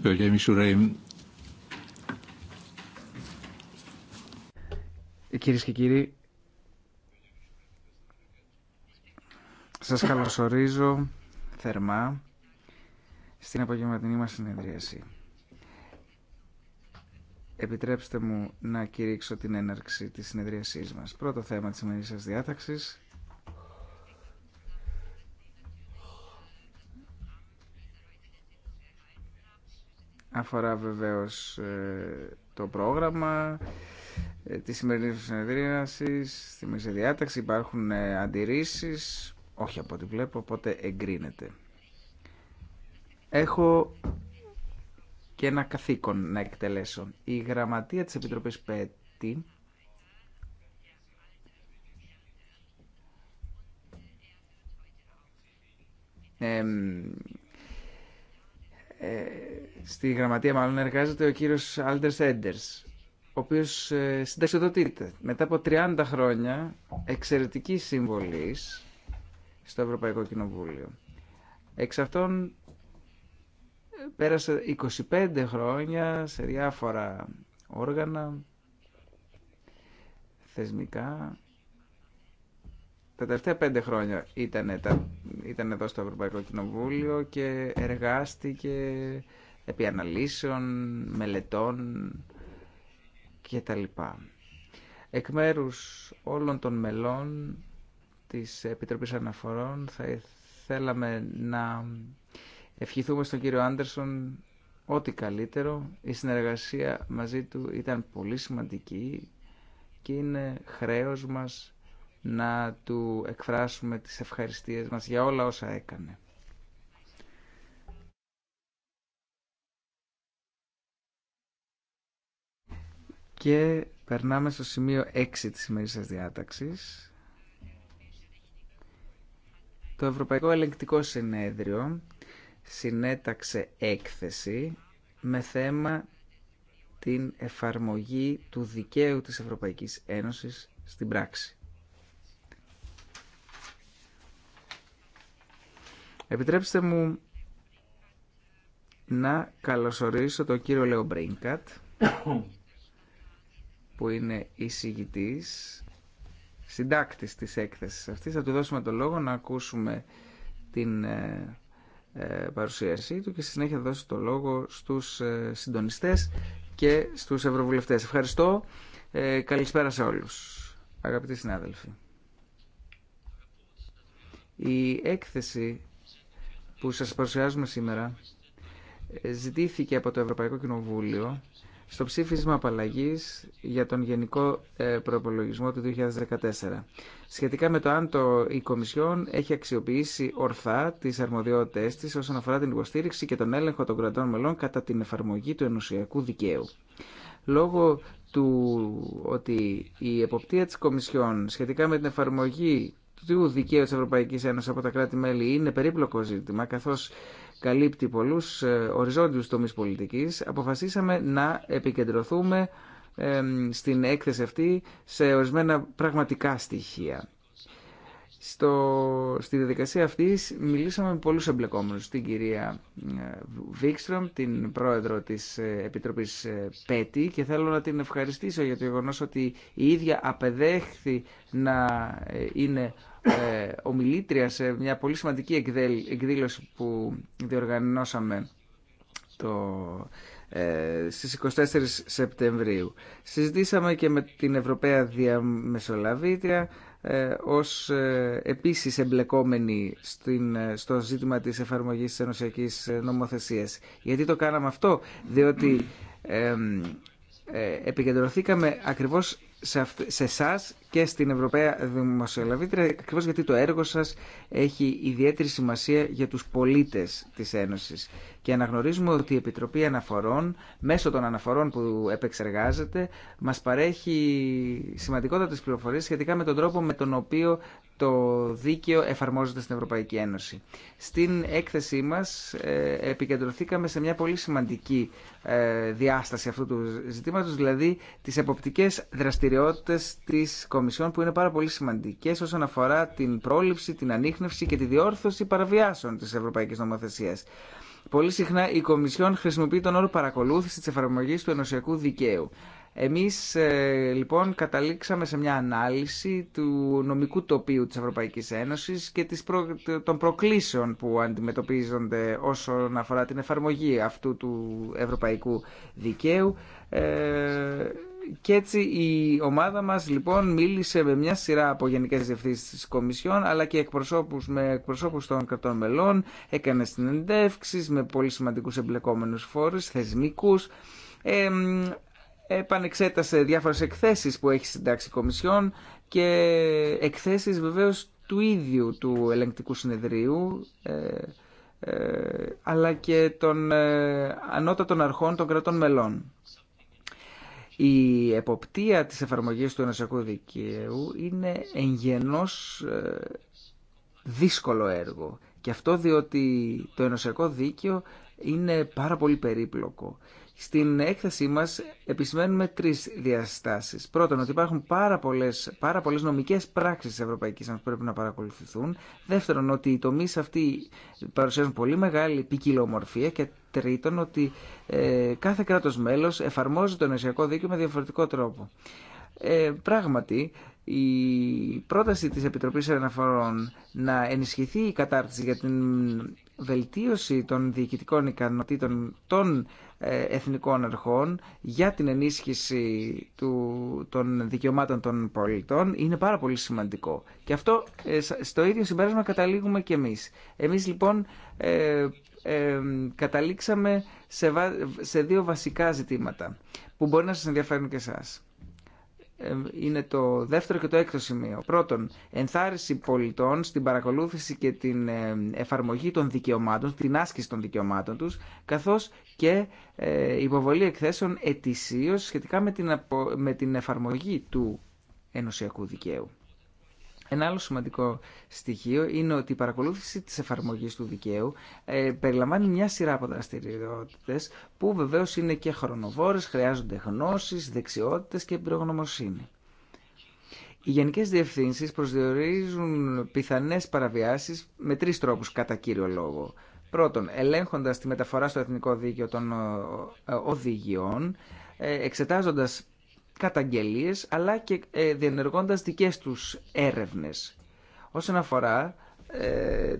Κυρίε και κύριοι, σας καλωσορίζω θερμά στην απογευματινή μας συνεδρίαση. Επιτρέψτε μου να κηρύξω την έναρξη της συνεδρίασής μας. Πρώτο θέμα της σημερινής σας διάταξης αφορά βεβαίως ε, το πρόγραμμα ε, τη σημερινή συνεδρίασης στη μέση διάταξη υπάρχουν ε, αντιρρήσεις, όχι από ό,τι βλέπω, οπότε εγκρίνεται. Έχω και ένα καθήκον να εκτελέσω. Η γραμματεία της Επιτροπής ΠΕΤΗ στη γραμματεία μάλλον εργάζεται ο κύριος Άλντερς Έντερς, ο οποίος ε, συνταξιοδοτείται μετά από 30 χρόνια εξαιρετική συμβολής στο Ευρωπαϊκό Κοινοβούλιο. Εξ αυτών ε, πέρασε 25 χρόνια σε διάφορα όργανα, θεσμικά. Τα τελευταία 5 χρόνια ήταν, ήταν εδώ στο Ευρωπαϊκό Κοινοβούλιο και εργάστηκε επί αναλύσεων, μελετών κτλ. Εκ μέρους όλων των μελών της Επιτροπής Αναφορών θα θέλαμε να ευχηθούμε στον κύριο Άντερσον ό,τι καλύτερο. Η συνεργασία μαζί του ήταν πολύ σημαντική και είναι χρέος μας να του εκφράσουμε τις ευχαριστίες μας για όλα όσα έκανε. Και περνάμε στο σημείο 6 της σημερινής διάταξης. Το Ευρωπαϊκό Ελεγκτικό Συνέδριο συνέταξε έκθεση με θέμα την εφαρμογή του δικαίου της Ευρωπαϊκής Ένωσης στην πράξη. Επιτρέψτε μου να καλωσορίσω τον κύριο Λεομπρίνκατ που είναι εισηγητής, συντάκτης της έκθεσης αυτής. Θα του δώσουμε το λόγο να ακούσουμε την ε, ε, παρουσίασή του και στη συνέχεια θα δώσει το λόγο στους ε, συντονιστές και στους ευρωβουλευτές. Ευχαριστώ. Ε, καλησπέρα σε όλους, αγαπητοί συνάδελφοι. Η έκθεση που σας παρουσιάζουμε σήμερα ε, ζητήθηκε από το Ευρωπαϊκό Κοινοβούλιο στο ψήφισμα απαλλαγή για τον Γενικό ε, Προπολογισμό του 2014. Σχετικά με το αν το, η Κομισιόν έχει αξιοποιήσει ορθά τις αρμοδιότητε τη όσον αφορά την υποστήριξη και τον έλεγχο των κρατών μελών κατά την εφαρμογή του ενουσιακού δικαίου. Λόγω του ότι η εποπτεία της Κομισιόν σχετικά με την εφαρμογή του δικαίου της Ευρωπαϊκής Ένωσης από τα κράτη-μέλη είναι περίπλοκο ζήτημα, καθώς καλύπτει πολλούς ε, οριζόντιους τομείς πολιτικής, αποφασίσαμε να επικεντρωθούμε στην έκθεση αυτή σε ορισμένα πραγματικά στοιχεία. Στο, στη διαδικασία αυτή μιλήσαμε με πολλούς εμπλεκόμενους. Την κυρία ε, Βίξτρομ, την πρόεδρο της ε, Επιτροπής ΠΕΤΗ και θέλω να την ευχαριστήσω για το γεγονός ότι η ίδια απεδέχθη να είναι ε, ομιλήτρια σε μια πολύ σημαντική εκδήλωση που διοργανώσαμε το, ε, στις 24 Σεπτεμβρίου. Συζητήσαμε και με την Ευρωπαία Διαμεσολαβήτρια ε, ως ε, επίσης εμπλεκόμενη στην, ε, στο ζήτημα της εφαρμογής της ενωσιακής νομοθεσίας. Γιατί το κάναμε αυτό, διότι ε, επικεντρωθήκαμε ακριβώς σε εσά και στην Ευρωπαία Δημοσιολαβήτρια ακριβώ γιατί το έργο σας έχει ιδιαίτερη σημασία για τους πολίτες της Ένωσης και αναγνωρίζουμε ότι η Επιτροπή Αναφορών, μέσω των αναφορών που επεξεργάζεται, μας παρέχει σημαντικότατες πληροφορίες σχετικά με τον τρόπο με τον οποίο το δίκαιο εφαρμόζεται στην Ευρωπαϊκή Ένωση. Στην έκθεσή μας ε, επικεντρωθήκαμε σε μια πολύ σημαντική ε, διάσταση αυτού του ζητήματος, δηλαδή τις εποπτικές δραστηριότητες της Κομισιόν που είναι πάρα πολύ σημαντικές όσον αφορά την πρόληψη, την ανείχνευση και τη διόρθωση παραβιάσεων της Ευρωπαϊκής Νομοθεσίας. Πολύ συχνά η Κομισιόν χρησιμοποιεί τον όρο παρακολούθηση τη εφαρμογή του ενωσιακού δικαίου. Εμείς ε, λοιπόν καταλήξαμε σε μια ανάλυση του νομικού τοπίου της Ευρωπαϊκής Ένωση και των προκλήσεων που αντιμετωπίζονται όσον αφορά την εφαρμογή αυτού του ευρωπαϊκού δικαίου. Ε, και έτσι η ομάδα μας λοιπόν μίλησε με μια σειρά από γενικές διευθύνσεις της Κομισιόν αλλά και εκπροσώπους, με εκπροσώπους των κρατών μελών, έκανε συνεντεύξεις με πολύ σημαντικούς εμπλεκόμενους φόρους, θεσμικούς, επανεξέτασε διάφορες εκθέσεις που έχει συντάξει η Κομισιόν και εκθέσεις βεβαίως του ίδιου του ελεγκτικού συνεδρίου ε, ε, αλλά και των ε, ανώτατων αρχών των κρατών μελών. Η εποπτεία της εφαρμογής του ενωσιακού δικαίου είναι εγγενώς ε, δύσκολο έργο. Και αυτό διότι το ενωσιακό δίκαιο είναι πάρα πολύ περίπλοκο. Στην έκθεσή μας επισημαίνουμε τρει διαστάσει. Πρώτον, ότι υπάρχουν πάρα πολλές, πάρα πολλές νομικές πράξεις της Ευρωπαϊκής που πρέπει να παρακολουθηθούν. Δεύτερον, ότι οι τομεί αυτοί παρουσιάζουν πολύ μεγάλη ποικιλομορφία. Και τρίτον, ότι ε, κάθε κράτο μέλο εφαρμόζει το νοσιακό δίκαιο με διαφορετικό τρόπο. Ε, πράγματι, η πρόταση της Επιτροπής Αναφορών να ενισχυθεί η κατάρτιση για την βελτίωση των διοικητικών ικανοτήτων των ε, εθνικών αρχών για την ενίσχυση του, των δικαιωμάτων των πολιτών είναι πάρα πολύ σημαντικό. Και αυτό ε, στο ίδιο συμπέρασμα καταλήγουμε και εμείς. Εμείς λοιπόν ε, ε καταλήξαμε σε, σε δύο βασικά ζητήματα που μπορεί να σας ενδιαφέρουν και εσάς είναι το δεύτερο και το έκτο σημείο. Πρώτον, ενθάρρυνση πολιτών στην παρακολούθηση και την ε, εφαρμογή των δικαιωμάτων, την άσκηση των δικαιωμάτων τους, καθώς και ε, υποβολή εκθέσεων ετησίως σχετικά με την, με την εφαρμογή του ενωσιακού δικαίου. Ένα άλλο σημαντικό στοιχείο είναι ότι η παρακολούθηση της εφαρμογής του δικαίου ε, περιλαμβάνει μια σειρά από δραστηριότητε που βεβαίως είναι και χρονοβόρες, χρειάζονται γνώσεις, δεξιότητες και εμπειρογνωμοσύνη. Οι γενικές διευθύνσεις προσδιορίζουν πιθανές παραβιάσεις με τρεις τρόπους κατά κύριο λόγο. Πρώτον, ελέγχοντας τη μεταφορά στο εθνικό δίκαιο των ε, ε, οδηγιών, εξετάζοντας καταγγελίες αλλά και ε, διενεργώντας δικές τους έρευνες. Όσον αφορά ε, ε,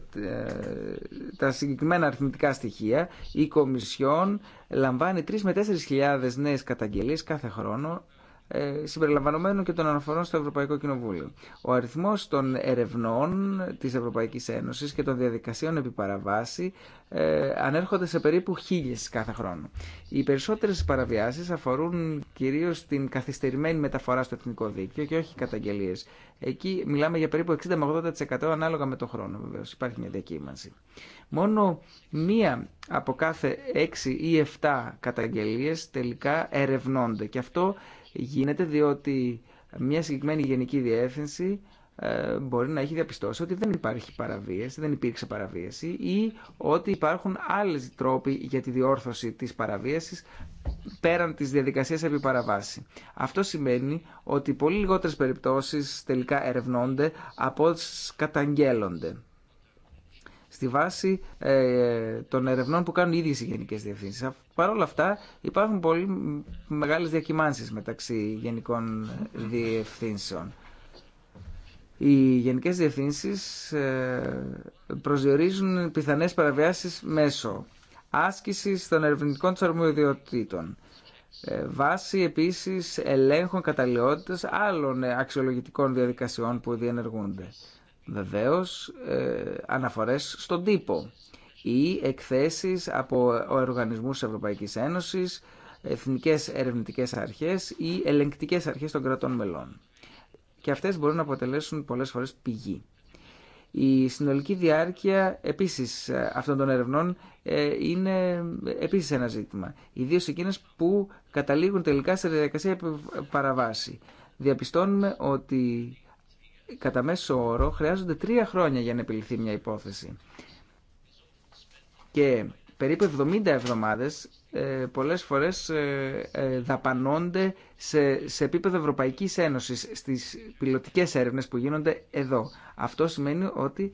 τα συγκεκριμένα αριθμητικά στοιχεία, η Κομισιόν λαμβάνει 3 με 4 χιλιάδες νέες καταγγελίες κάθε χρόνο ε, συμπεριλαμβανομένων και των αναφορών στο Ευρωπαϊκό Κοινοβούλιο. Ο αριθμό των ερευνών τη Ευρωπαϊκή Ένωση και των διαδικασιών επί παραβάση ε, ανέρχονται σε περίπου χίλιε κάθε χρόνο. Οι περισσότερε παραβιάσει αφορούν κυρίω την καθυστερημένη μεταφορά στο εθνικό δίκαιο και όχι καταγγελίε. Εκεί μιλάμε για περίπου 60 με 80% ανάλογα με το χρόνο βεβαίω. Υπάρχει μια διακύμανση. Μόνο μία από κάθε έξι ή 7 καταγγελίε τελικά ερευνώνται και αυτό γίνεται διότι μια συγκεκριμένη γενική διεύθυνση ε, μπορεί να έχει διαπιστώσει ότι δεν υπάρχει παραβίαση, δεν υπήρξε παραβίαση ή ότι υπάρχουν άλλες τρόποι για τη διόρθωση της παραβίασης πέραν της διαδικασίας επί παραβάση. Αυτό σημαίνει ότι πολύ λιγότερες περιπτώσεις τελικά ερευνώνται από όσες καταγγέλλονται. Στη βάση ε, των ερευνών που κάνουν οι ίδιες οι γενικές διευθύνσεις. Παρ' όλα αυτά υπάρχουν πολύ μεγάλες διακυμάνσεις μεταξύ γενικών διευθύνσεων. Οι γενικές διευθύνσεις ε, προσδιορίζουν πιθανές παραβιάσεις μέσω άσκησης των ερευνητικών τους αρμοδιοτήτων. Ε, βάση επίσης ελέγχων καταλληλότητας άλλων ε, αξιολογητικών διαδικασιών που διενεργούνται. Βεβαίως αναφορές στον τύπο ή εκθέσεις από οργανισμούς της Ευρωπαϊκής Ένωσης, εθνικές ερευνητικές αρχές ή ελεγκτικές αρχές των κρατών μελών. Και αυτές μπορούν να αποτελέσουν πολλές φορές πηγή. Η συνολική διάρκεια επίσης αυτών των ερευνών ε, είναι επίσης ένα ζήτημα. Ιδίως εκείνες που καταλήγουν τελικά σε διαδικασία παραβάση. Διαπιστώνουμε ότι κατά μέσο όρο χρειάζονται τρία χρόνια για να επιληθεί μια υπόθεση και περίπου 70 εβδομάδες ε, πολλές φορές ε, ε, δαπανώνται σε, σε επίπεδο Ευρωπαϊκής Ένωσης στις πιλωτικές έρευνες που γίνονται εδώ. Αυτό σημαίνει ότι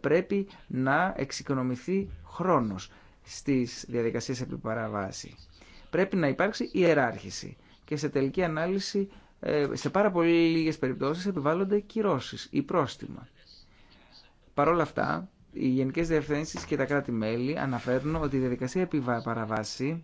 πρέπει να εξοικονομηθεί χρόνος στις διαδικασίες επιπαραβάση. Πρέπει να υπάρξει ιεράρχηση και σε τελική ανάλυση σε πάρα πολύ λίγες περιπτώσεις επιβάλλονται κυρώσεις ή πρόστιμα. Παρ' όλα αυτά, οι γενικές διευθύνσει και τα κράτη-μέλη αναφέρουν ότι η διαδικασία επιβαραβάση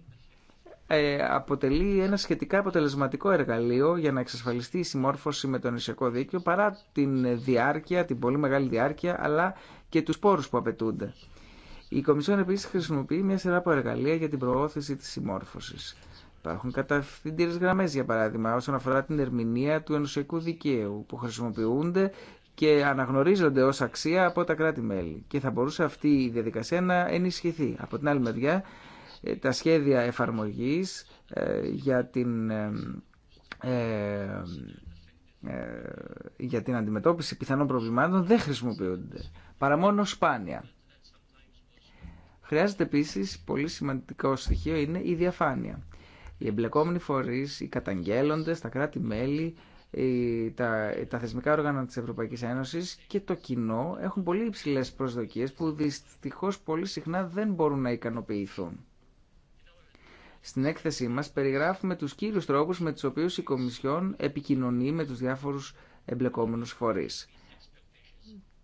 ε, αποτελεί ένα σχετικά αποτελεσματικό εργαλείο για να εξασφαλιστεί η συμμόρφωση με το νησιακό δίκαιο παρά την διάρκεια, την πολύ μεγάλη διάρκεια, αλλά και τους πόρους που απαιτούνται. Η Κομισιόν επίση χρησιμοποιεί μια σειρά από εργαλεία για την προώθηση της συμμόρφωσης. Υπάρχουν καταυθυντήρε γραμμέ, για παράδειγμα, όσον αφορά την ερμηνεία του ενωσιακού δικαίου, που χρησιμοποιούνται και αναγνωρίζονται ως αξία από τα κράτη-μέλη. Και θα μπορούσε αυτή η διαδικασία να ενισχυθεί. Από την άλλη μεριά, ε, τα σχέδια εφαρμογής ε, για την, ε, για την αντιμετώπιση πιθανών προβλημάτων δεν χρησιμοποιούνται, παρά μόνο σπάνια. Χρειάζεται επίσης, πολύ σημαντικό στοιχείο είναι η διαφάνεια. Οι εμπλεκόμενοι φορείς, οι καταγγέλλοντες, τα κράτη-μέλη ε, τα, τα θεσμικά όργανα της Ευρωπαϊκής Ένωσης και το κοινό έχουν πολύ υψηλές προσδοκίες που δυστυχώς πολύ συχνά δεν μπορούν να ικανοποιηθούν. Στην έκθεσή μας περιγράφουμε τους κύριους τρόπους με τους οποίους η Κομισιόν επικοινωνεί με τους διάφορους εμπλεκόμενους φορείς.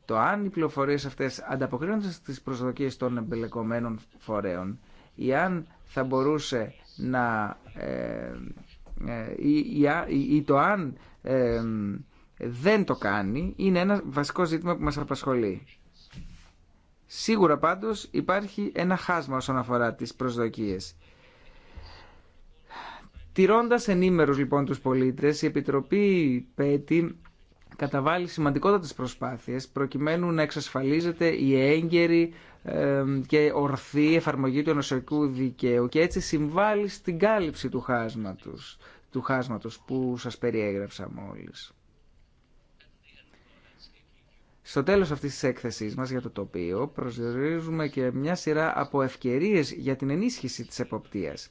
Το αν οι πληροφορίε αυτές ανταποκρίνονται στις προσδοκίες των εμπλεκομένων φορέων ή αν θα μπορούσε να ε, ή ε, το αν δεν το κάνει είναι ένα βασικό ζήτημα που μας απασχολεί. Σίγουρα πάντως υπάρχει ένα χάσμα όσον αφορά τις προσδοκίες. Τηρώντας ενήμερους λοιπόν τους πολίτες, η Επιτροπή ΠΕΤΗ καταβάλει σημαντικότατες προσπάθειες προκειμένου να εξασφαλίζεται η έγκαιρη και ορθή εφαρμογή του ενωσιακού δικαίου και έτσι συμβάλλει στην κάλυψη του χάσματος, του χάσματος που σας περιέγραψα μόλις. Στο τέλος αυτής της έκθεσής μας για το τοπίο προσδιορίζουμε και μια σειρά από ευκαιρίες για την ενίσχυση της εποπτείας.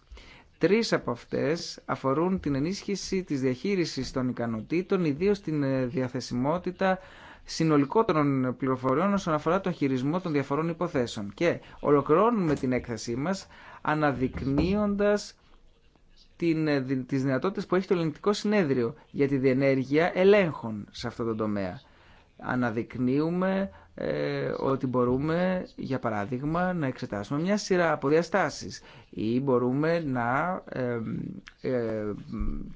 Τρεις από αυτές αφορούν την ενίσχυση της διαχείρισης των ικανοτήτων, ιδίως την ε, διαθεσιμότητα συνολικότερων πληροφοριών όσον αφορά το χειρισμό των διαφορών υποθέσεων. Και ολοκληρώνουμε την έκθεσή μας αναδεικνύοντας την, ε, τις δυνατότητες που έχει το ελληνικό συνέδριο για τη διενέργεια ελέγχων σε αυτό το τομέα αναδεικνύουμε ε, ότι μπορούμε, για παράδειγμα, να εξετάσουμε μια σειρά από διαστάσεις ή μπορούμε να ε,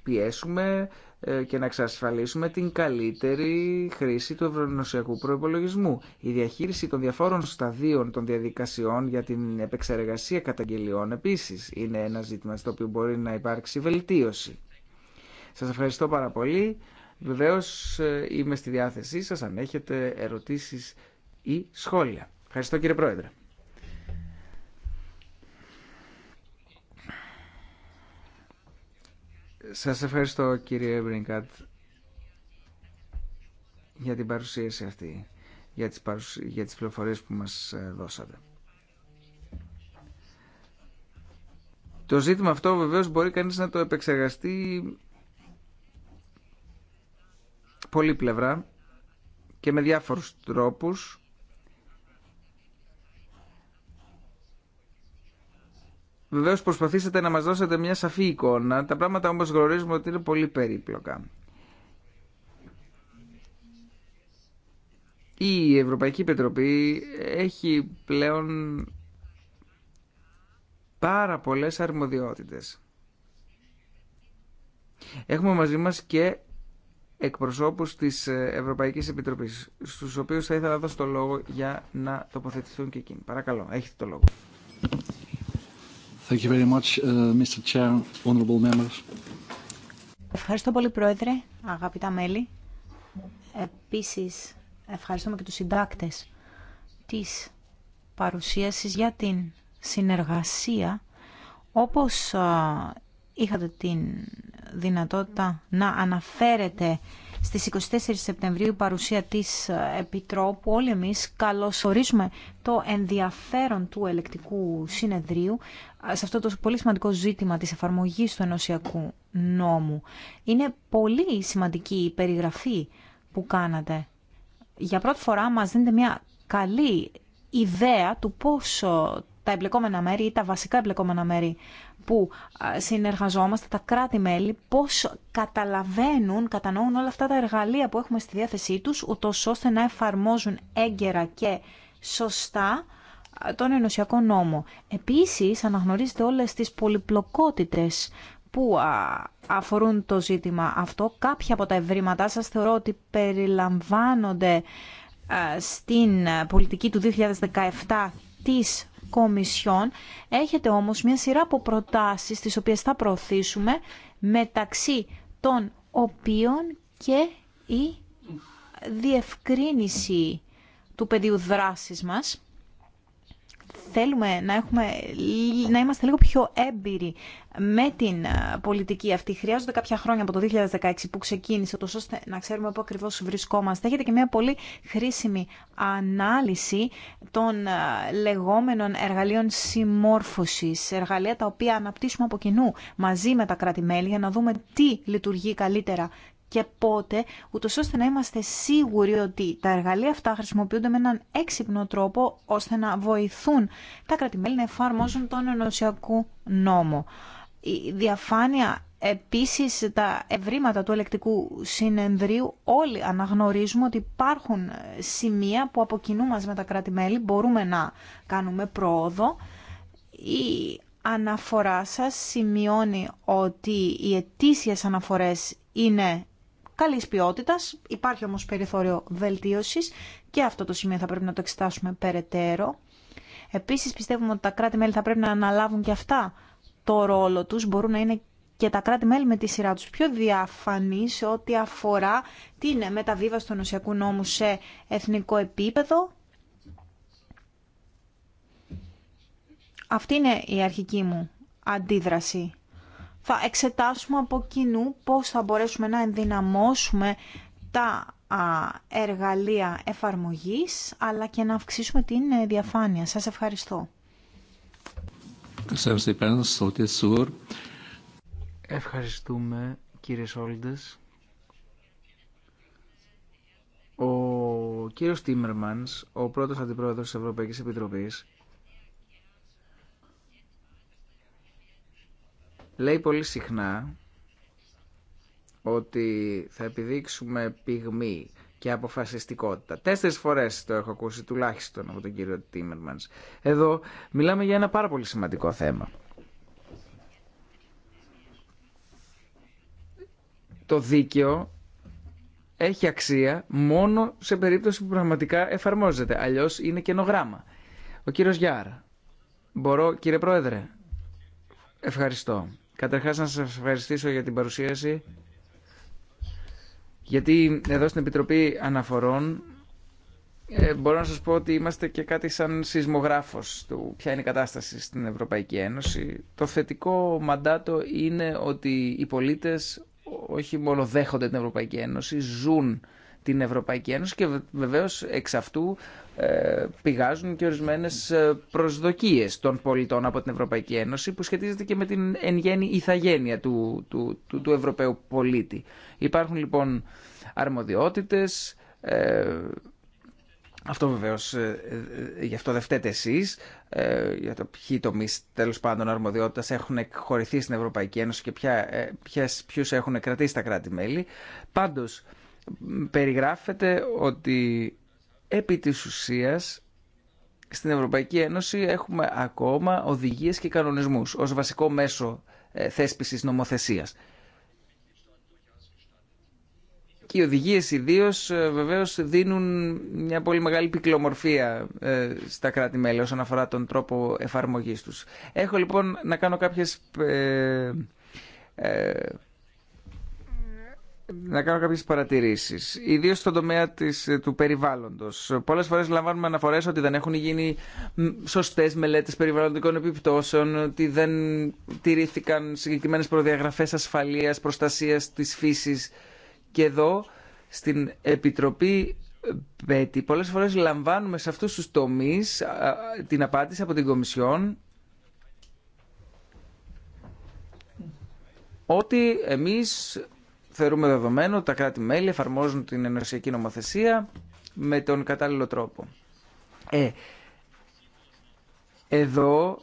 πιέσουμε ε, και να εξασφαλίσουμε την καλύτερη χρήση του ευρωνοσιακού προϋπολογισμού. Η διαχείριση των διαφόρων σταδίων των διαδικασιών για την επεξεργασία καταγγελιών επίσης είναι ένα ζήτημα στο οποίο μπορεί να υπάρξει βελτίωση. Σας ευχαριστώ πάρα πολύ. Βεβαίως ε, είμαι στη διάθεσή σας αν έχετε ερωτήσεις ή σχόλια. Ευχαριστώ κύριε Πρόεδρε. Σας ευχαριστώ κύριε Μπρινκάτ για την παρουσίαση αυτή, για τις, παρουσ... για τις πληροφορίες που μας ε, δώσατε. Το ζήτημα αυτό βεβαίως μπορεί κανείς να το επεξεργαστεί πολλή πλευρά και με διάφορους τρόπους Βεβαίως προσπαθήσατε να μας δώσετε μια σαφή εικόνα, τα πράγματα όμως γνωρίζουμε ότι είναι πολύ περίπλοκα. Η Ευρωπαϊκή Πετροπή έχει πλέον πάρα πολλές αρμοδιότητες. Έχουμε μαζί μας και εκπροσώπους της ε, Ευρωπαϊκής Επιτροπής, στους οποίους θα ήθελα να δώσω το λόγο για να τοποθετηθούν και εκείνοι. Παρακαλώ, έχετε το λόγο. Thank you very much, uh, Mr. honorable members. Ευχαριστώ πολύ, Πρόεδρε, αγαπητά μέλη. Επίσης, ευχαριστούμε και τους συντάκτες της παρουσίασης για την συνεργασία όπως είχατε την δυνατότητα να αναφέρετε στις 24 Σεπτεμβρίου η παρουσία της Επιτρόπου. Όλοι εμείς καλωσορίζουμε το ενδιαφέρον του ελεκτικού συνεδρίου σε αυτό το πολύ σημαντικό ζήτημα της εφαρμογής του ενωσιακού νόμου. Είναι πολύ σημαντική η περιγραφή που κάνατε. Για πρώτη φορά μας δίνετε μια καλή ιδέα του πόσο τα εμπλεκόμενα μέρη ή τα βασικά εμπλεκόμενα μέρη που συνεργαζόμαστε, τα κράτη-μέλη, πώς καταλαβαίνουν, κατανοούν όλα αυτά τα εργαλεία που έχουμε στη διάθεσή τους, ούτως ώστε να εφαρμόζουν έγκαιρα και σωστά τον ενωσιακό νόμο. Επίσης, αναγνωρίζετε όλες τις πολυπλοκότητες που αφορούν το ζήτημα αυτό. Κάποια από τα ευρήματά σας θεωρώ ότι περιλαμβάνονται στην πολιτική του 2017 της Κομισιόν. Έχετε όμως μια σειρά από προτάσεις τις οποίες θα προωθήσουμε μεταξύ των οποίων και η διευκρίνηση του πεδίου δράσης μας. Θέλουμε να, έχουμε, να είμαστε λίγο πιο έμπειροι με την ε, πολιτική αυτή. Χρειάζονται κάποια χρόνια από το 2016 που ξεκίνησε, το ώστε να ξέρουμε πού ακριβώς βρισκόμαστε. Έχετε και μια πολύ χρήσιμη ανάλυση των ε, λεγόμενων εργαλείων συμμόρφωσης, εργαλεία τα οποία αναπτύσσουμε από κοινού μαζί με τα κράτη-μέλη για να δούμε τι λειτουργεί καλύτερα και πότε, ούτως ώστε να είμαστε σίγουροι ότι τα εργαλεία αυτά χρησιμοποιούνται με έναν έξυπνο τρόπο ώστε να βοηθούν τα κρατημέλη να εφαρμόζουν τον ενωσιακό νόμο η διαφάνεια Επίσης τα ευρήματα του ελεκτικού συνεδρίου όλοι αναγνωρίζουμε ότι υπάρχουν σημεία που από κοινού μας με τα κράτη-μέλη μπορούμε να κάνουμε πρόοδο. Η αναφορά σας σημειώνει ότι οι ετήσιες αναφορές είναι καλής ποιότητας, υπάρχει όμως περιθώριο βελτίωσης και αυτό το σημείο θα πρέπει να το εξετάσουμε περαιτέρω. Επίσης πιστεύουμε ότι τα κράτη-μέλη θα πρέπει να αναλάβουν και αυτά το ρόλο τους, μπορούν να είναι και τα κράτη-μέλη με τη σειρά τους πιο διαφανή σε ό,τι αφορά την μεταβίβαση του νοσιακού νόμου σε εθνικό επίπεδο. Αυτή είναι η αρχική μου αντίδραση. Θα εξετάσουμε από κοινού πώς θα μπορέσουμε να ενδυναμώσουμε τα εργαλεία εφαρμογής, αλλά και να αυξήσουμε την ε, διαφάνεια. Σας ευχαριστώ. Ευχαριστούμε κύριε Σόλντες. Ο κύριος Τίμερμανς, ο πρώτος αντιπρόεδρος της Ευρωπαϊκής Επιτροπής, λέει πολύ συχνά ότι θα επιδείξουμε πυγμή και αποφασιστικότητα. Τέσσερις φορές το έχω ακούσει τουλάχιστον από τον κύριο Τίμερμαν. Εδώ μιλάμε για ένα πάρα πολύ σημαντικό θέμα. Το δίκαιο έχει αξία μόνο σε περίπτωση που πραγματικά εφαρμόζεται. Αλλιώς είναι καινογράμμα. Ο κύριος Γιάρα. Μπορώ, κύριε Πρόεδρε. Ευχαριστώ. Καταρχάς να σας ευχαριστήσω για την παρουσίαση γιατί εδώ στην Επιτροπή Αναφορών ε, μπορώ να σας πω ότι είμαστε και κάτι σαν σεισμογράφος του ποια είναι η κατάσταση στην Ευρωπαϊκή Ένωση. Το θετικό μαντάτο είναι ότι οι πολίτες όχι μόνο δέχονται την Ευρωπαϊκή Ένωση, ζουν την Ευρωπαϊκή Ένωση και βεβαίως εξ αυτού ε, πηγάζουν και ορισμένες ε, προσδοκίες των πολιτών από την Ευρωπαϊκή Ένωση που σχετίζεται και με την εν γέννη ηθαγένεια του, του, του, του Ευρωπαίου πολίτη. Υπάρχουν λοιπόν αρμοδιότητες, ε, αυτό βεβαίως γι' αυτό δεν φταίτε εσεί, για το ποιοι τομεί τέλο πάντων αρμοδιότητα έχουν εκχωρηθεί στην Ευρωπαϊκή Ένωση και ποιου έχουν κρατήσει τα κράτη-μέλη περιγράφεται ότι επί της ουσίας στην Ευρωπαϊκή Ένωση έχουμε ακόμα οδηγίες και κανονισμούς ως βασικό μέσο ε, θέσπισης νομοθεσίας. Και οι οδηγίες ιδίως ε, βεβαίως δίνουν μια πολύ μεγάλη πυκλομορφία ε, στα κράτη-μέλη όσον αφορά τον τρόπο εφαρμογής τους. Έχω λοιπόν να κάνω κάποιες να κάνω κάποιες παρατηρήσεις, Ιδίως στον τομέα της, ε, του περιβάλλοντος. Πολλές φορές λαμβάνουμε αναφορές ότι δεν έχουν γίνει σωστές μελέτες περιβαλλοντικών επιπτώσεων, ότι δεν τηρήθηκαν συγκεκριμένες προδιαγραφές ασφαλείας, προστασίας της φύσης. Και εδώ, στην Επιτροπή ε, Πέτη, πολλές φορές λαμβάνουμε σε αυτούς τους τομείς την απάντηση από την Κομισιόν, ότι εμείς θεωρούμε δεδομένο τα κράτη-μέλη εφαρμόζουν την ενωσιακή νομοθεσία με τον κατάλληλο τρόπο. Ε, εδώ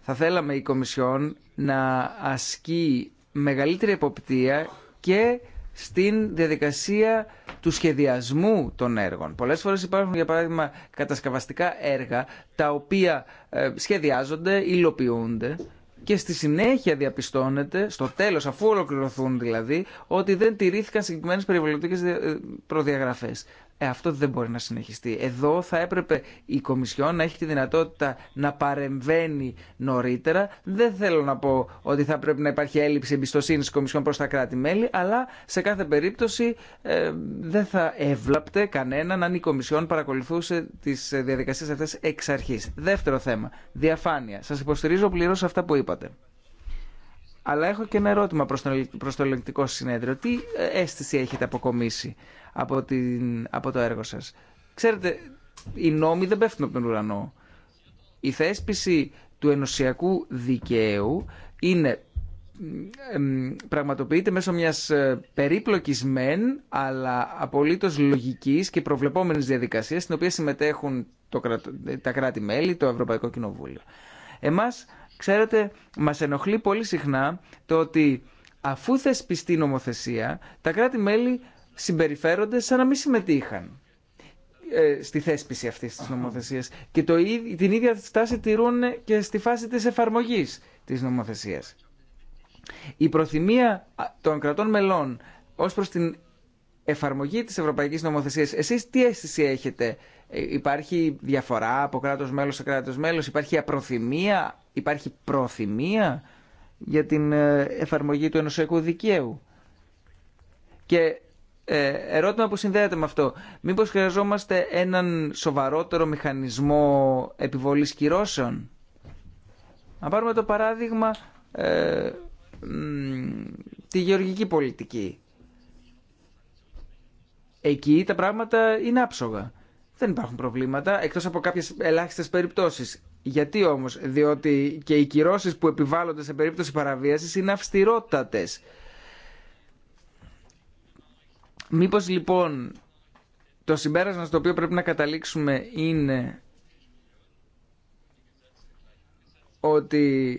θα θέλαμε η Κομισιόν να ασκεί μεγαλύτερη εποπτεία και στην διαδικασία του σχεδιασμού των έργων. Πολλές φορές υπάρχουν, για παράδειγμα, κατασκευαστικά έργα τα οποία ε, σχεδιάζονται, υλοποιούνται και στη συνέχεια διαπιστώνεται, στο τέλος αφού ολοκληρωθούν δηλαδή, ότι δεν τηρήθηκαν συγκεκριμένες περιβαλλοντικές ε, προδιαγραφές. Ε, αυτό δεν μπορεί να συνεχιστεί. Εδώ θα έπρεπε η Κομισιόν να έχει τη δυνατότητα να παρεμβαίνει νωρίτερα. Δεν θέλω να πω ότι θα πρέπει να υπάρχει έλλειψη εμπιστοσύνη τη Κομισιόν προ τα κράτη-μέλη, αλλά σε κάθε περίπτωση ε, δεν θα έβλαπτε κανέναν αν η Κομισιόν παρακολουθούσε τι διαδικασίε αυτέ εξ αρχή. Δεύτερο θέμα. Διαφάνεια. Σα υποστηρίζω πλήρω αυτά που είπατε. Αλλά έχω και ένα ερώτημα προς το ελεγκτικό συνέδριο. Τι ε, αίσθηση έχετε αποκομίσει από, την, από το έργο σας. Ξέρετε, οι νόμοι δεν πέφτουν από τον ουρανό. Η θέσπιση του ενωσιακού δικαίου είναι πραγματοποιείται μέσω μιας ε, περίπλοκης μεν αλλά απολύτως λογικής και προβλεπόμενης διαδικασίας στην οποία συμμετέχουν το, τα κράτη-μέλη, το Ευρωπαϊκό Κοινοβούλιο. Εμάς Ξέρετε, μας ενοχλεί πολύ συχνά το ότι αφού θεσπιστεί νομοθεσία, τα κράτη-μέλη συμπεριφέρονται σαν να μην συμμετείχαν ε, στη θέσπιση αυτής της νομοθεσίας και το, την ίδια στάση τηρούν και στη φάση της εφαρμογής της νομοθεσίας. Η προθυμία των κρατών μελών ως προς την εφαρμογή της ευρωπαϊκής νομοθεσίας, εσείς τι αίσθηση έχετε Υπάρχει διαφορά από κράτος μέλος σε κράτος μέλος, υπάρχει απροθυμία, υπάρχει προθυμία για την ε, εφαρμογή του ενωσιακού δικαίου. Και ε, ερώτημα που συνδέεται με αυτό. Μήπως χρειαζόμαστε έναν σοβαρότερο μηχανισμό επιβολής κυρώσεων. Να πάρουμε το παράδειγμα ε, τη γεωργική πολιτική. Εκεί τα πράγματα είναι άψογα δεν υπάρχουν προβλήματα, εκτός από κάποιες ελάχιστες περιπτώσεις. Γιατί όμως, διότι και οι κυρώσεις που επιβάλλονται σε περίπτωση παραβίασης είναι αυστηρότατες. Μήπως λοιπόν το συμπέρασμα στο οποίο πρέπει να καταλήξουμε είναι ότι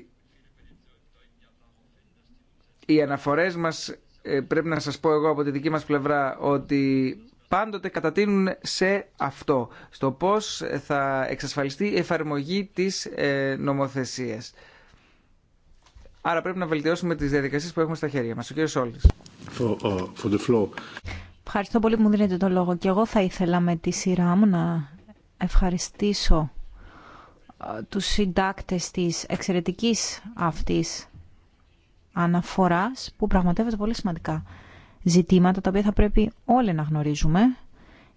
οι αναφορές μας, ε, πρέπει να σας πω εγώ από τη δική μας πλευρά, ότι πάντοτε κατατείνουν σε αυτό, στο πώς θα εξασφαλιστεί η εφαρμογή της ε, νομοθεσίας. Άρα πρέπει να βελτιώσουμε τις διαδικασίες που έχουμε στα χέρια μας. Ο κύριος Όλης. For, uh, Ευχαριστώ πολύ που μου δίνετε το λόγο. Και εγώ θα ήθελα με τη σειρά μου να ευχαριστήσω ε, τους συντάκτες της εξαιρετικής αυτής αναφοράς που πραγματεύεται πολύ σημαντικά ζητήματα τα οποία θα πρέπει όλοι να γνωρίζουμε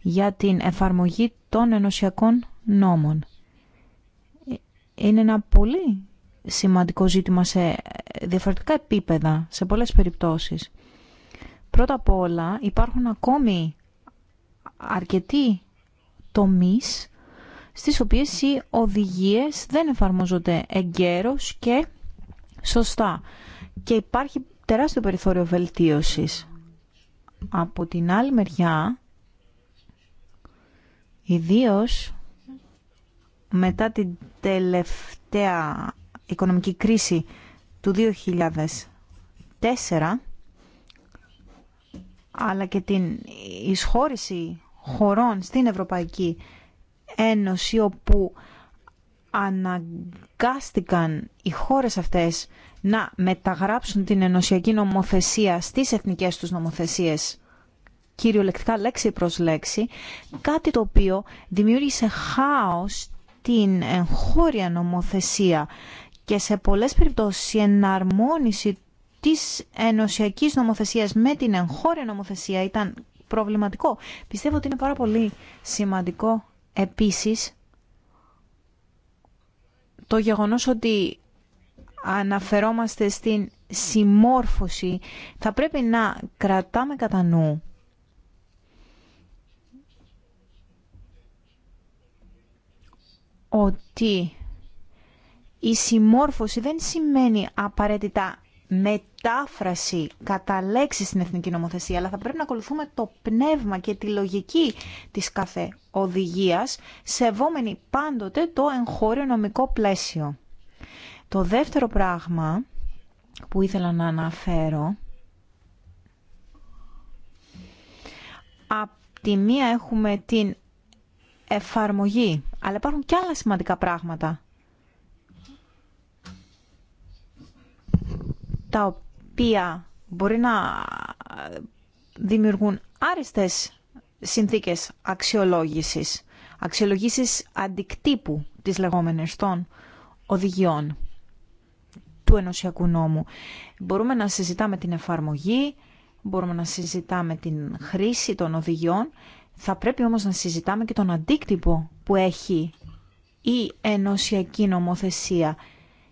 για την εφαρμογή των ενωσιακών νόμων. Είναι ένα πολύ σημαντικό ζήτημα σε διαφορετικά επίπεδα, σε πολλές περιπτώσεις. Πρώτα απ' όλα υπάρχουν ακόμη αρκετοί τομείς στις οποίες οι οδηγίες δεν εφαρμόζονται εγκαίρως και σωστά. Και υπάρχει τεράστιο περιθώριο βελτίωσης. Από την άλλη μεριά, ιδίως μετά την τελευταία οικονομική κρίση του 2004, αλλά και την εισχώρηση χωρών στην Ευρωπαϊκή Ένωση, όπου αναγκάστηκαν οι χώρες αυτές να μεταγράψουν την ενωσιακή νομοθεσία στις εθνικές τους νομοθεσίες κυριολεκτικά λέξη προς λέξη, κάτι το οποίο δημιούργησε χάος την εγχώρια νομοθεσία και σε πολλές περιπτώσεις η εναρμόνιση της ενωσιακής νομοθεσίας με την εγχώρια νομοθεσία ήταν προβληματικό. Πιστεύω ότι είναι πάρα πολύ σημαντικό επίσης το γεγονός ότι αναφερόμαστε στην συμμόρφωση, θα πρέπει να κρατάμε κατά νου ότι η συμμόρφωση δεν σημαίνει απαραίτητα μετάφραση κατά λέξη στην εθνική νομοθεσία, αλλά θα πρέπει να ακολουθούμε το πνεύμα και τη λογική της κάθε οδηγίας, σεβόμενη πάντοτε το εγχώριο νομικό πλαίσιο. Το δεύτερο πράγμα που ήθελα να αναφέρω από τη μία έχουμε την εφαρμογή, αλλά υπάρχουν και άλλα σημαντικά πράγματα τα οποία μπορεί να δημιουργούν άριστες συνθήκες αξιολόγησης, αξιολογήσεις αντικτύπου της λεγόμενης των οδηγιών του ενωσιακού νόμου. Μπορούμε να συζητάμε την εφαρμογή, μπορούμε να συζητάμε την χρήση των οδηγιών, θα πρέπει όμως να συζητάμε και τον αντίκτυπο που έχει η ενωσιακή νομοθεσία.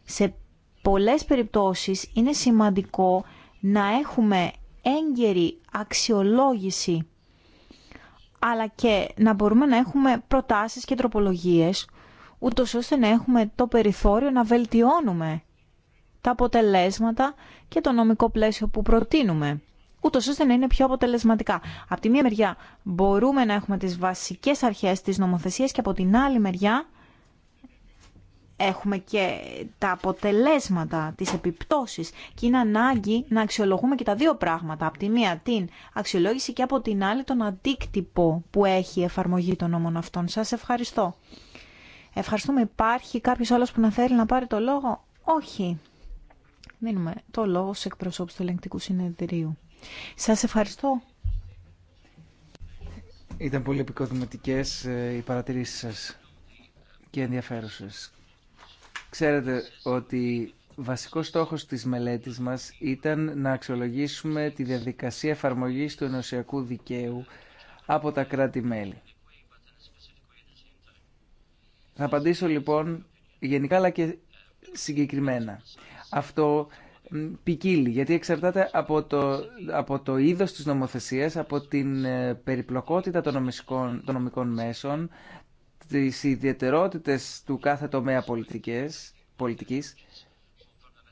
Σε πολλές περιπτώσεις είναι σημαντικό να έχουμε έγκαιρη αξιολόγηση αλλά και να μπορούμε να έχουμε προτάσεις και τροπολογίες ούτως ώστε να έχουμε το περιθώριο να βελτιώνουμε τα αποτελέσματα και το νομικό πλαίσιο που προτείνουμε ούτω ώστε να είναι πιο αποτελεσματικά. Από τη μία μεριά μπορούμε να έχουμε τις βασικές αρχές της νομοθεσίας και από την άλλη μεριά έχουμε και τα αποτελέσματα, τις επιπτώσεις και είναι ανάγκη να αξιολογούμε και τα δύο πράγματα. Από τη μία την αξιολόγηση και από την άλλη τον αντίκτυπο που έχει η εφαρμογή των νόμων αυτών. Σας ευχαριστώ. Ευχαριστούμε. Υπάρχει κάποιος άλλος που να θέλει να πάρει το λόγο. Όχι δίνουμε το λόγο σε εκπροσώπους του ελεγκτικού συνεδρίου. Σας ευχαριστώ. Ήταν πολύ επικοδηματικές ε, οι παρατηρήσεις σας και ενδιαφέρουσες. Ξέρετε ότι βασικός στόχος της μελέτης μας ήταν να αξιολογήσουμε τη διαδικασία εφαρμογής του ενωσιακού δικαίου από τα κράτη-μέλη. Θα απαντήσω λοιπόν γενικά αλλά και συγκεκριμένα αυτό ποικίλει, γιατί εξαρτάται από το, από το είδος της νομοθεσίας, από την ε, περιπλοκότητα των, νομικών, νομικών μέσων, τις ιδιαιτερότητες του κάθε τομέα πολιτικές, πολιτικής.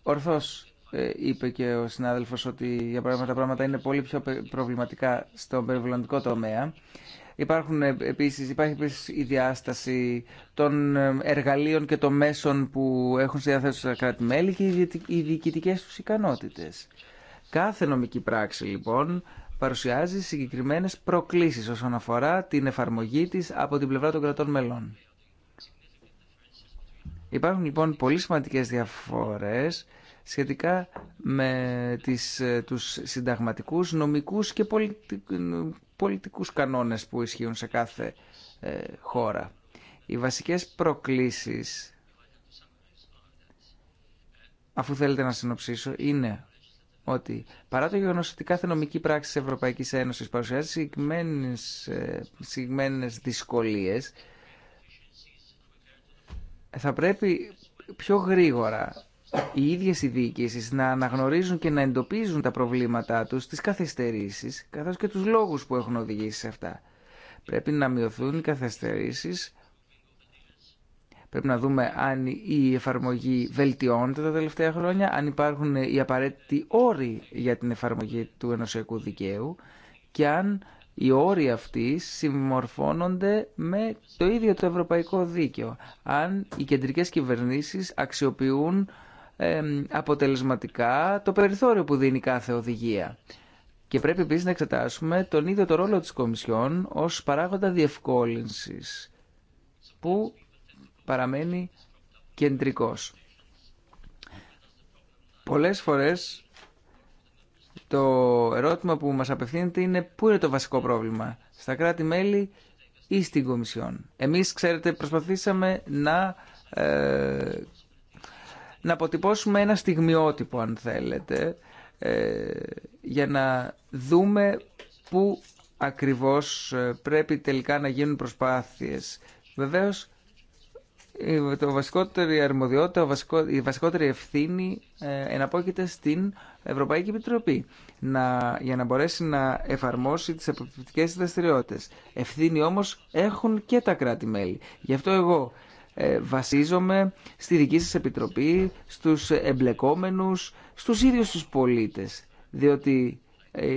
Ορθώς ε, είπε και ο συνάδελφος ότι για πράγματα τα πράγματα είναι πολύ πιο προβληματικά στον περιβαλλοντικό τομέα. Υπάρχουν επίσης, υπάρχει επίσης η διάσταση των ε, εργαλείων και των μέσων που έχουν στη διάθεση τα κράτη-μέλη και οι διοικητικέ τους ικανότητες. Κάθε νομική πράξη λοιπόν παρουσιάζει συγκεκριμένες προκλήσεις όσον αφορά την εφαρμογή της από την πλευρά των κρατών μελών. Υπάρχουν λοιπόν πολύ σημαντικέ διαφορές σχετικά με τις, ε, τους συνταγματικούς, νομικούς και πολιτικούς κανόνες που ισχύουν σε κάθε ε, χώρα. Οι βασικές προκλήσεις, αφού θέλετε να συνοψίσω, είναι ότι παρά το γεγονός ότι κάθε νομική πράξη της Ευρωπαϊκής Ένωσης παρουσιάζει συγκεκριμένες, ε, δυσκολίες, θα πρέπει πιο γρήγορα οι ίδιε οι διοίκησει να αναγνωρίζουν και να εντοπίζουν τα προβλήματά τους, τι καθυστερήσει, καθώ και τους λόγους που έχουν οδηγήσει σε αυτά. Πρέπει να μειωθούν οι καθυστερήσει, πρέπει να δούμε αν η εφαρμογή βελτιώνεται τα τελευταία χρόνια, αν υπάρχουν οι απαραίτητοι όροι για την εφαρμογή του ενωσιακού δικαίου και αν οι όροι αυτοί συμμορφώνονται με το ίδιο το ευρωπαϊκό δίκαιο. Αν οι κεντρικές κυβερνήσεις αξιοποιούν αποτελεσματικά το περιθώριο που δίνει κάθε οδηγία. Και πρέπει επίσης να εξετάσουμε τον ίδιο το ρόλο της Κομισιόν ως παράγοντα διευκόλυνσης που παραμένει κεντρικός. Πολλές φορές το ερώτημα που μας απευθύνεται είναι πού είναι το βασικό πρόβλημα, στα κράτη-μέλη ή στην Κομισιόν. Εμείς, ξέρετε, προσπαθήσαμε να ε, να αποτυπώσουμε ένα στιγμιότυπο αν θέλετε ε, για να δούμε πού ακριβώς ε, πρέπει τελικά να γίνουν προσπάθειες. Βεβαίως το βασικότερη αρμοδιότητα, η βασικότερη ευθύνη ε, εναπόκειται στην Ευρωπαϊκή Επιτροπή να, για να μπορέσει να εφαρμόσει τις επιπτωτικές δραστηριότητε. Ευθύνη όμως έχουν και τα κράτη-μέλη. Γι' αυτό εγώ ε, βασίζομαι στη δική σας επιτροπή, στους εμπλεκόμενους, στους ίδιους τους πολίτες. Διότι ε,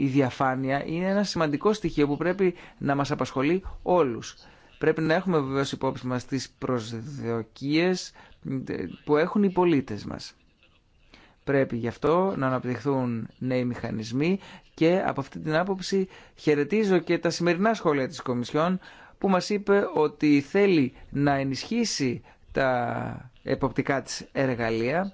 η διαφάνεια είναι ένα σημαντικό στοιχείο που πρέπει να μας απασχολεί όλους. Πρέπει να έχουμε βεβαίως υπόψη μας τις προσδοκίες ε, που έχουν οι πολίτες μας. Πρέπει γι' αυτό να αναπτυχθούν νέοι μηχανισμοί και από αυτή την άποψη χαιρετίζω και τα σημερινά σχόλια της Κομισιόν που μας είπε ότι θέλει να ενισχύσει τα εποπτικά της εργαλεία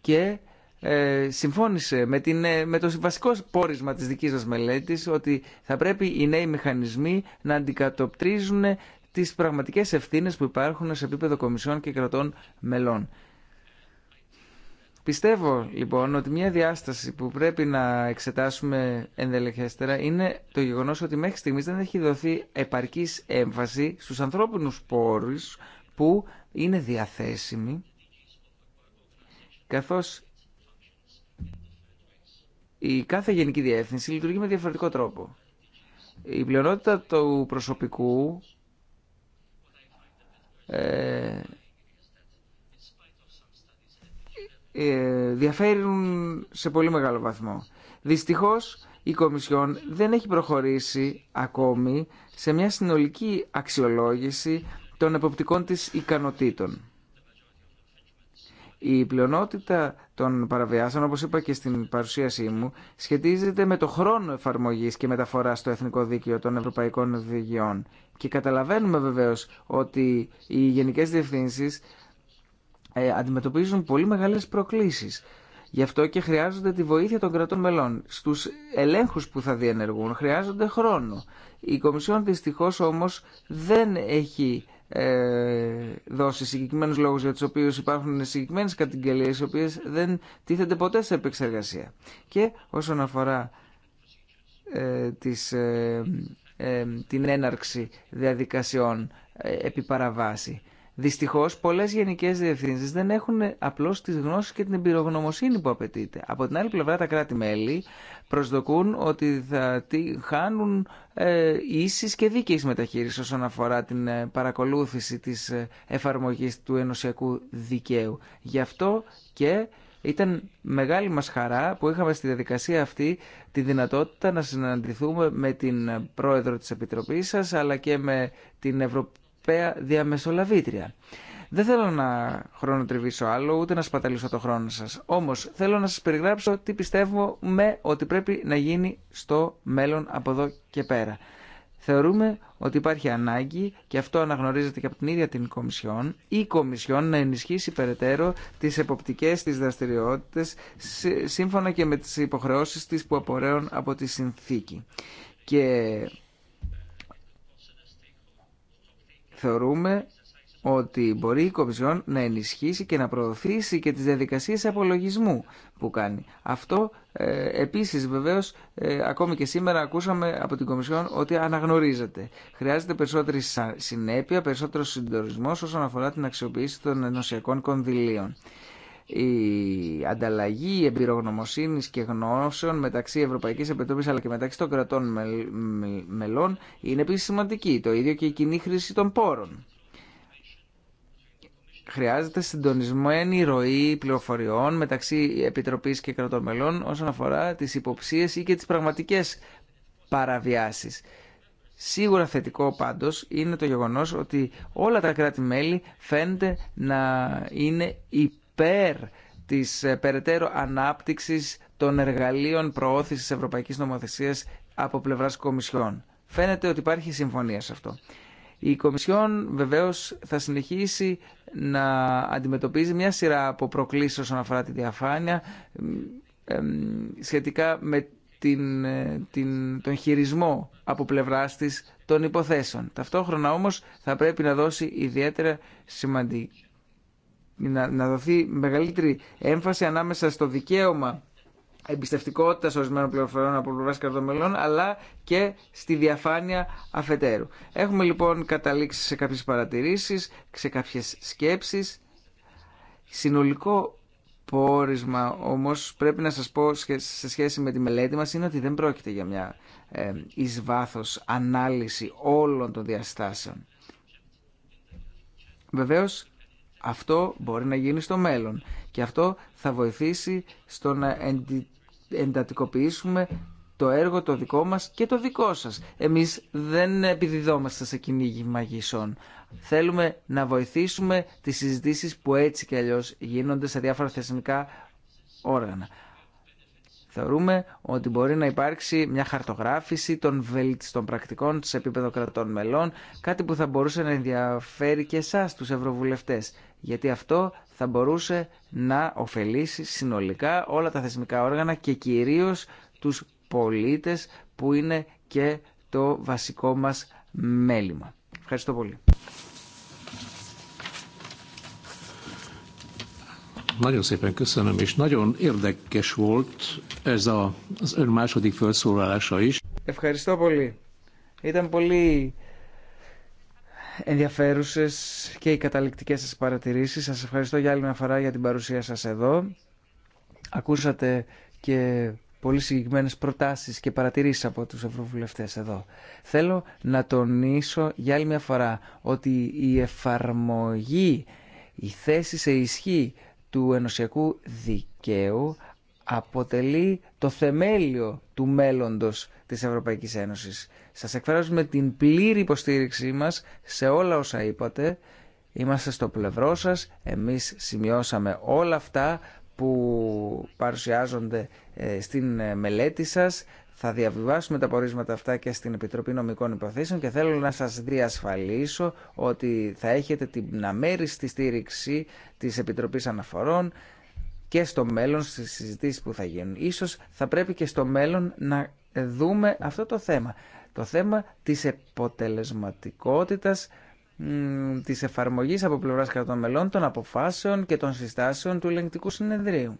και ε, συμφώνησε με, την, ε, με το βασικό πόρισμα της δικής μας μελέτης ότι θα πρέπει οι νέοι μηχανισμοί να αντικατοπτρίζουν τις πραγματικές ευθύνες που υπάρχουν σε επίπεδο κομισιών και κρατών μελών. Πιστεύω λοιπόν ότι μια διάσταση που πρέπει να εξετάσουμε ενδελεχέστερα είναι το γεγονός ότι μέχρι στιγμής δεν έχει δοθεί επαρκής έμφαση στους ανθρώπινους πόρους που είναι διαθέσιμοι καθώς η κάθε γενική διεύθυνση λειτουργεί με διαφορετικό τρόπο. Η πλειονότητα του προσωπικού ε, Ε, διαφέρουν σε πολύ μεγάλο βαθμό. Δυστυχώς η Κομισιόν δεν έχει προχωρήσει ακόμη σε μια συνολική αξιολόγηση των εποπτικών της ικανοτήτων. Η πλειονότητα των παραβιάσεων, όπως είπα και στην παρουσίασή μου, σχετίζεται με το χρόνο εφαρμογής και μεταφοράς στο Εθνικό Δίκαιο των Ευρωπαϊκών Οδηγιών. Και καταλαβαίνουμε βεβαίως ότι οι γενικές διευθύνσεις ε, αντιμετωπίζουν πολύ μεγάλες προκλήσεις. Γι' αυτό και χρειάζονται τη βοήθεια των κρατών μελών. Στους ελέγχους που θα διενεργούν χρειάζονται χρόνο. Η Κομισιόν δυστυχώς όμως δεν έχει ε, δώσει συγκεκριμένους λόγους για τους οποίους υπάρχουν συγκεκριμένες κατηγγελίες οι οποίες δεν τίθενται ποτέ σε επεξεργασία. Και όσον αφορά ε, ε, ε, την έναρξη διαδικασιών επί παραβάση. Δυστυχώ, πολλέ γενικέ διευθύνσει δεν έχουν απλώ τι γνώσει και την εμπειρογνωμοσύνη που απαιτείται. Από την άλλη πλευρά, τα κράτη-μέλη προσδοκούν ότι θα χάνουν ε, ίση και δίκαιη μεταχείριση όσον αφορά την ε, παρακολούθηση τη ε, εφαρμογή του ενωσιακού δικαίου. Γι' αυτό και ήταν μεγάλη μας χαρά που είχαμε στη διαδικασία αυτή τη δυνατότητα να συναντηθούμε με την ε, πρόεδρο της Επιτροπής σας αλλά και με την Ευρωπαϊκή... Ευρωπαία διαμεσολαβήτρια. Δεν θέλω να χρονοτριβήσω άλλο, ούτε να σπαταλήσω το χρόνο σας. Όμως, θέλω να σας περιγράψω τι πιστεύω με ότι πρέπει να γίνει στο μέλλον από εδώ και πέρα. Θεωρούμε ότι υπάρχει ανάγκη, και αυτό αναγνωρίζεται και από την ίδια την Κομισιόν, η Κομισιόν να ενισχύσει περαιτέρω τις εποπτικές της δραστηριότητες σύμφωνα και με τις υποχρεώσεις της που απορρέουν από τη συνθήκη. Και θεωρούμε ότι μπορεί η Κομισιόν να ενισχύσει και να προωθήσει και τις διαδικασίες απολογισμού που κάνει. Αυτό ε, επίσης βεβαίως ε, ακόμη και σήμερα ακούσαμε από την Κομισιόν ότι αναγνωρίζεται. Χρειάζεται περισσότερη συνέπεια, περισσότερο συντορισμό όσον αφορά την αξιοποίηση των ενωσιακών κονδυλίων η ανταλλαγή εμπειρογνωμοσύνης και γνώσεων μεταξύ Ευρωπαϊκής Επιτροπής αλλά και μεταξύ των κρατών μελών είναι επίσης σημαντική. Το ίδιο και η κοινή χρήση των πόρων. Χρειάζεται συντονισμένη ροή πληροφοριών μεταξύ Επιτροπής και κρατών μελών όσον αφορά τις υποψίες ή και τις πραγματικές παραβιάσεις. Σίγουρα θετικό πάντως είναι το γεγονός ότι όλα τα κράτη-μέλη φαίνεται να είναι υπόλοιπα υπέρ της ε, περαιτέρω ανάπτυξης των εργαλείων προώθησης ευρωπαϊκής νομοθεσίας από πλευράς Κομισιόν. Φαίνεται ότι υπάρχει συμφωνία σε αυτό. Η Κομισιόν βεβαίως θα συνεχίσει να αντιμετωπίζει μια σειρά από προκλήσεις όσον αφορά τη διαφάνεια σχετικά με ε, την, τον χειρισμό από πλευράς της των υποθέσεων. Ταυτόχρονα όμως θα πρέπει να δώσει ιδιαίτερα σημαντική να, να δοθεί μεγαλύτερη έμφαση ανάμεσα στο δικαίωμα εμπιστευτικότητα ορισμένων πληροφοριών από πλευρά καρδομελών, αλλά και στη διαφάνεια αφετέρου. Έχουμε λοιπόν καταλήξει σε κάποιε παρατηρήσει, σε κάποιε σκέψει. Συνολικό πόρισμα όμως πρέπει να σας πω σε σχέση με τη μελέτη μας είναι ότι δεν πρόκειται για μια ε, εις βάθος ανάλυση όλων των διαστάσεων. Βεβαίω. Αυτό μπορεί να γίνει στο μέλλον και αυτό θα βοηθήσει στο να εντατικοποιήσουμε το έργο το δικό μας και το δικό σας. Εμείς δεν επιδιδόμαστε σε κυνήγι μαγισσών. Θέλουμε να βοηθήσουμε τις συζητήσεις που έτσι και αλλιώς γίνονται σε διάφορα θεσμικά όργανα. Θεωρούμε ότι μπορεί να υπάρξει μια χαρτογράφηση των βελτιστών πρακτικών σε επίπεδο κρατών μελών, κάτι που θα μπορούσε να ενδιαφέρει και εσά τους ευρωβουλευτέ. γιατί αυτό θα μπορούσε να ωφελήσει συνολικά όλα τα θεσμικά όργανα και κυρίως τους πολίτες που είναι και το βασικό μας μέλημα. Ευχαριστώ πολύ. Ευχαριστώ πολύ. Ήταν πολύ ενδιαφέρουσες και οι καταληκτικές σας παρατηρήσεις. Σας ευχαριστώ για άλλη μια φορά για την παρουσία σας εδώ. Ακούσατε και πολύ συγκεκριμένες προτάσεις και παρατηρήσεις από τους ευρωβουλευτές εδώ. Θέλω να τονίσω για άλλη μια φορά ότι η εφαρμογή, η θέση σε ισχύ του ενωσιακού δικαίου αποτελεί το θεμέλιο του μέλλοντος της Ευρωπαϊκής Ένωσης. Σας εκφράζουμε την πλήρη υποστήριξή μας σε όλα όσα είπατε. Είμαστε στο πλευρό σας. Εμείς σημειώσαμε όλα αυτά που παρουσιάζονται ε, στην ε, μελέτη σας. Θα διαβιβάσουμε τα πορίσματα αυτά και στην Επιτροπή Νομικών Υποθέσεων και θέλω να σας διασφαλίσω ότι θα έχετε την αμέριστη στήριξη της Επιτροπής Αναφορών και στο μέλλον στις συζητήσεις που θα γίνουν. Ίσως θα πρέπει και στο μέλλον να δούμε αυτό το θέμα. Το θέμα της αποτελεσματικότητα της εφαρμογής από πλευράς κρατών μελών των αποφάσεων και των συστάσεων του ελεγκτικού συνεδρίου.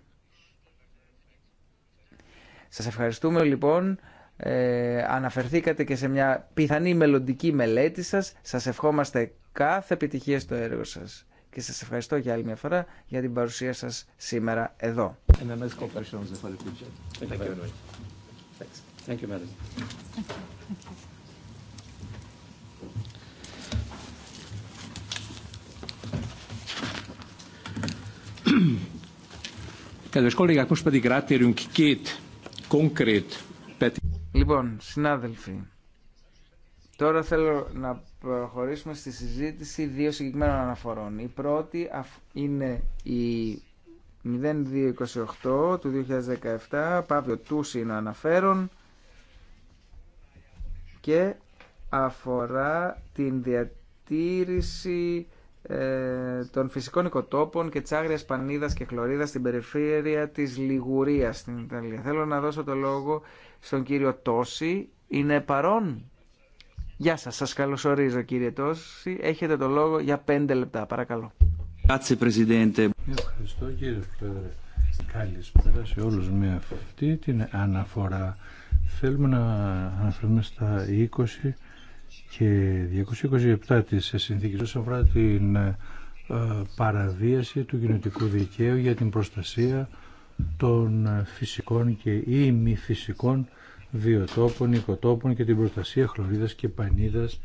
Σας ευχαριστούμε λοιπόν. Ε, αναφερθήκατε και σε μια πιθανή μελλοντική μελέτη σας. Σας ευχόμαστε κάθε επιτυχία στο έργο σας. Και σας ευχαριστώ για άλλη μια φορά για την παρουσία σας σήμερα εδώ. Καλώς kollégák, Λοιπόν, συνάδελφοι, τώρα θέλω να προχωρήσουμε στη συζήτηση δύο συγκεκριμένων αναφορών. Η πρώτη είναι η 0228 του 2017, Παύλο Τούση είναι αναφέρον και αφορά την διατήρηση ε, των φυσικών οικοτόπων και της άγριας πανίδας και χλωρίδα στην περιφέρεια της Λιγουρίας στην Ιταλία. Θέλω να δώσω το λόγο στον κύριο Τόση. Είναι παρόν. Γεια σας, σας καλωσορίζω κύριε Τόση. Έχετε το λόγο για πέντε λεπτά, παρακαλώ. Ευχαριστώ κύριε Πρόεδρε. Καλησπέρα σε όλους με αυτή την αναφορά. Θέλουμε να αναφέρουμε στα 20 και 227 της συνθήκης όσον αφορά την ε, παραβίαση του κοινωτικού δικαίου για την προστασία των ε, φυσικών και ή μη φυσικών βιοτόπων, οικοτόπων και την προστασία χλωρίδας και πανίδας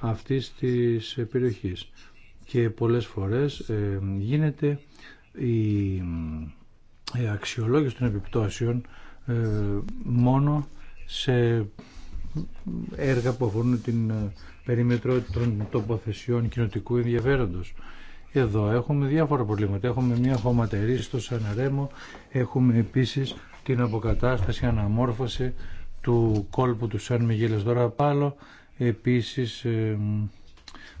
αυτής της περιοχής. Και πολλές φορές ε, γίνεται η, αξιολόγηση των επιπτώσεων μόνο σε έργα που αφορούν την ε, περίμετρο των τοποθεσιών κοινοτικού ενδιαφέροντος. Εδώ έχουμε διάφορα προβλήματα. Έχουμε μια χωματερή στο Σαναρέμο, έχουμε επίσης την αποκατάσταση, αναμόρφωση του κόλπου του Σαν Μιγέλες Δωραπάλο, επίσης ε,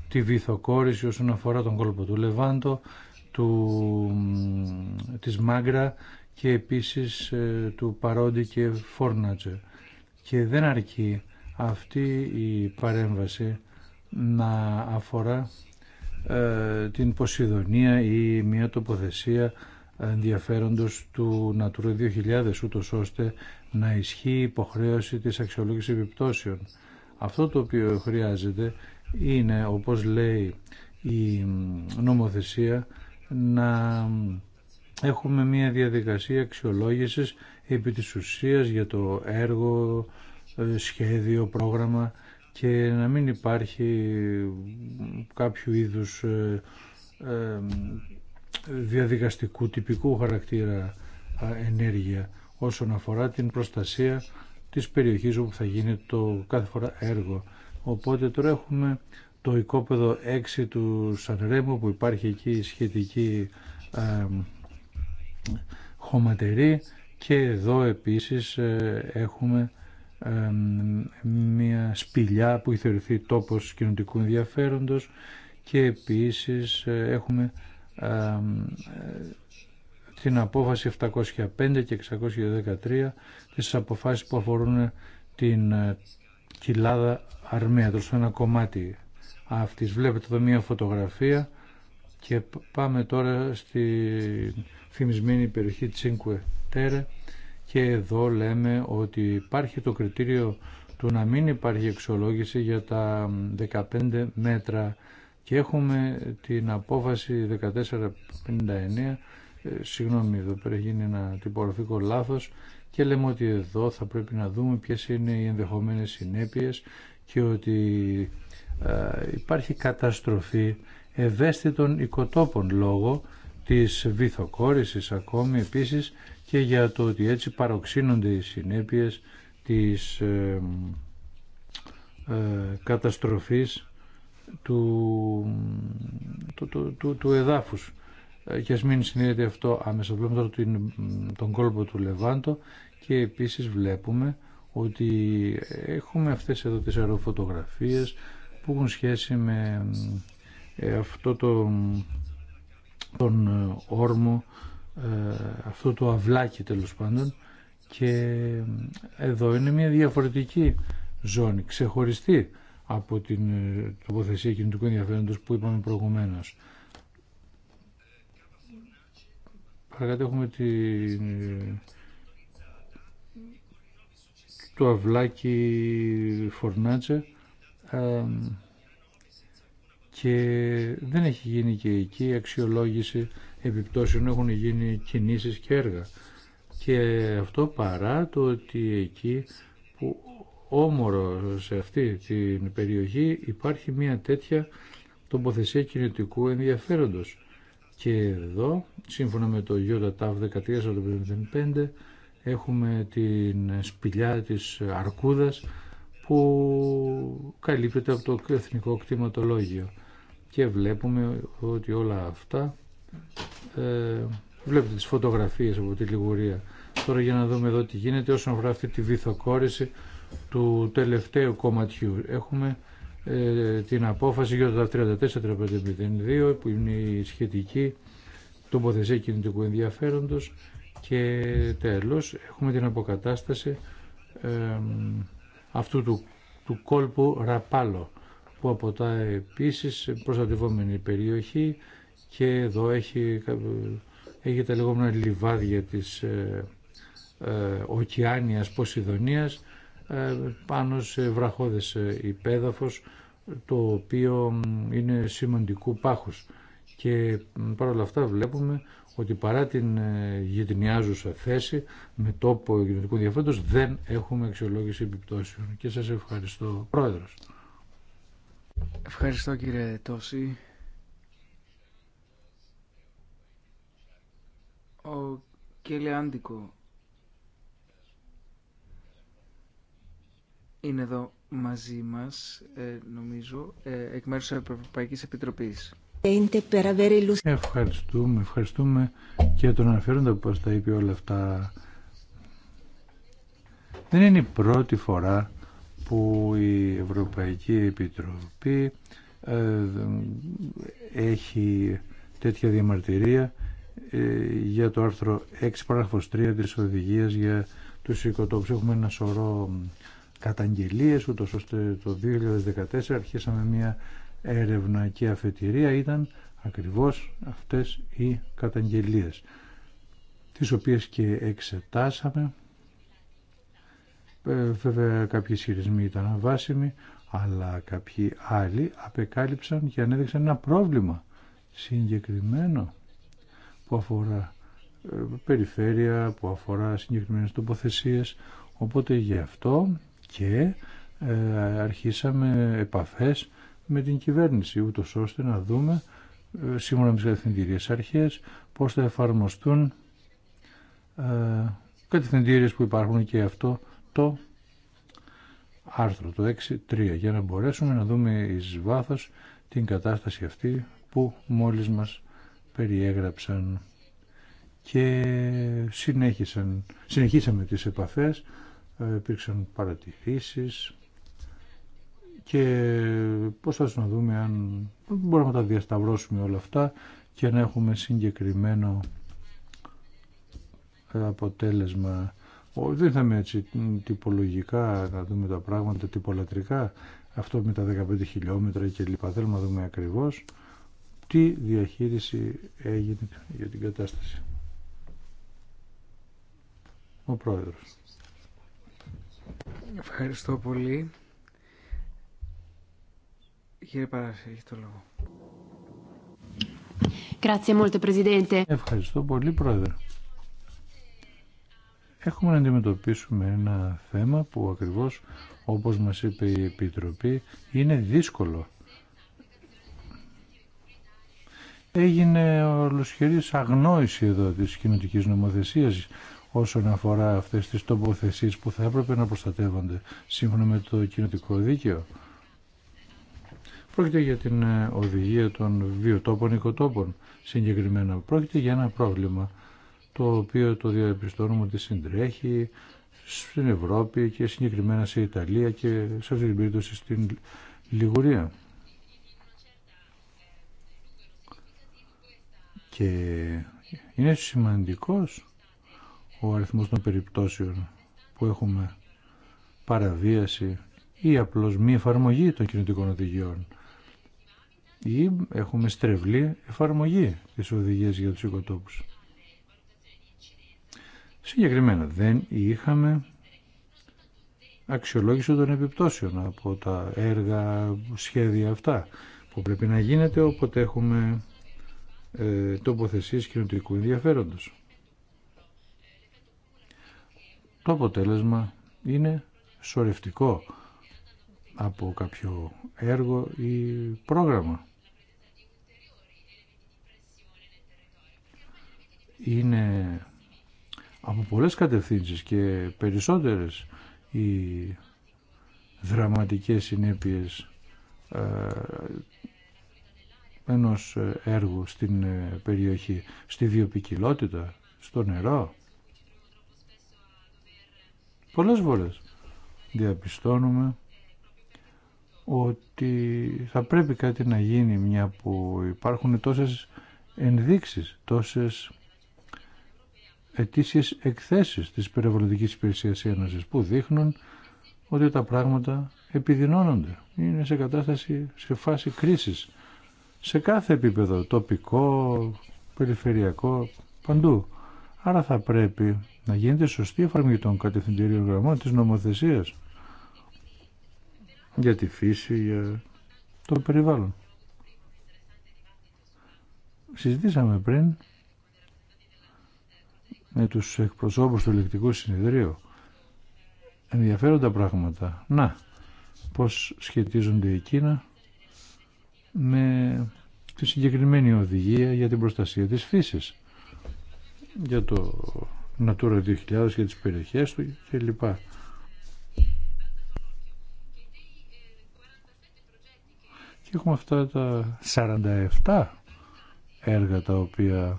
τη βυθοκόρηση όσον αφορά τον κόλπο του Λεβάντο, του, της Μάγκρα και επίσης ε, του Παρόντι και Φόρνατζε. Και δεν αρκεί αυτή η παρέμβαση να αφορά ε, την Ποσειδονία ή μια τοποθεσία ενδιαφέροντος του Natura 2000 ούτως ώστε να ισχύει η υποχρέωση της αξιολόγησης επιπτώσεων. Αυτό το οποίο χρειάζεται είναι, όπως λέει η νομοθεσία, να έχουμε μια διαδικασία αξιολόγησης επί της ουσίας για το έργο, σχέδιο, πρόγραμμα και να μην υπάρχει κάποιο είδους ε, ε, διαδικαστικού τυπικού χαρακτήρα ενέργεια όσον αφορά την προστασία της περιοχής όπου θα γίνει το κάθε φορά έργο. Οπότε τώρα έχουμε το οικόπεδο 6 του Σανρέμου που υπάρχει εκεί σχετική ε, χωματερή και εδώ επίσης έχουμε μια σπηλιά που έχει θεωρηθεί τόπος κοινωνικού ενδιαφέροντος και επίσης ε, έχουμε ε, την απόφαση 705 και 613 τις αποφάσεις που αφορούν ε, την κοιλάδα αρμία, το δηλαδή ένα κομμάτι αυτής. Βλέπετε εδώ μια φωτογραφία και πάμε τώρα στη θυμισμένη περιοχή Τσίνκουε Τέρε και εδώ λέμε ότι υπάρχει το κριτήριο του να μην υπάρχει εξολόγηση για τα 15 μέτρα και έχουμε την απόφαση 1459 ε, συγγνώμη εδώ πέρα γίνει ένα τυπογραφικό λάθος και λέμε ότι εδώ θα πρέπει να δούμε ποιες είναι οι ενδεχομένες συνέπειες και ότι ε, υπάρχει καταστροφή ευαίσθητων οικοτόπων λόγω της βυθοκόρησης ακόμη επίσης και για το ότι έτσι παροξύνονται οι συνέπειες της ε, ε καταστροφής του, του, εδάφους. Ε, και ας μην συνδέεται αυτό άμεσα. Βλέπουμε τώρα την, τον κόλπο του Λεβάντο και επίσης βλέπουμε ότι έχουμε αυτές εδώ τις αεροφωτογραφίες που έχουν σχέση με ε, αυτό τον όρμο ε, αυτό το αυλάκι τέλος πάντων και ε, εδώ είναι μια διαφορετική ζώνη, ξεχωριστή από την ε, τοποθεσία κινητικού ενδιαφέροντος που είπαμε προηγουμένως. Παρακάτω έχουμε το αυλάκι φορνάτσε και δεν έχει γίνει και εκεί αξιολόγηση επιπτώσεων έχουν γίνει κινήσεις και έργα. Και αυτό παρά το ότι εκεί που όμορο σε αυτή την περιοχή υπάρχει μια τέτοια τοποθεσία κινητικού ενδιαφέροντος. Και εδώ, σύμφωνα με το ΙΟΤΑΤΑΒ 1345, έχουμε την σπηλιά της Αρκούδας που καλύπτεται από το εθνικό κτηματολόγιο. Και βλέπουμε ότι όλα αυτά ε, βλέπετε τις φωτογραφίες από τη Λιγουρία. Τώρα για να δούμε εδώ τι γίνεται όσον αφορά αυτή τη βυθοκόρηση του τελευταίου κομματιού. Έχουμε ε, την απόφαση για το 34 που είναι η σχετική τοποθεσία κινητικού ενδιαφέροντος και τέλος έχουμε την αποκατάσταση αυτού του, του κόλπου Ραπάλο που αποτά επίσης προστατευόμενη περιοχή και εδώ έχει, έχει τα λεγόμενα λιβάδια της ε, ε, Ποσειδονίας ε, πάνω σε βραχώδες ε, υπέδαφος το οποίο είναι σημαντικού πάχους και όλα αυτά βλέπουμε ότι παρά την σε θέση με τόπο κοινωνικού διαφέροντος δεν έχουμε αξιολόγηση επιπτώσεων και σας ευχαριστώ Πρόεδρος. Ευχαριστώ κύριε Τόση. Ο Κελεάντικο είναι εδώ μαζί μας, ε, νομίζω, ε, εκ μέρους της Ευρωπαϊκής Επιτροπής. Ευχαριστούμε, ευχαριστούμε και τον αναφέροντα που μας τα είπε όλα αυτά. Δεν είναι η πρώτη φορά που η Ευρωπαϊκή Επιτροπή ε, έχει τέτοια διαμαρτυρία ε, για το άρθρο 6 παράγραφος 3 της οδηγίας για τους οικοτόπους. Έχουμε ένα σωρό καταγγελίες ούτως ώστε το 2014 αρχίσαμε μια έρευνα και αφετηρία ήταν ακριβώς αυτές οι καταγγελίες τις οποίες και εξετάσαμε ε, βέβαια κάποιοι ισχυρισμοί ήταν αβάσιμοι αλλά κάποιοι άλλοι απεκάλυψαν και ανέδειξαν ένα πρόβλημα συγκεκριμένο που αφορά ε, περιφέρεια, που αφορά συγκεκριμένες τοποθεσίες. Οπότε γι' αυτό και ε, αρχίσαμε επαφές με την κυβέρνηση, ούτω ώστε να δούμε ε, σύμφωνα με τις κατευθυντήριες αρχές πώς θα εφαρμοστούν κατευθυντήριες που υπάρχουν και αυτό το άρθρο, το 6.3, για να μπορέσουμε να δούμε εις βάθος την κατάσταση αυτή που μόλις μας περιέγραψαν και συνέχισαν, συνεχίσαμε τις επαφές, ε, υπήρξαν παρατηρήσεις και πώς θα να δούμε αν μπορούμε να τα διασταυρώσουμε όλα αυτά και να έχουμε συγκεκριμένο αποτέλεσμα. Δεν θα είμαι έτσι τυπολογικά να δούμε τα πράγματα τυπολατρικά, αυτό με τα 15 χιλιόμετρα και λοιπά. Θέλουμε να δούμε ακριβώς τι διαχείριση έγινε για την κατάσταση. Ο Πρόεδρος. Ευχαριστώ πολύ. Κύριε Παράση, έχει το λόγο. Ευχαριστώ πολύ, Πρόεδρε. Έχουμε να αντιμετωπίσουμε ένα θέμα που ακριβώς όπως μας είπε η Επιτροπή είναι δύσκολο έγινε ολοσχερής αγνόηση εδώ της κοινωτικής νομοθεσίας όσον αφορά αυτές τις τοποθεσίες που θα έπρεπε να προστατεύονται σύμφωνα με το κοινωτικό δίκαιο. Πρόκειται για την ε, οδηγία των βιοτόπων οικοτόπων συγκεκριμένα. Πρόκειται για ένα πρόβλημα το οποίο το διαπιστώνουμε ότι συντρέχει στην Ευρώπη και συγκεκριμένα στην Ιταλία και σε αυτή την περίπτωση στην Λιγουρία. και είναι σημαντικός ο αριθμός των περιπτώσεων που έχουμε παραβίαση ή απλώς μη εφαρμογή των κινητικών οδηγιών ή έχουμε στρεβλή εφαρμογή της οδηγίας για τους οικοτόπους. Συγκεκριμένα δεν είχαμε αξιολόγηση των επιπτώσεων από τα έργα, σχέδια αυτά που πρέπει να γίνεται όποτε έχουμε ε, τοποθεσίες κοινωτικού ενδιαφέροντος. Το αποτέλεσμα είναι σορευτικό από κάποιο έργο ή πρόγραμμα. Είναι από πολλές κατευθύνσεις και περισσότερες οι δραματικές συνέπειες ε, ενός ε, έργου στην ε, περιοχή, στη βιοπικιλότητα, στο νερό. Πολλές φορές διαπιστώνουμε ότι θα πρέπει κάτι να γίνει μια που υπάρχουν τόσες ενδείξεις, τόσες ετήσιες εκθέσεις της περιβαλλοντικής υπηρεσίας Ένωση που δείχνουν ότι τα πράγματα επιδεινώνονται. Είναι σε κατάσταση, σε φάση κρίσης σε κάθε επίπεδο, τοπικό, περιφερειακό, παντού. Άρα θα πρέπει να γίνεται σωστή εφαρμογή των κατευθυντήριων γραμμών της νομοθεσίας για τη φύση, για το περιβάλλον. Συζητήσαμε πριν με τους εκπροσώπους του ελεκτικού συνεδρίου ενδιαφέροντα πράγματα. Να, πώς σχετίζονται εκείνα με τη συγκεκριμένη οδηγία για την προστασία της φύσης για το Natura 2000 για τις περιοχές του κλπ. Και έχουμε αυτά τα 47 έργα τα οποία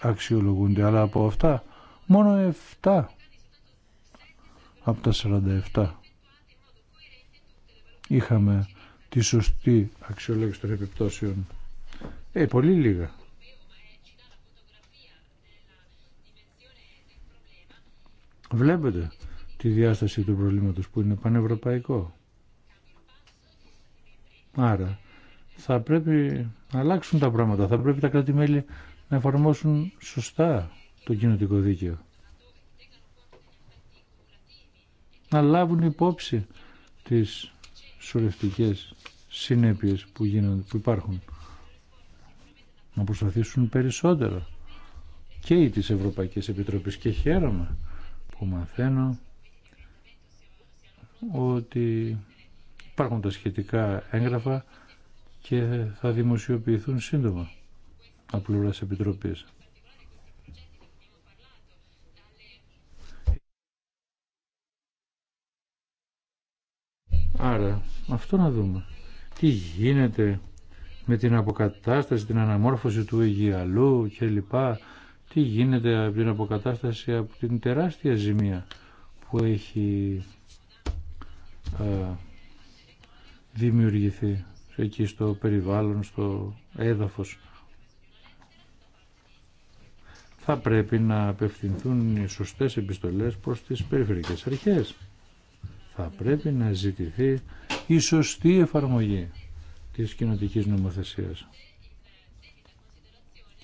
αξιολογούνται, αλλά από αυτά μόνο 7 από τα 47 είχαμε τη σωστή αξιολόγηση των επιπτώσεων. Ε, πολύ λίγα. Βλέπετε τη διάσταση του προβλήματος που είναι πανευρωπαϊκό. Άρα θα πρέπει να αλλάξουν τα πράγματα, θα πρέπει τα κράτη-μέλη να εφαρμόσουν σωστά το κοινωτικό δίκαιο. Να λάβουν υπόψη τις σωρευτικές συνέπειες που, γίνονται, που υπάρχουν. Να προσπαθήσουν περισσότερο και οι της Ευρωπαϊκής Επιτροπής και χαίρομαι που μαθαίνω ότι υπάρχουν τα σχετικά έγγραφα και θα δημοσιοποιηθούν σύντομα από πλευράς Επιτροπής. Άρα αυτό να δούμε. Τι γίνεται με την αποκατάσταση, την αναμόρφωση του και κλπ. Τι γίνεται από την αποκατάσταση από την τεράστια ζημία που έχει α, δημιουργηθεί εκεί στο περιβάλλον, στο έδαφος. Θα πρέπει να απευθυνθούν οι σωστές επιστολές προς τις περιφερειακές αρχές θα πρέπει να ζητηθεί η σωστή εφαρμογή της κοινοτικής νομοθεσίας.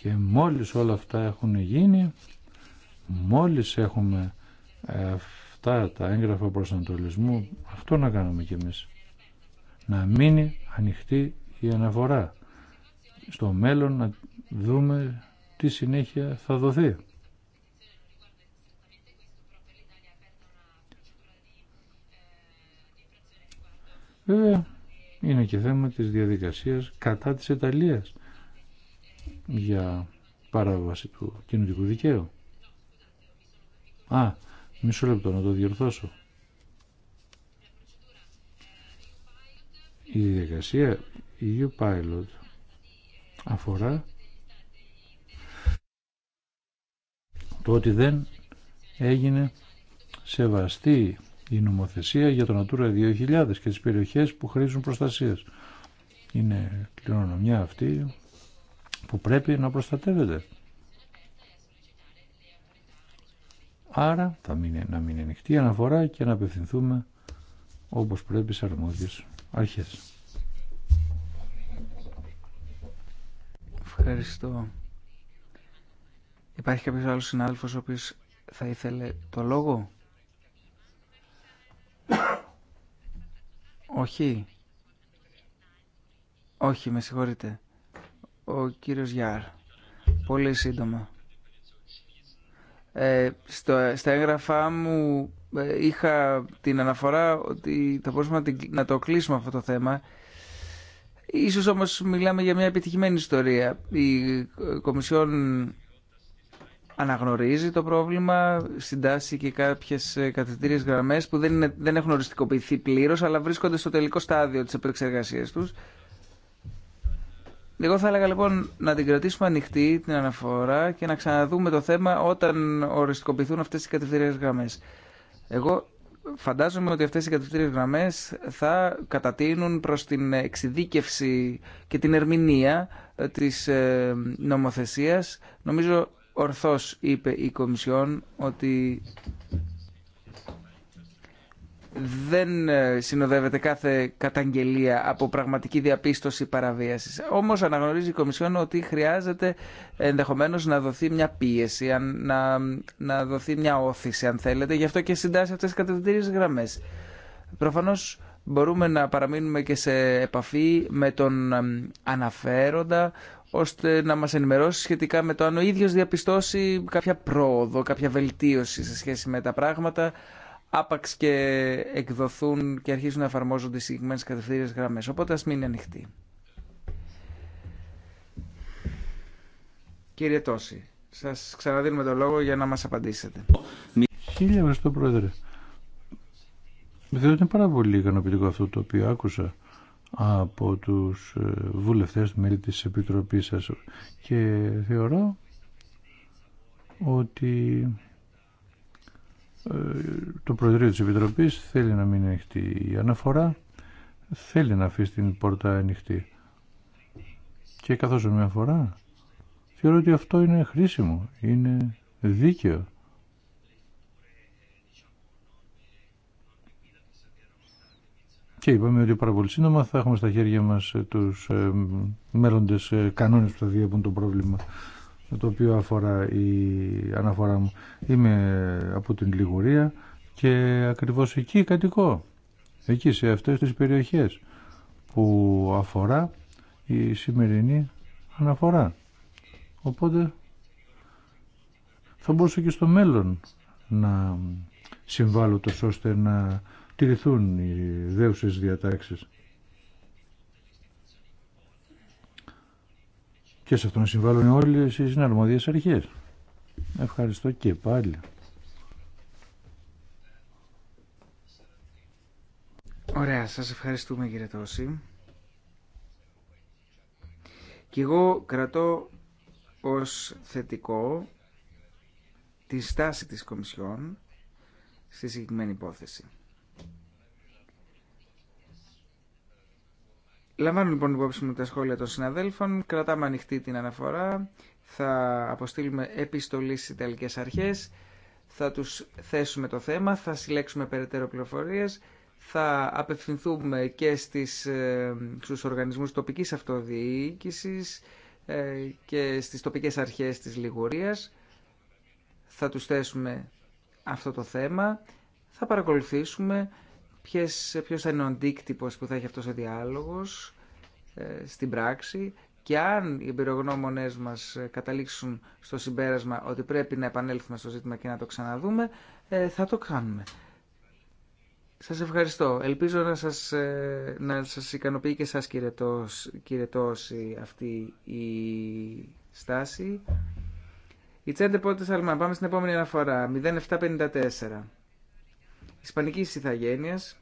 Και μόλις όλα αυτά έχουν γίνει, μόλις έχουμε ε, αυτά τα έγγραφα προσανατολισμού, αυτό να κάνουμε κι εμείς. Να μείνει ανοιχτή η αναφορά. Στο μέλλον να δούμε τι συνέχεια θα δοθεί. Βέβαια, είναι και θέμα της διαδικασίας κατά της Ιταλίας για παράβαση του κοινωτικού δικαίου. Α, μισό λεπτό να το διορθώσω. Η διαδικασία EU Pilot αφορά το ότι δεν έγινε σεβαστή η νομοθεσία για το Natura 2000 και τις περιοχές που χρήζουν προστασίας. Είναι κληρονομιά αυτή που πρέπει να προστατεύεται. Άρα θα μείνει, να μείνει ανοιχτή αναφορά και να απευθυνθούμε όπως πρέπει σε αρμόδιες αρχές. Ευχαριστώ. Υπάρχει κάποιος άλλος συνάδελφος ο οποίος θα ήθελε το λόγο. Όχι. Όχι, με συγχωρείτε. Ο κύριος Γιάρ. Πολύ σύντομα. Ε, στο, στα έγγραφά μου ε, είχα την αναφορά ότι θα μπορούσαμε να, να το κλείσουμε αυτό το θέμα. Ίσως όμως μιλάμε για μια επιτυχημένη ιστορία. Η Κομισιόν αναγνωρίζει το πρόβλημα, συντάσσει και κάποιε κατευθυντήριε γραμμέ που δεν, είναι, δεν έχουν οριστικοποιηθεί πλήρω, αλλά βρίσκονται στο τελικό στάδιο τη επεξεργασία του. Εγώ θα έλεγα λοιπόν να την κρατήσουμε ανοιχτή την αναφορά και να ξαναδούμε το θέμα όταν οριστικοποιηθούν αυτέ οι κατευθυντήριες γραμμέ. Εγώ φαντάζομαι ότι αυτέ οι κατευθυντήριες γραμμές θα κατατείνουν προ την εξειδίκευση και την ερμηνεία ε, τη ε, νομοθεσία, Νομίζω Ορθώς είπε η Κομισιόν ότι δεν ε, συνοδεύεται κάθε καταγγελία από πραγματική διαπίστωση παραβίασης. Όμως αναγνωρίζει η Κομισιόν ότι χρειάζεται ενδεχομένως να δοθεί μια πίεση, να, να δοθεί μια όθηση αν θέλετε. Γι' αυτό και συντάσσει αυτές τις κατευθυντήριες γραμμές. Προφανώς μπορούμε να παραμείνουμε και σε επαφή με τον ε, αναφέροντα ώστε να μας ενημερώσει σχετικά με το αν ο ίδιος διαπιστώσει κάποια πρόοδο, κάποια βελτίωση σε σχέση με τα πράγματα, άπαξ και εκδοθούν και αρχίσουν να εφαρμόζονται συγκεκριμένε κατευθύνες γραμμές. Οπότε ας μείνει ανοιχτή. Κύριε Τόση, σας ξαναδίνουμε το λόγο για να μας απαντήσετε. Χίλια ευχαριστώ, Πρόεδρε. Δεν είναι πάρα πολύ ικανοποιητικό αυτό το οποίο άκουσα από τους ε, βουλευτές μέλη της Επιτροπής σας και θεωρώ ότι ε, το Προεδρείο της Επιτροπής θέλει να μην ανοιχτεί η αναφορά θέλει να αφήσει την πόρτα ανοιχτή και καθώς μια φορά θεωρώ ότι αυτό είναι χρήσιμο είναι δίκαιο και είπαμε ότι πάρα πολύ σύντομα θα έχουμε στα χέρια μας ε, τους ε, μέλλοντες ε, κανόνες που θα διέπουν το πρόβλημα το οποίο αφορά η αναφορά μου. Είμαι από την Λιγουρία και ακριβώς εκεί κατοικώ. Εκεί σε αυτές τις περιοχές που αφορά η σημερινή αναφορά. Οπότε θα μπορούσα και στο μέλλον να συμβάλλω τόσο ώστε να τηρηθούν οι δέουσες διατάξεις. Και σε αυτό να συμβάλλουν όλοι οι συναρμόδιες αρχές. Ευχαριστώ και πάλι. Ωραία, σας ευχαριστούμε κύριε Τόση. Και εγώ κρατώ ως θετικό τη στάση της Κομισιόν στη συγκεκριμένη υπόθεση. Λαμβάνουμε λοιπόν υπόψη μου τα σχόλια των συναδέλφων, κρατάμε ανοιχτή την αναφορά, θα αποστείλουμε επιστολή στις Ιταλικέ Αρχές, θα τους θέσουμε το θέμα, θα συλλέξουμε περαιτέρω πληροφορίε, θα απευθυνθούμε και στις, ε, στους οργανισμούς τοπικής αυτοδιοίκησης ε, και στις τοπικές αρχές της Λιγουρίας, θα τους θέσουμε αυτό το θέμα, θα παρακολουθήσουμε ποιες, ποιος θα είναι ο αντίκτυπος που θα έχει αυτός ο διάλογος ε, στην πράξη και αν οι εμπειρογνώμονές μας καταλήξουν στο συμπέρασμα ότι πρέπει να επανέλθουμε στο ζήτημα και να το ξαναδούμε, ε, θα το κάνουμε. Σας ευχαριστώ. Ελπίζω να σας, ε, να σας ικανοποιεί και σας κύριε, αυτή η στάση. Η Τσέντε πότε θα πάμε στην επόμενη αναφορά. 0754. Ισπανικής Ιθαγένειας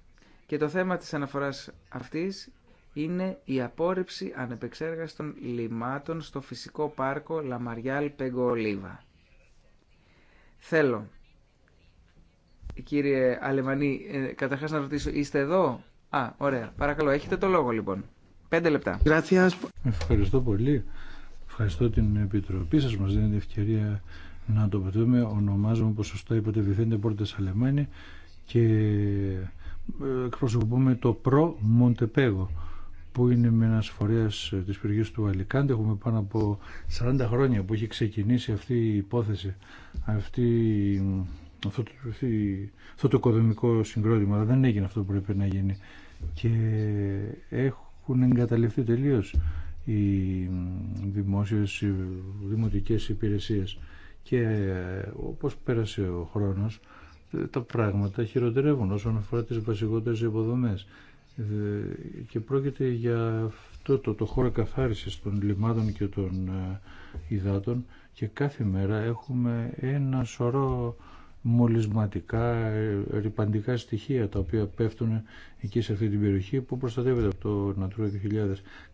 και το θέμα της αναφοράς αυτής είναι η απόρριψη ανεπεξέργαστων λιμάτων στο φυσικό πάρκο Λαμαριάλ Πεγκολίβα. Θέλω, κύριε Αλεμανή, ε, καταρχάς να ρωτήσω, είστε εδώ? Α, ωραία. Παρακαλώ, έχετε το λόγο λοιπόν. Πέντε λεπτά. Ευχαριστώ πολύ. Ευχαριστώ την Επιτροπή σας. Μας δίνετε ευκαιρία να το πετούμε. Ονομάζομαι, όπως σωστά είπατε, Βιθέντε Πόρτες Αλεμάνη και ε, εκπροσωπούμε το προ Μοντεπέγο που είναι με ένας φορέας ε, της περιοχής του Αλικάντε. Έχουμε πάνω από 40 χρόνια που έχει ξεκινήσει αυτή η υπόθεση, αυτή, αυτό, το οικοδομικό συγκρότημα, αλλά δεν έγινε αυτό που πρέπει να γίνει. Και έχουν εγκαταλειφθεί τελείως οι δημόσιες, οι ε, δημοτικές υπηρεσίες. Και όπως πέρασε ο χρόνος, τα πράγματα χειροτερεύουν όσον αφορά τις βασικότερες υποδομές. Ε, και πρόκειται για αυτό το, το χώρο καθάρισης των λιμάτων και των ε, υδάτων και κάθε μέρα έχουμε ένα σωρό μολυσματικά, ε, ρηπαντικά στοιχεία τα οποία πέφτουν εκεί σε αυτή την περιοχή που προστατεύεται από το Natura 2000.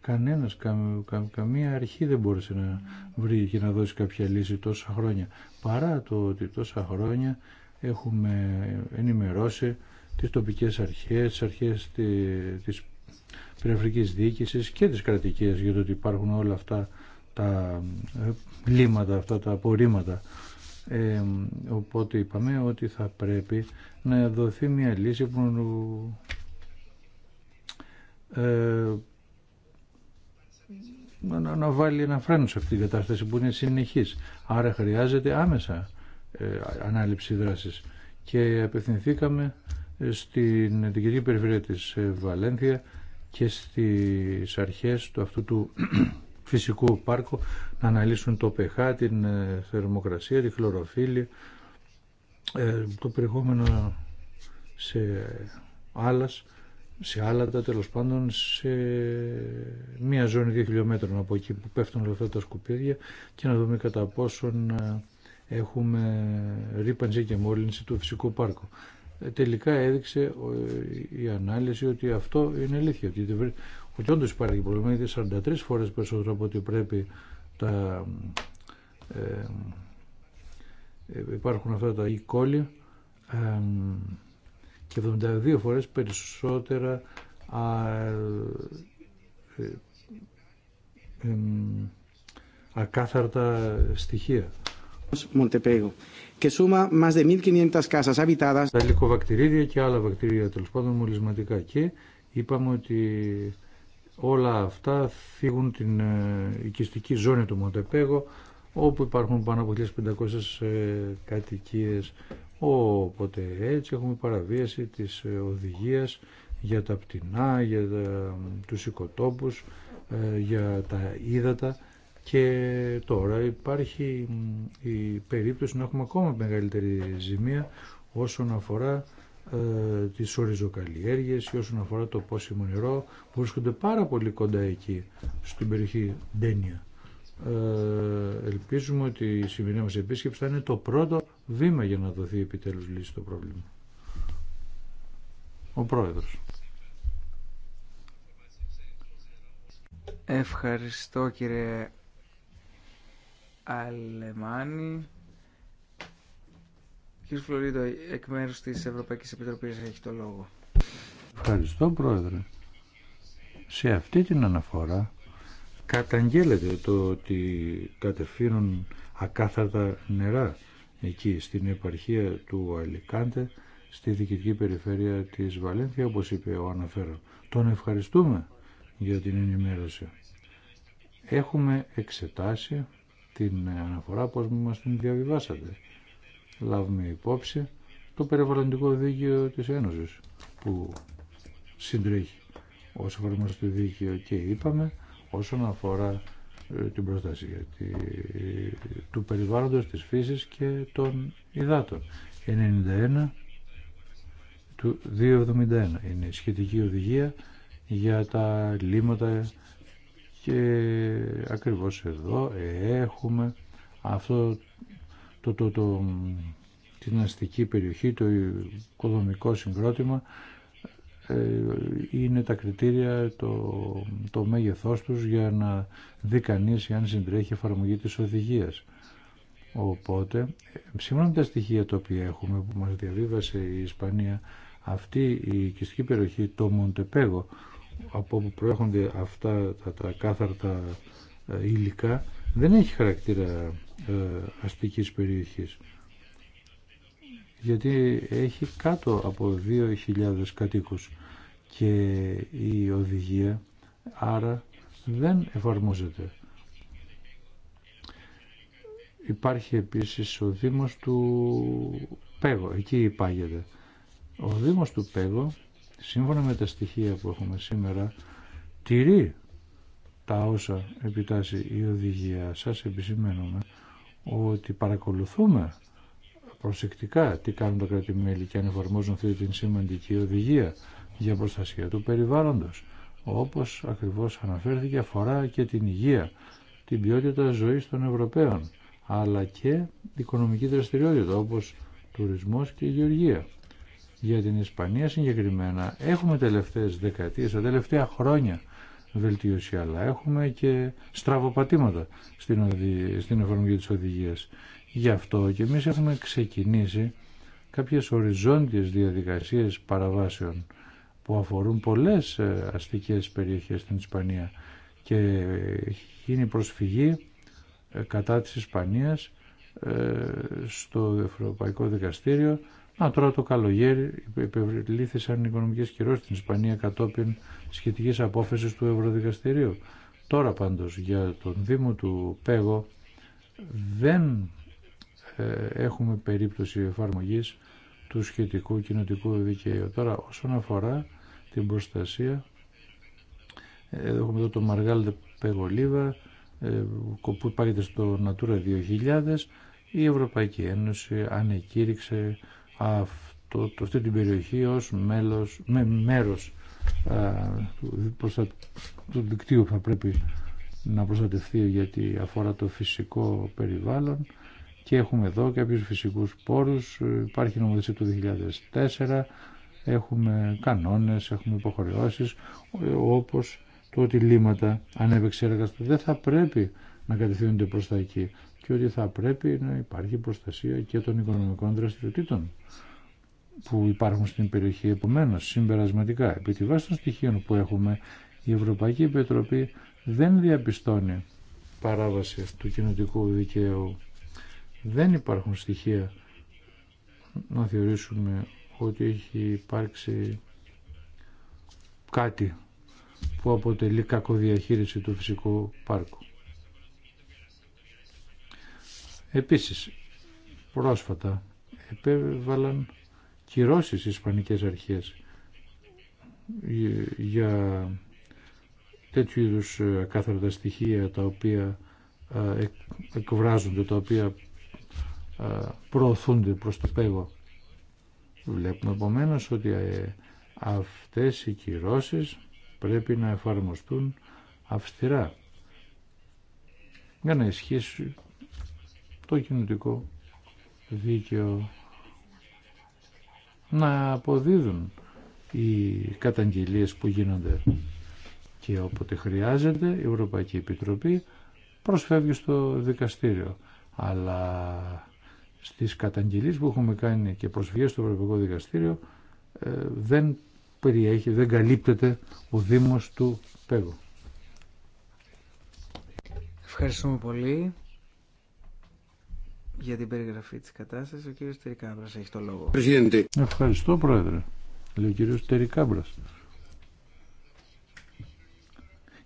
Κανένας, καμία αρχή δεν μπόρεσε να βρει και να δώσει κάποια λύση τόσα χρόνια. Παρά το ότι τόσα χρόνια έχουμε ενημερώσει τις τοπικές αρχές, τις αρχές της περιφερικής διοίκησης και τις κρατικές για το ότι υπάρχουν όλα αυτά τα ε, λύματα, αυτά τα απορρίμματα. Ε, οπότε είπαμε ότι θα πρέπει να δοθεί μια λύση που ε, να, να βάλει ένα φρένο σε αυτή την κατάσταση που είναι συνεχής. Άρα χρειάζεται άμεσα ε, ανάληψη δράσης και απευθυνθήκαμε ε, στην την κυρία περιφέρεια της ε, Βαλένθια και στις αρχές του αυτού του φυσικού πάρκου να αναλύσουν το pH, την θερμοκρασία, τη χλωροφύλλη, το περιεχόμενο σε άλλας, σε άλατα τέλος πάντων σε μία ζώνη δύο χιλιόμετρων από εκεί που πέφτουν όλα αυτά τα σκουπίδια και να δούμε κατά πόσον έχουμε ρήπανση και μόλυνση του φυσικού πάρκου. Ε, τελικά έδειξε η ανάλυση ότι αυτό είναι αλήθεια, ότι, ότι όντως υπάρχει πρόβλημα, γιατί 43 φορές περισσότερο από ότι πρέπει τα, ε, ε υπάρχουν αυτά τα e-coli και 72 φορές περισσότερα ε, ε ακάθαρτα στοιχεία. 1.500 Τα υλικοβακτηρίδια και άλλα βακτηρίδια τέλο πάντων μολυσματικά και είπαμε ότι όλα αυτά φύγουν την ε, οικιστική ζώνη του Μοντεπέγο όπου υπάρχουν πάνω από 1.500 ε, κατοικίες οπότε έτσι έχουμε παραβίαση της ε, οδηγίας για τα πτηνά, για τα, τους οικοτόπους, για τα ύδατα και τώρα υπάρχει η περίπτωση να έχουμε ακόμα μεγαλύτερη ζημία όσον αφορά ε, τις οριζοκαλλιέργειες ή όσον αφορά το πόσιμο νερό που βρίσκονται πάρα πολύ κοντά εκεί στην περιοχή Ντένια. Ε, ελπίζουμε ότι σημερινή μας επίσκεψη θα είναι το ποσιμο νερο που βρισκονται παρα πολυ κοντα εκει στην περιοχη ντενια βήμα για να δοθεί επιτέλους λύση στο πρόβλημα. Ο Πρόεδρος. Ευχαριστώ κύριε Αλεμάνι, Κύριε Φλωρίδο, εκ μέρου τη Ευρωπαϊκή Επιτροπή έχει το λόγο. Ευχαριστώ Πρόεδρε. Σε αυτή την αναφορά καταγγέλλεται το ότι κατευθύνουν ακάθαρτα νερά εκεί στην επαρχία του Αλικάντε στη διοικητική περιφέρεια της Βαλένθια όπως είπε ο αναφέρον. Τον ευχαριστούμε για την ενημέρωση. Έχουμε εξετάσει την αναφορά πώς μας την διαβιβάσατε. Λάβουμε υπόψη το περιβαλλοντικό δίκαιο της Ένωσης που συντρέχει όσο αφορά το δίκαιο και είπαμε όσον αφορά ε, την προστασία του περιβάλλοντος, της φύσης και των υδάτων. 91 του 271 είναι σχετική οδηγία για τα λίμματα και ακριβώς εδώ έχουμε αυτό το, το, το, την αστική περιοχή, το οικοδομικό συγκρότημα ε, είναι τα κριτήρια, το, το μέγεθός τους για να δει κανείς αν συντρέχει εφαρμογή της οδηγίας. Οπότε, σύμφωνα με τα στοιχεία τα οποία έχουμε που μας διαβίβασε η Ισπανία, αυτή η οικιστική περιοχή, το Μοντεπέγο, από όπου προέρχονται αυτά τα, τα κάθαρτα ε, υλικά δεν έχει χαρακτήρα ε, αστικής περιοχής γιατί έχει κάτω από 2.000 κατοίκους και η οδηγία άρα δεν εφαρμόζεται. Υπάρχει επίσης ο Δήμος του Πέγο, εκεί υπάγεται. Ο Δήμος του Πέγο σύμφωνα με τα στοιχεία που έχουμε σήμερα τηρεί τα όσα επιτάσσει η οδηγία. Σας επισημαίνουμε ότι παρακολουθούμε προσεκτικά τι κάνουν τα κράτη-μέλη και αν εφαρμόζουν αυτή την σημαντική οδηγία για προστασία του περιβάλλοντος. Όπως ακριβώς αναφέρθηκε αφορά και την υγεία, την ποιότητα ζωής των Ευρωπαίων αλλά και οικονομική δραστηριότητα όπως τουρισμός και γεωργία για την Ισπανία συγκεκριμένα έχουμε τελευταίες δεκαετίες, τα τελευταία χρόνια βελτίωση, αλλά έχουμε και στραβοπατήματα στην, στην εφαρμογή της οδηγίας. Γι' αυτό και εμείς έχουμε ξεκινήσει κάποιες οριζόντιες διαδικασίες παραβάσεων που αφορούν πολλές ε, αστικές περιοχές στην Ισπανία και γίνει προσφυγή ε, κατά της Ισπανίας ε, στο Ευρωπαϊκό Δικαστήριο Α, τώρα το καλογέρι υπευλήθησαν οι οικονομικές κυρώσεις στην Ισπανία κατόπιν σχετική απόφαση του Ευρωδικαστηρίου. Τώρα πάντως για τον Δήμο του Πέγο δεν ε, έχουμε περίπτωση εφαρμογή του σχετικού κοινοτικού δικαίου. Τώρα όσον αφορά την προστασία, ε, έχουμε εδώ το Μαργάλ Πεγολίβα ε, που υπάρχει στο Natura 2000 η Ευρωπαϊκή Ένωση ανεκήρυξε αυτό, αυτή την περιοχή ως μέλος, μέρος α, του, προστα... του δικτύου που θα πρέπει να προστατευτεί γιατί αφορά το φυσικό περιβάλλον και έχουμε εδώ κάποιους φυσικούς πόρους, υπάρχει νομοθεσία του 2004, έχουμε κανόνες, έχουμε υποχρεώσεις, όπως το ότι λίμματα έργα δεν θα πρέπει να κατευθύνονται προς τα εκεί και ότι θα πρέπει να υπάρχει προστασία και των οικονομικών δραστηριοτήτων που υπάρχουν στην περιοχή. Επομένω, συμπερασματικά, επί τη βάση των στοιχείων που έχουμε, η Ευρωπαϊκή Επιτροπή δεν διαπιστώνει παράβαση του κοινοτικού δικαίου. Δεν υπάρχουν στοιχεία να θεωρήσουμε ότι έχει υπάρξει κάτι που αποτελεί κακοδιαχείριση του φυσικού πάρκου. Επίσης, πρόσφατα επέβαλαν κυρώσεις οι Ισπανικές αρχές για τέτοιου είδους ε, ακάθαρτα στοιχεία τα οποία ε, εκβράζονται, τα οποία ε, προωθούνται προς το πέγο. Βλέπουμε επομένω ότι αυτές οι κυρώσεις πρέπει να εφαρμοστούν αυστηρά για να ισχύσουν το κοινωτικό δίκαιο να αποδίδουν οι καταγγελίες που γίνονται και όποτε χρειάζεται η Ευρωπαϊκή Επιτροπή προσφεύγει στο δικαστήριο αλλά στις καταγγελίες που έχουμε κάνει και προσφυγές στο Ευρωπαϊκό Δικαστήριο ε, δεν περιέχει, δεν καλύπτεται ο Δήμος του Πέγου. Ευχαριστούμε πολύ για την περιγραφή της κατάστασης. Ο κύριος Τερικάμπρας έχει το λόγο. Ευχαριστώ Πρόεδρε. Λέει ο κύριος Τερικάμπρας.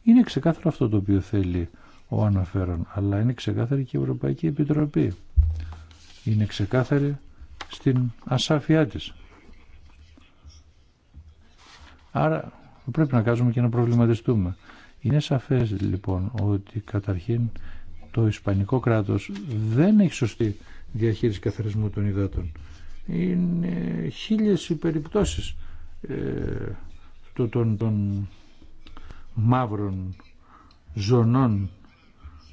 Είναι ξεκάθαρο αυτό το οποίο θέλει ο αναφέρον, αλλά είναι ξεκάθαρη και η Ευρωπαϊκή Επιτροπή. Είναι ξεκάθαρη στην ασάφειά της. Άρα πρέπει να κάνουμε και να προβληματιστούμε. Είναι σαφές λοιπόν ότι καταρχήν το Ισπανικό κράτος δεν έχει σωστή διαχείριση καθαρισμού των υδάτων. Είναι χίλιες οι περιπτώσεις ε, των, μαύρων ζωνών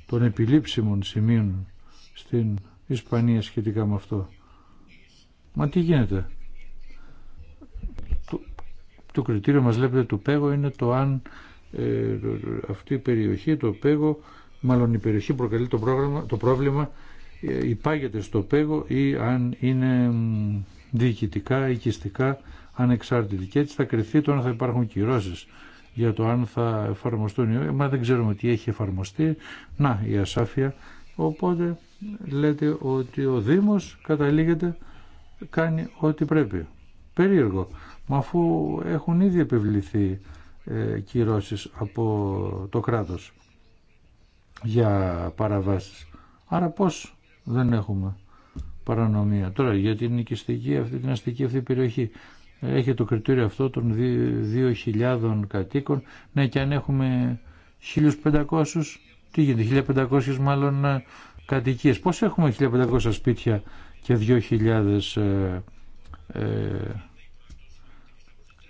των επιλείψιμων σημείων στην Ισπανία σχετικά με αυτό. Μα τι γίνεται. Το, κριτήριο μας βλέπετε του Πέγο είναι το αν ε, αυτή η περιοχή, το Πέγο μάλλον η περιοχή προκαλεί το, πρόγραμμα, το πρόβλημα ε, υπάγεται στο πέγο ή αν είναι διοικητικά, οικιστικά, ανεξάρτητη. Και έτσι θα κρυφθεί το αν θα υπάρχουν κυρώσει για το αν θα εφαρμοστούν. Μα δεν ξέρουμε τι έχει εφαρμοστεί. Να, η ασάφεια. Οπότε λέτε ότι ο Δήμος καταλήγεται κάνει ό,τι πρέπει. Περίεργο. Μα αφού έχουν ήδη επιβληθεί ε, κυρώσεις από το κράτος για παραβάσεις. Άρα πώς δεν έχουμε παρανομία. Τώρα για την οικιστική αυτή, την αστική αυτή περιοχή έχει το κριτήριο αυτό των 2.000 κατοίκων. Ναι και αν έχουμε 1.500, τι γίνεται, 1.500 μάλλον ε, κατοικίες. Πώς έχουμε 1.500 σπίτια και 2.000 ε, ε,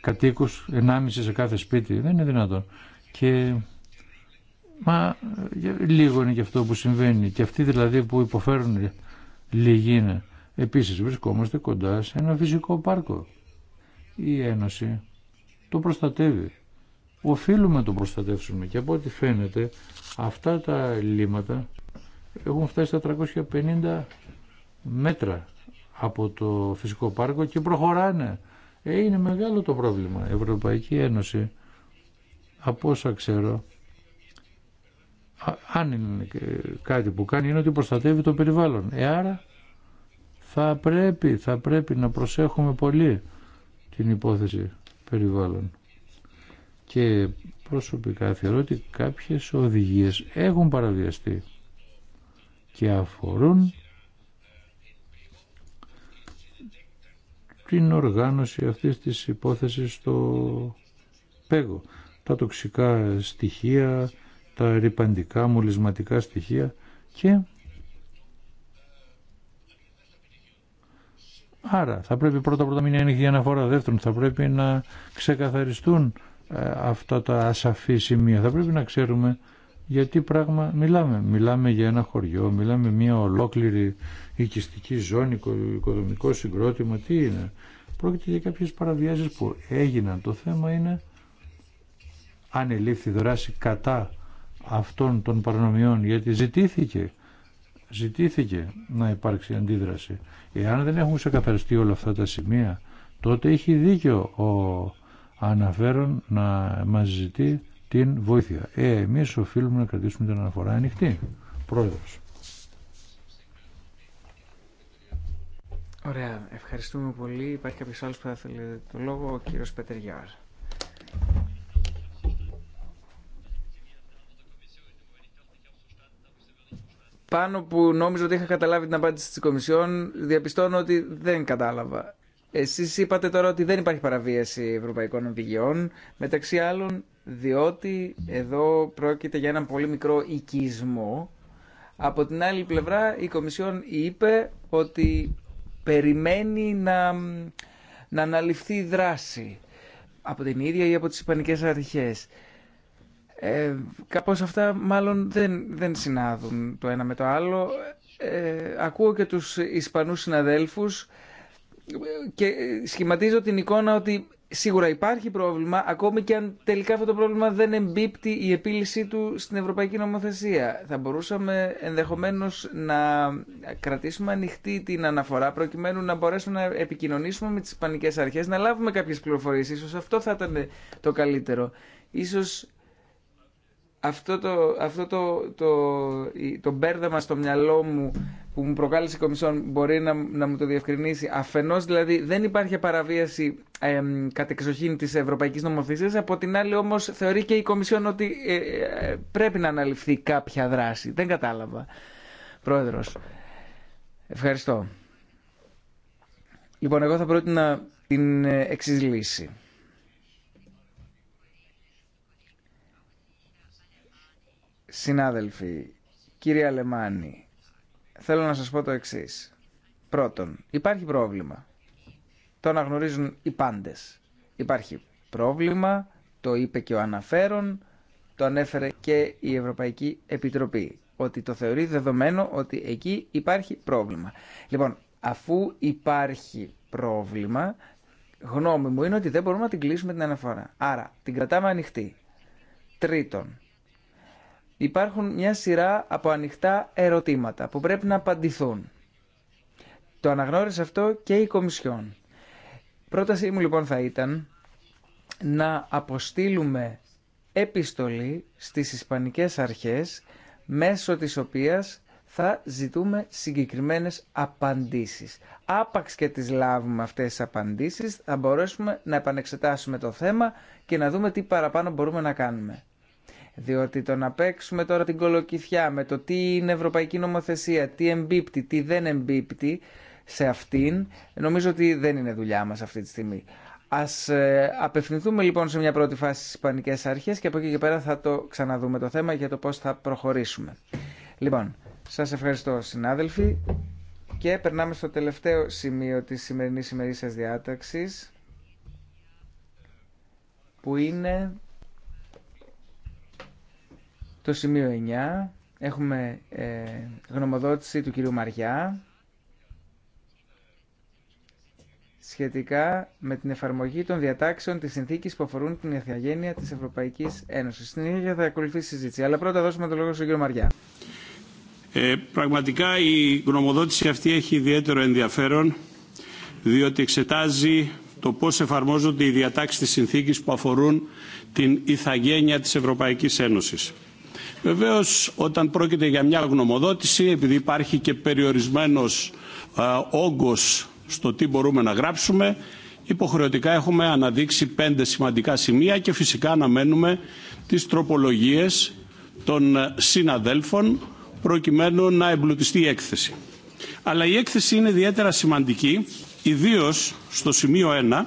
κατοίκους, 1,5 σε κάθε σπίτι. Δεν είναι δυνατόν. Και Μα ε, λίγο είναι και αυτό που συμβαίνει. Και αυτοί δηλαδή που υποφέρουν λίγοι είναι. Επίσης βρισκόμαστε κοντά σε ένα φυσικό πάρκο. Η Ένωση το προστατεύει. Οφείλουμε να το προστατεύσουμε και από ό,τι φαίνεται αυτά τα λίμματα έχουν φτάσει στα 350 μέτρα από το φυσικό πάρκο και προχωράνε. Ε, είναι μεγάλο το πρόβλημα. Η Ευρωπαϊκή Ένωση από όσα ξέρω αν είναι κάτι που κάνει είναι ότι προστατεύει το περιβάλλον. Ε, άρα θα πρέπει, θα πρέπει να προσέχουμε πολύ την υπόθεση περιβάλλον. Και προσωπικά θεωρώ ότι κάποιες οδηγίες έχουν παραβιαστεί και αφορούν την οργάνωση αυτής της υπόθεσης στο πέγο. Τα τοξικά στοιχεία, τα ρηπαντικά, μολυσματικά στοιχεία και άρα θα πρέπει πρώτα πρώτα μην είναι η αναφορά δεύτερον θα πρέπει να ξεκαθαριστούν ε, αυτά τα ασαφή σημεία θα πρέπει να ξέρουμε γιατί πράγμα μιλάμε. Μιλάμε για ένα χωριό, μιλάμε μια ολόκληρη οικιστική ζώνη, οικοδομικό συγκρότημα, τι είναι. Πρόκειται για κάποιες παραβιάσεις που έγιναν. Το θέμα είναι αν ελήφθη δράση κατά αυτών των παρανομιών γιατί ζητήθηκε, ζητήθηκε να υπάρξει αντίδραση. Εάν δεν έχουν ξεκαθαριστεί όλα αυτά τα σημεία τότε έχει δίκιο ο αναφέρον να μας ζητεί την βοήθεια. Ε, εμείς οφείλουμε να κρατήσουμε την αναφορά ανοιχτή. Πρόεδρος. Ωραία. Ευχαριστούμε πολύ. Υπάρχει κάποιος άλλος που θα θέλει το λόγο. Ο κύριος Πέτερ πάνω που νόμιζα ότι είχα καταλάβει την απάντηση τη Κομισιόν, διαπιστώνω ότι δεν κατάλαβα. Εσείς είπατε τώρα ότι δεν υπάρχει παραβίαση ευρωπαϊκών οδηγιών, μεταξύ άλλων διότι εδώ πρόκειται για έναν πολύ μικρό οικισμό. Από την άλλη πλευρά η Κομισιόν είπε ότι περιμένει να, να αναλυφθεί δράση από την ίδια ή από τις Ισπανικές Αρχές. Ε, κάπως αυτά μάλλον δεν, δεν συνάδουν το ένα με το άλλο. Ε, ακούω και τους Ισπανούς συναδέλφους και σχηματίζω την εικόνα ότι σίγουρα υπάρχει πρόβλημα, ακόμη και αν τελικά αυτό το πρόβλημα δεν εμπίπτει η επίλυσή του στην Ευρωπαϊκή Νομοθεσία. Θα μπορούσαμε ενδεχομένως να κρατήσουμε ανοιχτή την αναφορά προκειμένου να μπορέσουμε να επικοινωνήσουμε με τις Ισπανικές Αρχές, να λάβουμε κάποιες πληροφορίες. Ίσως αυτό θα ήταν το καλύτερο. Ίσως αυτό το, αυτό το, το, το μπέρδεμα στο μυαλό μου που μου προκάλεσε η Κομισιόν μπορεί να, να μου το διευκρινίσει. Αφενός δηλαδή δεν υπάρχει παραβίαση ε, κατεξοχήν της Ευρωπαϊκής Νομοθεσίας, από την άλλη όμως θεωρεί και η Κομισιόν ότι ε, ε, πρέπει να αναλυφθεί κάποια δράση. Δεν κατάλαβα. Πρόεδρος, ευχαριστώ. Λοιπόν, εγώ θα πρότεινα την ε, εξής λύση. συνάδελφοι, κύριε Αλεμάνη, θέλω να σας πω το εξής. Πρώτον, υπάρχει πρόβλημα. Το αναγνωρίζουν οι πάντες. Υπάρχει πρόβλημα, το είπε και ο αναφέρον, το ανέφερε και η Ευρωπαϊκή Επιτροπή, ότι το θεωρεί δεδομένο ότι εκεί υπάρχει πρόβλημα. Λοιπόν, αφού υπάρχει πρόβλημα, γνώμη μου είναι ότι δεν μπορούμε να την κλείσουμε την αναφορά. Άρα, την κρατάμε ανοιχτή. Τρίτον, υπάρχουν μια σειρά από ανοιχτά ερωτήματα που πρέπει να απαντηθούν. Το αναγνώρισε αυτό και η Κομισιόν. Πρότασή μου λοιπόν θα ήταν να αποστείλουμε επιστολή στις Ισπανικές αρχές μέσω της οποίας θα ζητούμε συγκεκριμένες απαντήσεις. Άπαξ και τις λάβουμε αυτές τις απαντήσεις θα μπορέσουμε να επανεξετάσουμε το θέμα και να δούμε τι παραπάνω μπορούμε να κάνουμε. Διότι το να παίξουμε τώρα την κολοκυθιά με το τι είναι ευρωπαϊκή νομοθεσία, τι εμπίπτει, τι δεν εμπίπτει σε αυτήν, νομίζω ότι δεν είναι δουλειά μας αυτή τη στιγμή. Ας ε, απευθυνθούμε λοιπόν σε μια πρώτη φάση στι ισπανικέ Αρχές και από εκεί και πέρα θα το ξαναδούμε το θέμα για το πώ θα προχωρήσουμε. Λοιπόν, σας ευχαριστώ συνάδελφοι και περνάμε στο τελευταίο σημείο της σημερινής ημερήσιας διάταξης που είναι το σημείο 9. Έχουμε ε, γνωμοδότηση του κυρίου Μαριά σχετικά με την εφαρμογή των διατάξεων της συνθήκης που αφορούν την ηθαγένεια της Ευρωπαϊκής Ένωσης. Στην ίδια θα ακολουθήσει συζήτηση, αλλά πρώτα δώσουμε το λόγο στον κύριο Μαριά. Ε, πραγματικά η γνωμοδότηση αυτή έχει ιδιαίτερο ενδιαφέρον, διότι εξετάζει το πώς εφαρμόζονται οι διατάξεις της συνθήκης που αφορούν την ηθαγένεια της Ευρωπαϊκής Ένωσης. Βεβαίω, όταν πρόκειται για μια γνωμοδότηση επειδή υπάρχει και περιορισμένος όγκο στο τι μπορούμε να γράψουμε υποχρεωτικά έχουμε αναδείξει πέντε σημαντικά σημεία και φυσικά αναμένουμε τις τροπολογίες των συναδέλφων προκειμένου να εμπλουτιστεί η έκθεση. Αλλά η έκθεση είναι ιδιαίτερα σημαντική ιδίως στο σημείο 1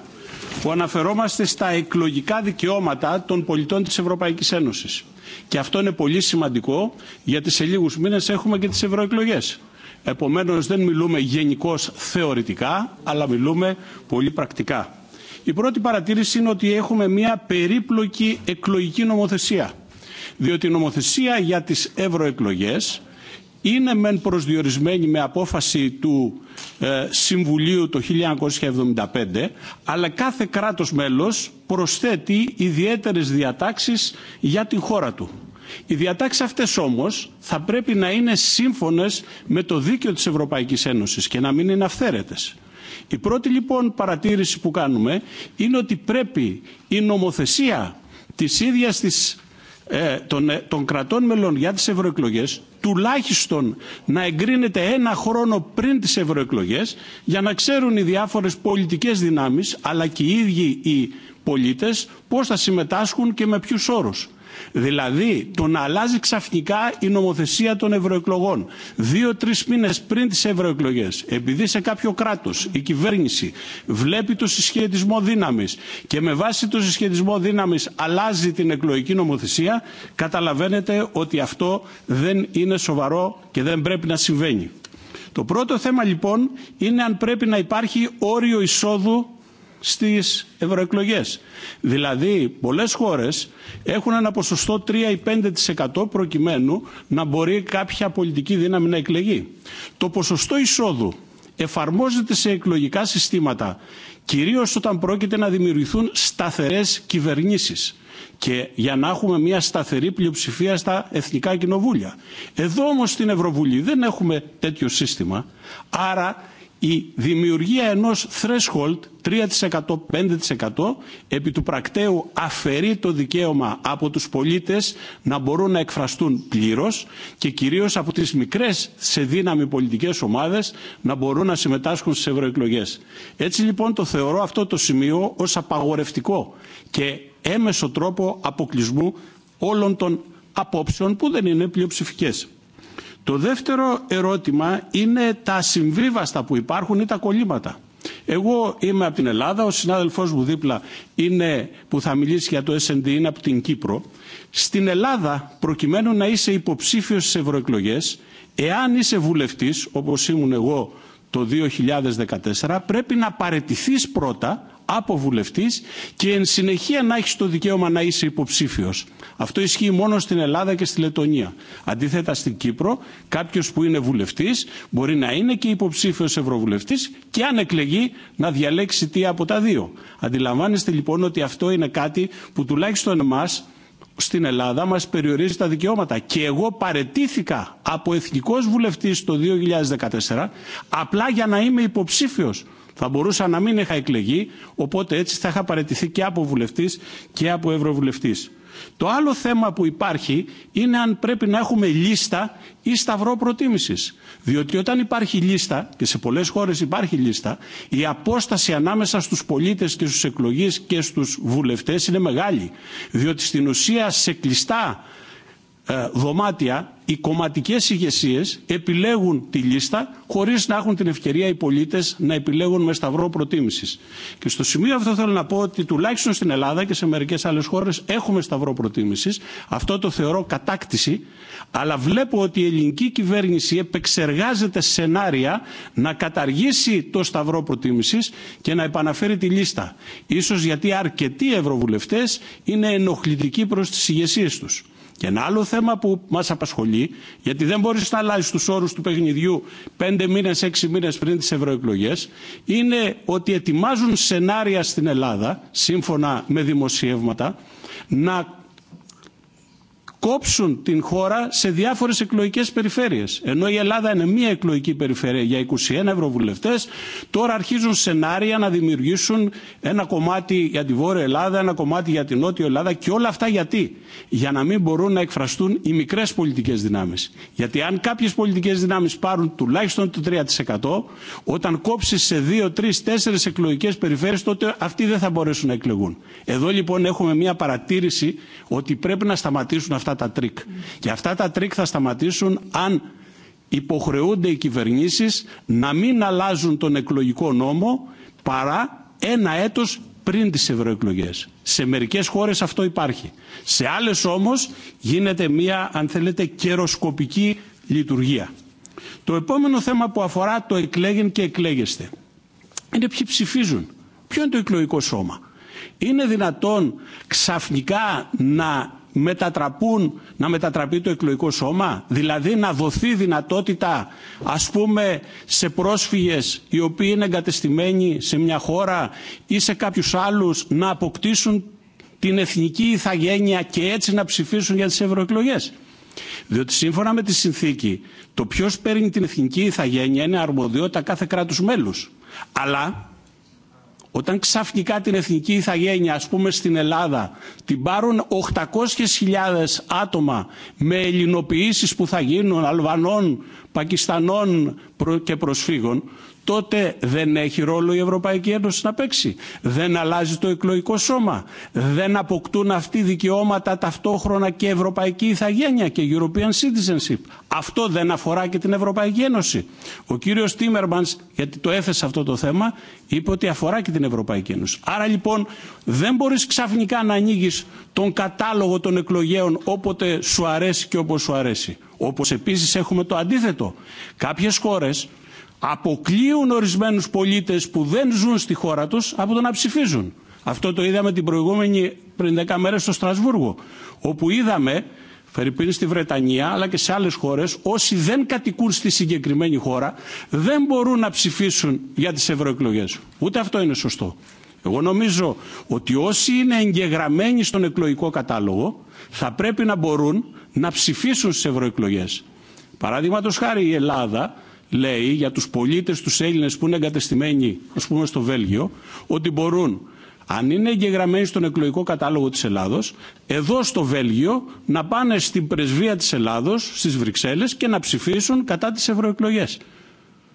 που αναφερόμαστε στα εκλογικά δικαιώματα των πολιτών της Ευρωπαϊκής Ένωσης. Και αυτό είναι πολύ σημαντικό γιατί σε λίγους μήνες έχουμε και τις ευρωεκλογές. Επομένως δεν μιλούμε γενικώς θεωρητικά, αλλά μιλούμε πολύ πρακτικά. Η πρώτη παρατήρηση είναι ότι έχουμε μια περίπλοκη εκλογική νομοθεσία. Διότι η νομοθεσία για τις ευρωεκλογές είναι μεν προσδιορισμένη με απόφαση του ε, Συμβουλίου το 1975, αλλά κάθε κράτος μέλος προσθέτει ιδιαίτερες διατάξεις για την χώρα του. Οι διατάξεις αυτές όμως θα πρέπει να είναι σύμφωνες με το δίκαιο της Ευρωπαϊκής Ένωσης και να μην είναι αυθαίρετες. Η πρώτη λοιπόν παρατήρηση που κάνουμε είναι ότι πρέπει η νομοθεσία της ίδιας της ε, ε, των κρατών μελών για τις ευρωεκλογές τουλάχιστον να εγκρίνεται ένα χρόνο πριν τις ευρωεκλογές για να ξέρουν οι διάφορες πολιτικές δυνάμεις αλλά και οι ίδιοι οι πολίτες πώς θα συμμετάσχουν και με ποιους όρους. Δηλαδή το να αλλάζει ξαφνικά η νομοθεσία των ευρωεκλογών δύο-τρει μήνε πριν τι ευρωεκλογέ, επειδή σε κάποιο κράτο η κυβέρνηση βλέπει το συσχετισμό δύναμη και με βάση το συσχετισμό δύναμη αλλάζει την εκλογική νομοθεσία, καταλαβαίνετε ότι αυτό δεν είναι σοβαρό και δεν πρέπει να συμβαίνει. Το πρώτο θέμα λοιπόν είναι αν πρέπει να υπάρχει όριο εισόδου στις ευρωεκλογές. Δηλαδή πολλές χώρες έχουν ένα ποσοστό 3 ή 5% προκειμένου να μπορεί κάποια πολιτική δύναμη να εκλεγεί. Το ποσοστό εισόδου εφαρμόζεται σε εκλογικά συστήματα κυρίως όταν πρόκειται να δημιουργηθούν σταθερές κυβερνήσεις και για να έχουμε μια σταθερή πλειοψηφία στα εθνικά κοινοβούλια. Εδώ όμως στην Ευρωβουλή δεν έχουμε τέτοιο σύστημα, άρα η δημιουργία ενός threshold 3%, 5% επί του πρακτέου αφαιρεί το δικαίωμα από τους πολίτες να μπορούν να εκφραστούν πλήρως και κυρίως από τις μικρές σε δύναμη πολιτικές ομάδες να μπορούν να συμμετάσχουν στις ευρωεκλογέ. Έτσι λοιπόν το θεωρώ αυτό το σημείο ως απαγορευτικό και έμεσο τρόπο αποκλεισμού όλων των απόψεων που δεν είναι πλειοψηφικές. Το δεύτερο ερώτημα είναι τα συμβίβαστα που υπάρχουν ή τα κολλήματα. Εγώ είμαι από την Ελλάδα, ο συνάδελφός μου δίπλα είναι, που θα μιλήσει για το SND είναι από την Κύπρο. Στην Ελλάδα, προκειμένου να είσαι υποψήφιος στις ευρωεκλογέ, εάν είσαι βουλευτής, όπως ήμουν εγώ το 2014 πρέπει να παρετηθείς πρώτα από βουλευτής και εν συνεχεία να έχει το δικαίωμα να είσαι υποψήφιος. Αυτό ισχύει μόνο στην Ελλάδα και στη Λετωνία. Αντίθετα στην Κύπρο κάποιο που είναι βουλευτής μπορεί να είναι και υποψήφιος ευρωβουλευτή και αν εκλεγεί να διαλέξει τι από τα δύο. Αντιλαμβάνεστε λοιπόν ότι αυτό είναι κάτι που τουλάχιστον εμά στην Ελλάδα μας περιορίζει τα δικαιώματα. Και εγώ παρετήθηκα από εθνικός βουλευτής το 2014 απλά για να είμαι υποψήφιος. Θα μπορούσα να μην είχα εκλεγεί, οπότε έτσι θα είχα παρετηθεί και από βουλευτής και από ευρωβουλευτής. Το άλλο θέμα που υπάρχει είναι αν πρέπει να έχουμε λίστα ή σταυρό προτίμηση. Διότι όταν υπάρχει λίστα, και σε πολλέ χώρε υπάρχει λίστα, η απόσταση ανάμεσα στου πολίτε και στου εκλογεί και στου βουλευτές είναι μεγάλη. Διότι στην ουσία σε κλειστά ε, δωμάτια οι κομματικές ηγεσίε επιλέγουν τη λίστα χωρίς να έχουν την ευκαιρία οι πολίτε να επιλέγουν με σταυρό προτίμησης. Και στο σημείο αυτό θέλω να πω ότι τουλάχιστον στην Ελλάδα και σε μερικές άλλες χώρες έχουμε σταυρό προτίμησης. Αυτό το θεωρώ κατάκτηση, αλλά βλέπω ότι η ελληνική κυβέρνηση επεξεργάζεται σενάρια να καταργήσει το σταυρό προτίμησης και να επαναφέρει τη λίστα. Ίσως γιατί αρκετοί ευρωβουλευτές είναι ενοχλητικοί προ τι ηγεσίε του. Και ένα άλλο θέμα που μας απασχολεί, γιατί δεν μπορεί να αλλάζει τους όρου του παιχνιδιού πέντε μήνες, έξι μήνες πριν τις ευρωεκλογέ, είναι ότι ετοιμάζουν σενάρια στην Ελλάδα, σύμφωνα με δημοσιεύματα, να κόψουν την χώρα σε διάφορες εκλογικές περιφέρειες. Ενώ η Ελλάδα είναι μία εκλογική περιφέρεια για 21 ευρωβουλευτές, τώρα αρχίζουν σενάρια να δημιουργήσουν ένα κομμάτι για τη Βόρεια Ελλάδα, ένα κομμάτι για τη Νότια Ελλάδα και όλα αυτά γιατί. Για να μην μπορούν να εκφραστούν οι μικρές πολιτικές δυνάμεις. Γιατί αν κάποιες πολιτικές δυνάμεις πάρουν τουλάχιστον το 3%, όταν κόψει σε 2, 3, 4 εκλογικές περιφέρειες, τότε αυτοί δεν θα μπορέσουν να εκλεγούν. Εδώ λοιπόν έχουμε μία παρατήρηση ότι πρέπει να σταματήσουν αυτά τα τρίκ. Και αυτά τα τρίκ θα σταματήσουν αν υποχρεούνται οι κυβερνήσεις να μην αλλάζουν τον εκλογικό νόμο παρά ένα έτος πριν τις ευρωεκλογές. Σε μερικές χώρες αυτό υπάρχει. Σε άλλες όμως γίνεται μία, αν θέλετε, καιροσκοπική λειτουργία. Το επόμενο θέμα που αφορά το εκλέγεν και εκλέγεστε είναι ποιοι ψηφίζουν. Ποιο είναι το εκλογικό σώμα. Είναι δυνατόν ξαφνικά να μετατραπούν, να μετατραπεί το εκλογικό σώμα, δηλαδή να δοθεί δυνατότητα ας πούμε σε πρόσφυγες οι οποίοι είναι εγκατεστημένοι σε μια χώρα ή σε κάποιους άλλους να αποκτήσουν την εθνική ηθαγένεια και έτσι να ψηφίσουν για τις ευρωεκλογέ. Διότι σύμφωνα με τη συνθήκη το ποιος παίρνει την εθνική ηθαγένεια είναι αρμοδιότητα κάθε κράτους μέλους. Αλλά όταν ξαφνικά την εθνική ηθαγένεια ας πούμε στην Ελλάδα την πάρουν 800.000 άτομα με ελληνοποιήσεις που θα γίνουν Αλβανών, Πακιστανών και προσφύγων τότε δεν έχει ρόλο η Ευρωπαϊκή Ένωση να παίξει. Δεν αλλάζει το εκλογικό σώμα. Δεν αποκτούν αυτοί δικαιώματα ταυτόχρονα και ευρωπαϊκή Ιθαγένεια και European citizenship. Αυτό δεν αφορά και την Ευρωπαϊκή Ένωση. Ο κύριος Τίμερμανς, γιατί το έθεσε αυτό το θέμα, είπε ότι αφορά και την Ευρωπαϊκή Ένωση. Άρα λοιπόν δεν μπορείς ξαφνικά να ανοίγει τον κατάλογο των εκλογέων όποτε σου αρέσει και όπως σου αρέσει. Όπως επίσης έχουμε το αντίθετο. Κάποιες χώρες αποκλείουν ορισμένους πολίτες που δεν ζουν στη χώρα τους από το να ψηφίζουν. Αυτό το είδαμε την προηγούμενη πριν 10 μέρες στο Στρασβούργο, όπου είδαμε Φερρυπίν στη Βρετανία αλλά και σε άλλες χώρες όσοι δεν κατοικούν στη συγκεκριμένη χώρα δεν μπορούν να ψηφίσουν για τις ευρωεκλογέ. Ούτε αυτό είναι σωστό. Εγώ νομίζω ότι όσοι είναι εγγεγραμμένοι στον εκλογικό κατάλογο θα πρέπει να μπορούν να ψηφίσουν στις ευρωεκλογέ. Παραδείγματο χάρη η Ελλάδα λέει για τους πολίτες, τους Έλληνες που είναι εγκατεστημένοι, ας πούμε, στο Βέλγιο, ότι μπορούν, αν είναι εγγεγραμμένοι στον εκλογικό κατάλογο της Ελλάδος, εδώ στο Βέλγιο να πάνε στην πρεσβεία της Ελλάδος, στις Βρυξέλλες και να ψηφίσουν κατά τις ευρωεκλογές.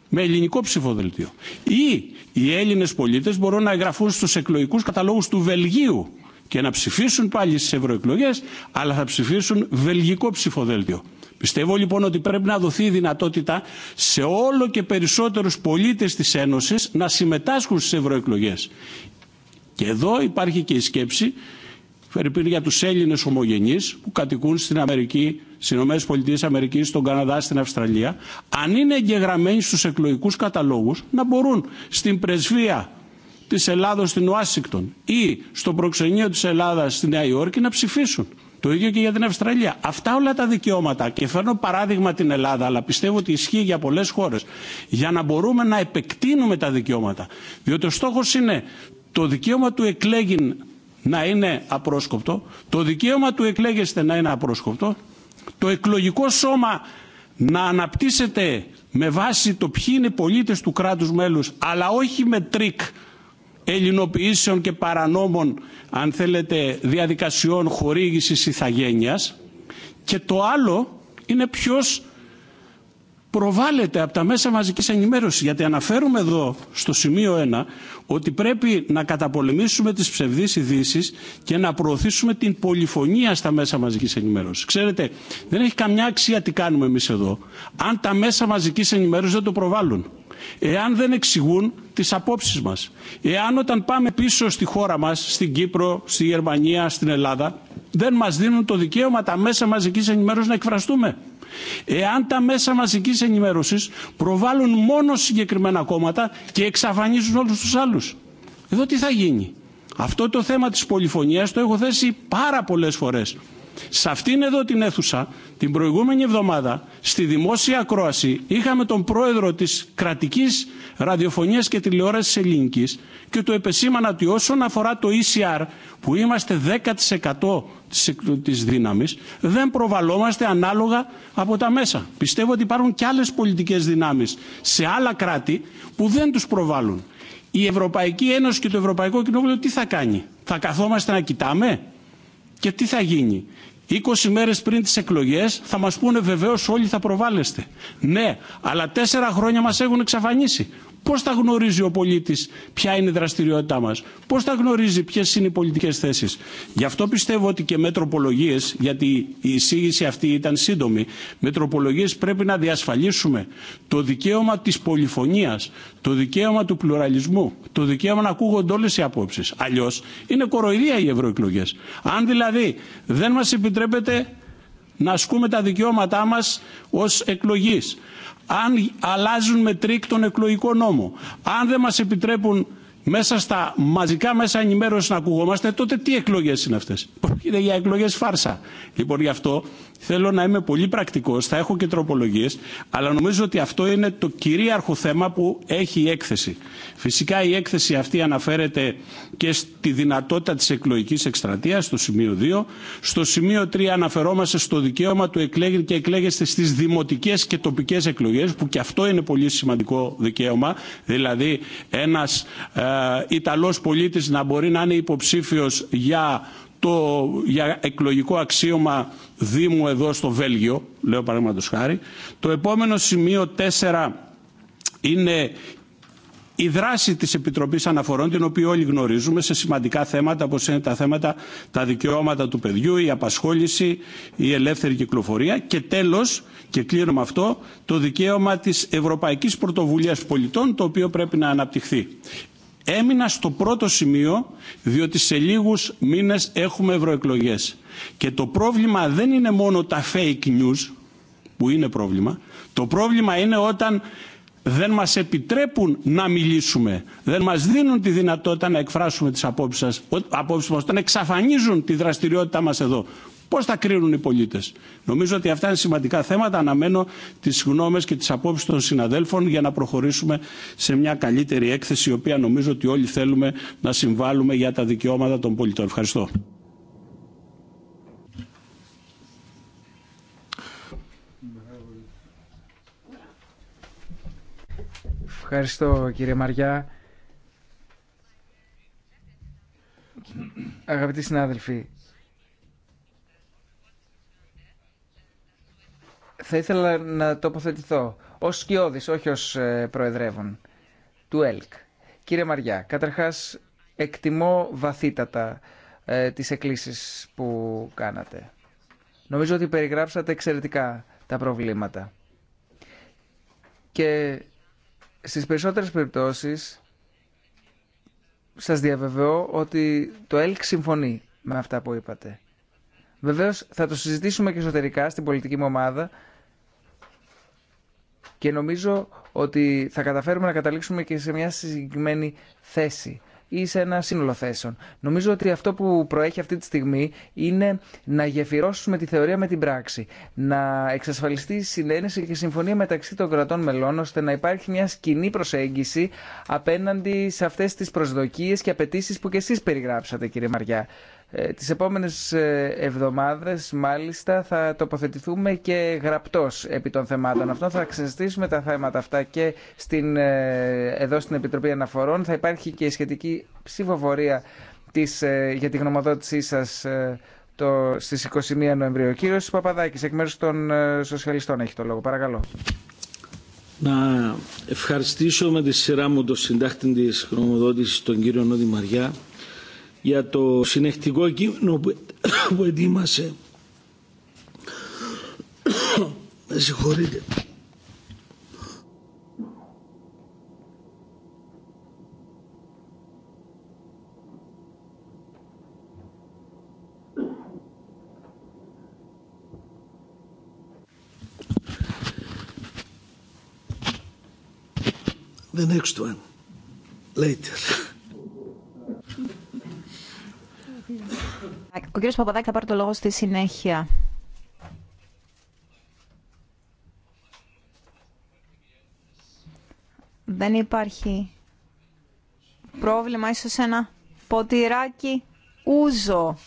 Με ελληνικό ψηφοδελτίο. Ή οι Έλληνες πολίτες μπορούν να εγγραφούν στους εκλογικούς καταλόγους του Βελγίου και να ψηφίσουν πάλι στις ευρωεκλογέ, αλλά θα ψηφίσουν βελγικό ψηφοδέλτιο. Πιστεύω λοιπόν ότι πρέπει να δοθεί η δυνατότητα σε όλο και περισσότερους πολίτες της Ένωσης να συμμετάσχουν στις ευρωεκλογέ. Και εδώ υπάρχει και η σκέψη Φερρυπίν για τους Έλληνες ομογενείς που κατοικούν στην Αμερική, στις Ηνωμένες Πολιτείες στον Καναδά, στην Αυστραλία, αν είναι εγγεγραμμένοι στους εκλογικούς καταλόγους, να μπορούν στην πρεσβεία της Ελλάδος στην Ουάσιγκτον ή στο προξενείο της Ελλάδας στη Νέα Υόρκη να ψηφίσουν. Το ίδιο και για την Αυστραλία. Αυτά όλα τα δικαιώματα και φέρνω παράδειγμα την Ελλάδα, αλλά πιστεύω ότι ισχύει για πολλέ χώρε. Για να μπορούμε να επεκτείνουμε τα δικαιώματα. Διότι ο στόχο είναι το δικαίωμα του εκλέγην να είναι απρόσκοπτο, το δικαίωμα του εκλέγεστε να είναι απρόσκοπτο, το εκλογικό σώμα να αναπτύσσεται με βάση το ποιοι είναι οι πολίτες του κράτους μέλους, αλλά όχι με τρίκ ελληνοποιήσεων και παρανόμων αν θέλετε διαδικασιών χορήγησης ηθαγένειας και το άλλο είναι ποιος προβάλλεται από τα μέσα μαζικής ενημέρωσης γιατί αναφέρουμε εδώ στο σημείο 1 ότι πρέπει να καταπολεμήσουμε τις ψευδείς ειδήσει και να προωθήσουμε την πολυφωνία στα μέσα μαζικής ενημέρωσης. Ξέρετε, δεν έχει καμιά αξία τι κάνουμε εμείς εδώ αν τα μέσα μαζικής ενημέρωσης δεν το προβάλλουν εάν δεν εξηγούν τις απόψεις μας. Εάν όταν πάμε πίσω στη χώρα μας, στην Κύπρο, στη Γερμανία, στην Ελλάδα, δεν μας δίνουν το δικαίωμα τα μέσα μαζικής ενημέρωσης να εκφραστούμε. Εάν τα μέσα μαζικής ενημέρωσης προβάλλουν μόνο συγκεκριμένα κόμματα και εξαφανίζουν όλους τους άλλους. Εδώ τι θα γίνει. Αυτό το θέμα της πολυφωνίας το έχω θέσει πάρα πολλές φορές σε αυτήν εδώ την αίθουσα την προηγούμενη εβδομάδα στη δημόσια ακρόαση είχαμε τον πρόεδρο της κρατικής ραδιοφωνίας και τηλεόρασης ελληνικής και του επεσήμανα ότι όσον αφορά το ECR που είμαστε 10% της δύναμης δεν προβαλόμαστε ανάλογα από τα μέσα. Πιστεύω ότι υπάρχουν και άλλες πολιτικές δυνάμεις σε άλλα κράτη που δεν τους προβάλλουν. Η Ευρωπαϊκή Ένωση και το Ευρωπαϊκό Κοινόβουλιο τι θα κάνει. Θα καθόμαστε να κοιτάμε και τι θα γίνει. 20 μέρες πριν τι εκλογές θα μας πούνε βεβαίως όλοι θα προβάλλεστε. Ναι, αλλά τέσσερα χρόνια μας έχουν εξαφανίσει. Πώ θα γνωρίζει ο πολίτη ποια είναι η δραστηριότητά μα, πώ θα γνωρίζει ποιε είναι οι πολιτικέ θέσει. Γι' αυτό πιστεύω ότι και με γιατί η εισήγηση αυτή ήταν σύντομη, με πρέπει να διασφαλίσουμε το δικαίωμα τη πολυφωνία, το δικαίωμα του πλουραλισμού, το δικαίωμα να ακούγονται όλε οι απόψει. Αλλιώ είναι κοροϊδία οι ευρωεκλογέ. Αν δηλαδή δεν μα επιτρέπεται να ασκούμε τα δικαιώματά μας ως εκλογής αν αλλάζουν με τρίκ τον εκλογικό νόμο, αν δεν μας επιτρέπουν μέσα στα μαζικά μέσα ενημέρωση να ακουγόμαστε, τότε τι εκλογέ είναι αυτέ. Πρόκειται για εκλογέ φάρσα. Λοιπόν, γι' αυτό Θέλω να είμαι πολύ πρακτικός, θα έχω και τροπολογίες, αλλά νομίζω ότι αυτό είναι το κυρίαρχο θέμα που έχει η έκθεση. Φυσικά η έκθεση αυτή αναφέρεται και στη δυνατότητα της εκλογικής εκστρατείας, στο σημείο 2. Στο σημείο 3 αναφερόμαστε στο δικαίωμα του εκλέγει και εκλέγεστε στις δημοτικές και τοπικές εκλογές, που και αυτό είναι πολύ σημαντικό δικαίωμα, δηλαδή ένας ε, Ιταλός πολίτης να μπορεί να είναι υποψήφιος για εκλογικό αξίωμα Δήμου εδώ στο Βέλγιο, λέω παραδείγματο χάρη. Το επόμενο σημείο 4 είναι η δράση της Επιτροπής Αναφορών, την οποία όλοι γνωρίζουμε, σε σημαντικά θέματα όπως είναι τα θέματα, τα δικαιώματα του παιδιού, η απασχόληση, η ελεύθερη κυκλοφορία και τέλος, και κλείνω με αυτό, το δικαίωμα της Ευρωπαϊκής Πρωτοβουλίας Πολιτών, το οποίο πρέπει να αναπτυχθεί. Έμεινα στο πρώτο σημείο διότι σε λίγους μήνες έχουμε ευρωεκλογέ. Και το πρόβλημα δεν είναι μόνο τα fake news που είναι πρόβλημα. Το πρόβλημα είναι όταν δεν μας επιτρέπουν να μιλήσουμε, δεν μας δίνουν τη δυνατότητα να εκφράσουμε τις απόψεις, απόψεις μας, όταν εξαφανίζουν τη δραστηριότητά μας εδώ. Πώ θα κρίνουν οι πολίτε. Νομίζω ότι αυτά είναι σημαντικά θέματα. Αναμένω τις γνώμε και τις απόψεις των συναδέλφων για να προχωρήσουμε σε μια καλύτερη έκθεση, η οποία νομίζω ότι όλοι θέλουμε να συμβάλλουμε για τα δικαιώματα των πολιτών. Ευχαριστώ. Ευχαριστώ κύριε Μαριά. Αγαπητοί συνάδελφοι, θα ήθελα να τοποθετηθώ ως σκιώδης, όχι ως ε, προεδρεύων του ΕΛΚ. Κύριε Μαριά, καταρχάς εκτιμώ βαθύτατα ε, τις εκκλήσεις που κάνατε. Νομίζω ότι περιγράψατε εξαιρετικά τα προβλήματα. Και στις περισσότερες περιπτώσεις σας διαβεβαιώ ότι το ΕΛΚ συμφωνεί με αυτά που είπατε. Βεβαίως θα το συζητήσουμε και εσωτερικά στην πολιτική μου ομάδα και νομίζω ότι θα καταφέρουμε να καταλήξουμε και σε μια συγκεκριμένη θέση ή σε ένα σύνολο θέσεων. Νομίζω ότι αυτό που προέχει αυτή τη στιγμή είναι να γεφυρώσουμε τη θεωρία με την πράξη. Να εξασφαλιστεί η συνένεση και συμφωνία μεταξύ των κρατών μελών, ώστε να υπάρχει μια σκηνή προσέγγιση απέναντι σε αυτές τις προσδοκίες και απαιτήσει που και εσεί περιγράψατε, κύριε Μαριά. Ε, τις επόμενες ε, εβδομάδες μάλιστα θα τοποθετηθούμε και γραπτός επί των θεμάτων αυτών. Θα ξεστήσουμε τα θέματα αυτά και στην, ε, εδώ στην Επιτροπή Αναφορών. Θα υπάρχει και η σχετική ψηφοφορία της, για τη γνωμοδότησή σας το, στις 21 Νοεμβρίου. κύριος Παπαδάκης, εκ μέρους των Σοσιαλιστών, έχει το λόγο. Παρακαλώ. Να ευχαριστήσω με τη σειρά μου το συντάκτη της γνωμοδότησης, τον κύριο Νόδη Μαριά, για το συνεχτικό κείμενο που ετοίμασε. Με συγχωρείτε. The next one later. Ο κύριος Παπαδάκη θα πάρει το λόγο στη συνέχεια. Δεν υπάρχει πρόβλημα, ίσως ένα ποτηράκι ούζο,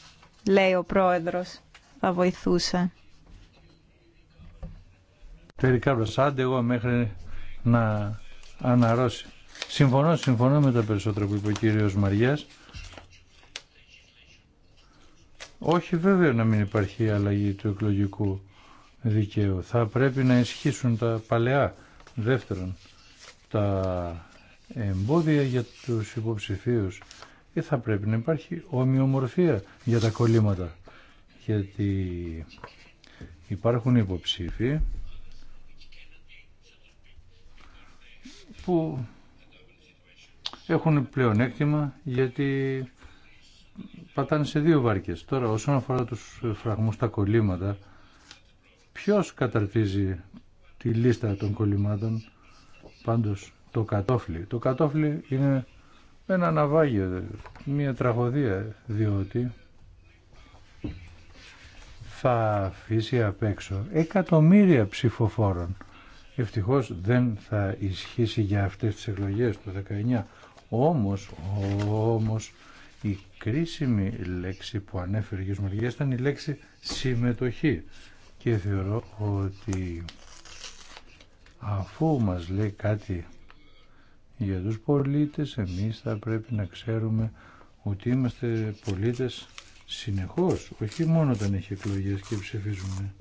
λέει ο πρόεδρος. Θα βοηθούσε. Τελικά άντε εγώ μέχρι να αναρρώσει. Συμφωνώ, συμφωνώ με τα περισσότερα που είπε ο κύριος Μαριάς. Όχι βέβαια να μην υπάρχει αλλαγή του εκλογικού δικαίου. Θα πρέπει να ισχύσουν τα παλαιά. Δεύτερον, τα εμπόδια για τους υποψηφίους ή ε, θα πρέπει να υπάρχει ομοιομορφία για τα κολλήματα. Γιατί υπάρχουν υποψήφοι που έχουν πλεονέκτημα γιατί πατάνε σε δύο βάρκες. Τώρα όσον αφορά τους φραγμούς τα κολλήματα, ποιος καταρτίζει τη λίστα των κολλημάτων, πάντως το κατόφλι. Το κατόφλι είναι ένα ναυάγιο, μια τραγωδία, διότι θα αφήσει απ' έξω εκατομμύρια ψηφοφόρων. Ευτυχώς δεν θα ισχύσει για αυτές τις εκλογές του 19. Όμως, όμως, η κρίσιμη λέξη που ανέφερε ο Μαριάς ήταν η λέξη συμμετοχή και θεωρώ ότι αφού μας λέει κάτι για τους πολίτες εμείς θα πρέπει να ξέρουμε ότι είμαστε πολίτες συνεχώς, όχι μόνο όταν έχει εκλογές και ψηφίζουμε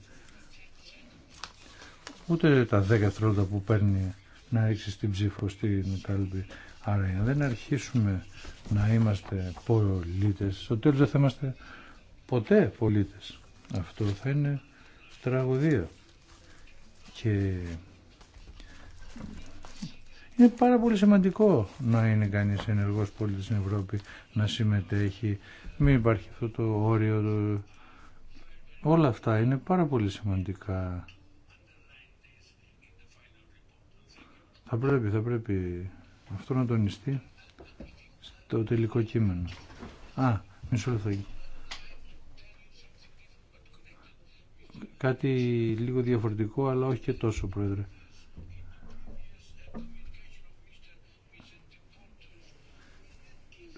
ούτε τα δέκα τρόλτα που παίρνει να ρίξει την ψήφο στην κάλπη Άρα, αν δεν αρχίσουμε να είμαστε πολίτες, στο τέλος δεν θα είμαστε ποτέ πολίτες. Αυτό θα είναι τραγωδία. Και είναι πάρα πολύ σημαντικό να είναι κανείς ενεργός πολίτης στην Ευρώπη, να συμμετέχει, μην υπάρχει αυτό το όριο. Όλα αυτά είναι πάρα πολύ σημαντικά. Θα πρέπει, θα πρέπει αυτό να τονιστεί στο τελικό κείμενο. Α, μισό λεπτό. Κάτι λίγο διαφορετικό, αλλά όχι και τόσο, Πρόεδρε.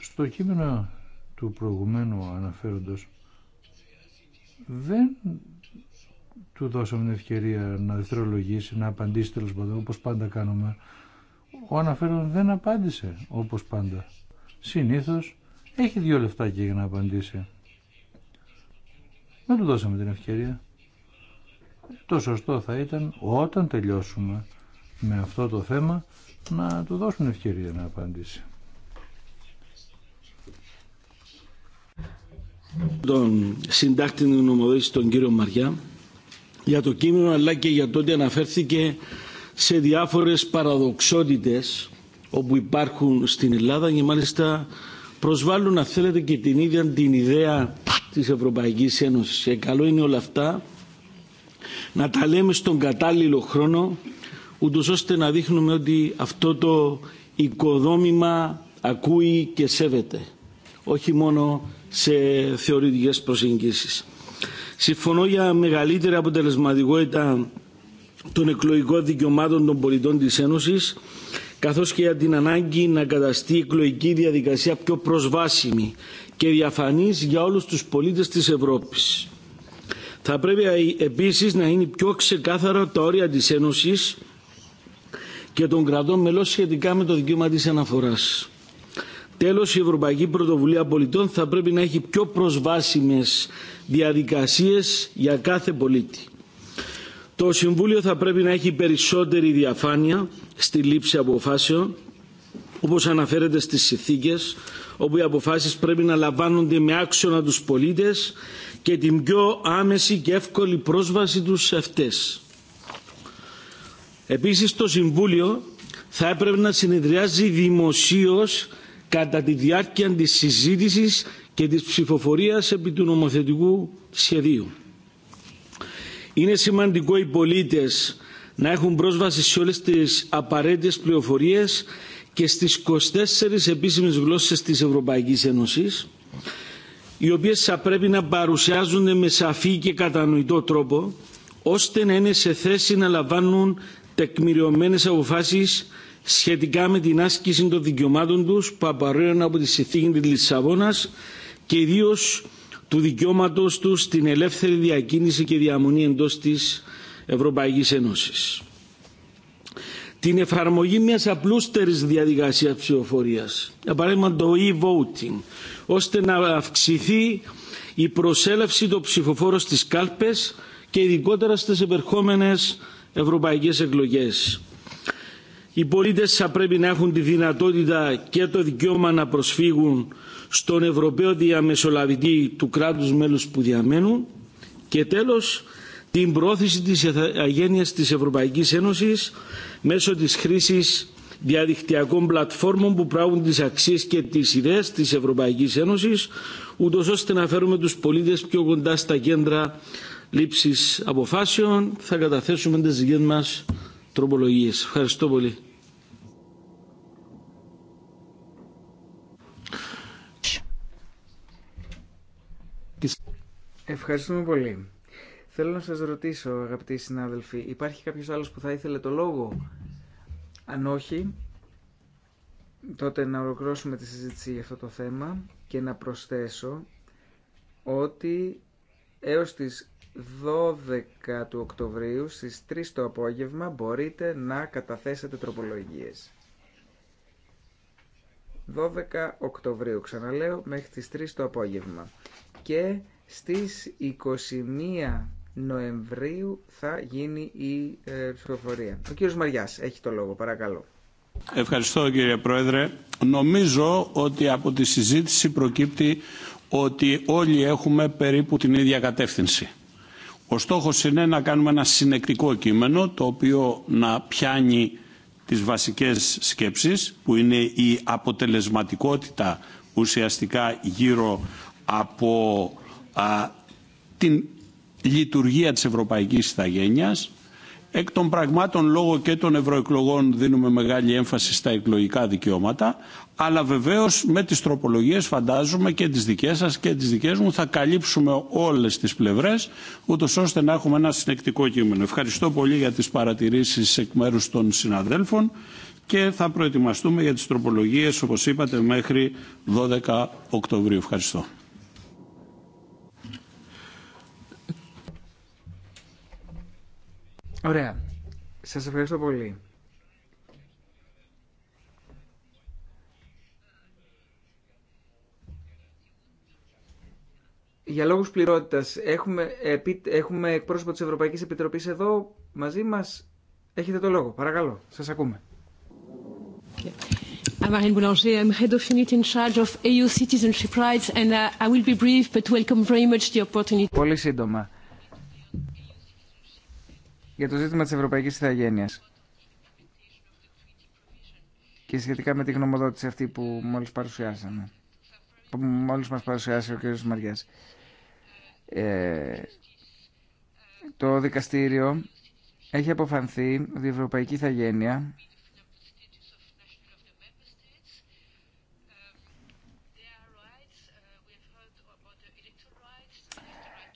Στο κείμενο του προηγουμένου αναφέροντος δεν του δώσαμε την ευκαιρία να δευτερολογήσει, να απαντήσει τέλο πάντων όπως πάντα κάνουμε ο αναφέρον δεν απάντησε όπως πάντα. Συνήθως έχει δύο λεφτάκια για να απαντήσει. Δεν του δώσαμε την ευκαιρία. Το σωστό θα ήταν όταν τελειώσουμε με αυτό το θέμα να του δώσουμε ευκαιρία να απαντήσει. Τον συντάκτη νομοδότηση τον κύριο Μαριά για το κείμενο αλλά και για το ότι αναφέρθηκε σε διάφορες παραδοξότητες όπου υπάρχουν στην Ελλάδα και μάλιστα προσβάλλουν να θέλετε και την ίδια την ιδέα της Ευρωπαϊκής Ένωσης. Και ε, καλό είναι όλα αυτά να τα λέμε στον κατάλληλο χρόνο ούτω ώστε να δείχνουμε ότι αυτό το οικοδόμημα ακούει και σέβεται όχι μόνο σε θεωρητικές προσεγγίσεις. Συμφωνώ για μεγαλύτερη αποτελεσματικότητα των εκλογικών δικαιωμάτων των πολιτών της Ένωσης, καθώς και για την ανάγκη να καταστεί η εκλογική διαδικασία πιο προσβάσιμη και διαφανής για όλους τους πολίτες της Ευρώπης. Θα πρέπει επίσης να είναι πιο ξεκάθαρα τα όρια της Ένωσης και των κρατών μελών σχετικά με το δικαίωμα της αναφοράς. Τέλος, η Ευρωπαϊκή Πρωτοβουλία Πολιτών θα πρέπει να έχει πιο προσβάσιμες διαδικασίες για κάθε πολίτη. Το Συμβούλιο θα πρέπει να έχει περισσότερη διαφάνεια στη λήψη αποφάσεων, όπως αναφέρεται στις συνθήκε, όπου οι αποφάσεις πρέπει να λαμβάνονται με άξονα τους πολίτες και την πιο άμεση και εύκολη πρόσβαση τους σε αυτές. Επίσης το Συμβούλιο θα έπρεπε να συνεδριάζει δημοσίως κατά τη διάρκεια της συζήτησης και της ψηφοφορίας επί του νομοθετικού σχεδίου. Είναι σημαντικό οι πολίτες να έχουν πρόσβαση σε όλες τις απαραίτητες πληροφορίες και στις 24 επίσημες γλώσσες της Ευρωπαϊκής Ένωσης, οι οποίες θα πρέπει να παρουσιάζονται με σαφή και κατανοητό τρόπο, ώστε να είναι σε θέση να λαμβάνουν τεκμηριωμένες αποφάσεις σχετικά με την άσκηση των δικαιωμάτων τους που από τη συνθήκη της Λισαβόνας και ιδίως του δικαιώματος τους στην ελεύθερη διακίνηση και διαμονή εντός της Ευρωπαϊκής Ένωσης. Την εφαρμογή μιας απλούστερης διαδικασίας ψηφοφορίας, για παράδειγμα το e-voting, ώστε να αυξηθεί η προσέλευση των ψηφοφόρων στις κάλπες και ειδικότερα στις επερχόμενες ευρωπαϊκές εκλογές οι πολίτες θα πρέπει να έχουν τη δυνατότητα και το δικαίωμα να προσφύγουν στον Ευρωπαίο διαμεσολαβητή του κράτους μέλους που διαμένουν και τέλος την πρόθεση της αγένειας της Ευρωπαϊκής Ένωσης μέσω της χρήσης διαδικτυακών πλατφόρμων που πράγουν τις αξίες και τις ιδέες της Ευρωπαϊκής Ένωσης ούτως ώστε να φέρουμε τους πολίτες πιο κοντά στα κέντρα λήψης αποφάσεων. Θα καταθέσουμε τις δικές μας Ευχαριστώ πολύ. Ευχαριστούμε πολύ. Θέλω να σας ρωτήσω, αγαπητοί συνάδελφοι, υπάρχει κάποιος άλλος που θα ήθελε το λόγο. Αν όχι, τότε να ολοκληρώσουμε τη συζήτηση για αυτό το θέμα και να προσθέσω ότι έως τις 12 του Οκτωβρίου στις 3 το απόγευμα μπορείτε να καταθέσετε τροπολογίες. 12 Οκτωβρίου, ξαναλέω, μέχρι τις 3 το απόγευμα. Και στις 21 Νοεμβρίου θα γίνει η ε, ψηφοφορία. Ο κύριος Μαριάς έχει το λόγο, παρακαλώ. Ευχαριστώ κύριε Πρόεδρε. Νομίζω ότι από τη συζήτηση προκύπτει ότι όλοι έχουμε περίπου την ίδια κατεύθυνση ο στόχος είναι να κάνουμε ένα συνεκτικό κείμενο το οποίο να πιάνει τις βασικές σκέψεις που είναι η αποτελεσματικότητα ουσιαστικά γύρω από την λειτουργία της Ευρωπαϊκής Ιθαγένειας. Εκ των πραγμάτων λόγω και των ευρωεκλογών δίνουμε μεγάλη έμφαση στα εκλογικά δικαιώματα αλλά βεβαίως με τις τροπολογίες φαντάζομαι και τις δικές σας και τις δικές μου θα καλύψουμε όλες τις πλευρές ούτως ώστε να έχουμε ένα συνεκτικό κείμενο. Ευχαριστώ πολύ για τις παρατηρήσεις εκ μέρους των συναδέλφων και θα προετοιμαστούμε για τις τροπολογίες όπως είπατε μέχρι 12 Οκτωβρίου. Ευχαριστώ. Ωραία. Σας ευχαριστώ πολύ. για λόγους πληρότητας έχουμε, επί, έχουμε εκπρόσωπο της Ευρωπαϊκής Επιτροπής εδώ μαζί μας. Έχετε το λόγο. Παρακαλώ. Σας ακούμε. I'm Marine Boulanger. I'm head of unit in charge of EU citizenship rights and uh, I will be brief but welcome very much the opportunity. Πολύ σύντομα. Για το ζήτημα της Ευρωπαϊκής Ιθαγένειας και σχετικά με τη γνωμοδότηση αυτή που μόλις παρουσιάσαμε που μόλις μας παρουσιάσε ο κ. Μαριάς. Ε, το δικαστήριο έχει αποφανθεί ότι η Ευρωπαϊκή Ιθαγένεια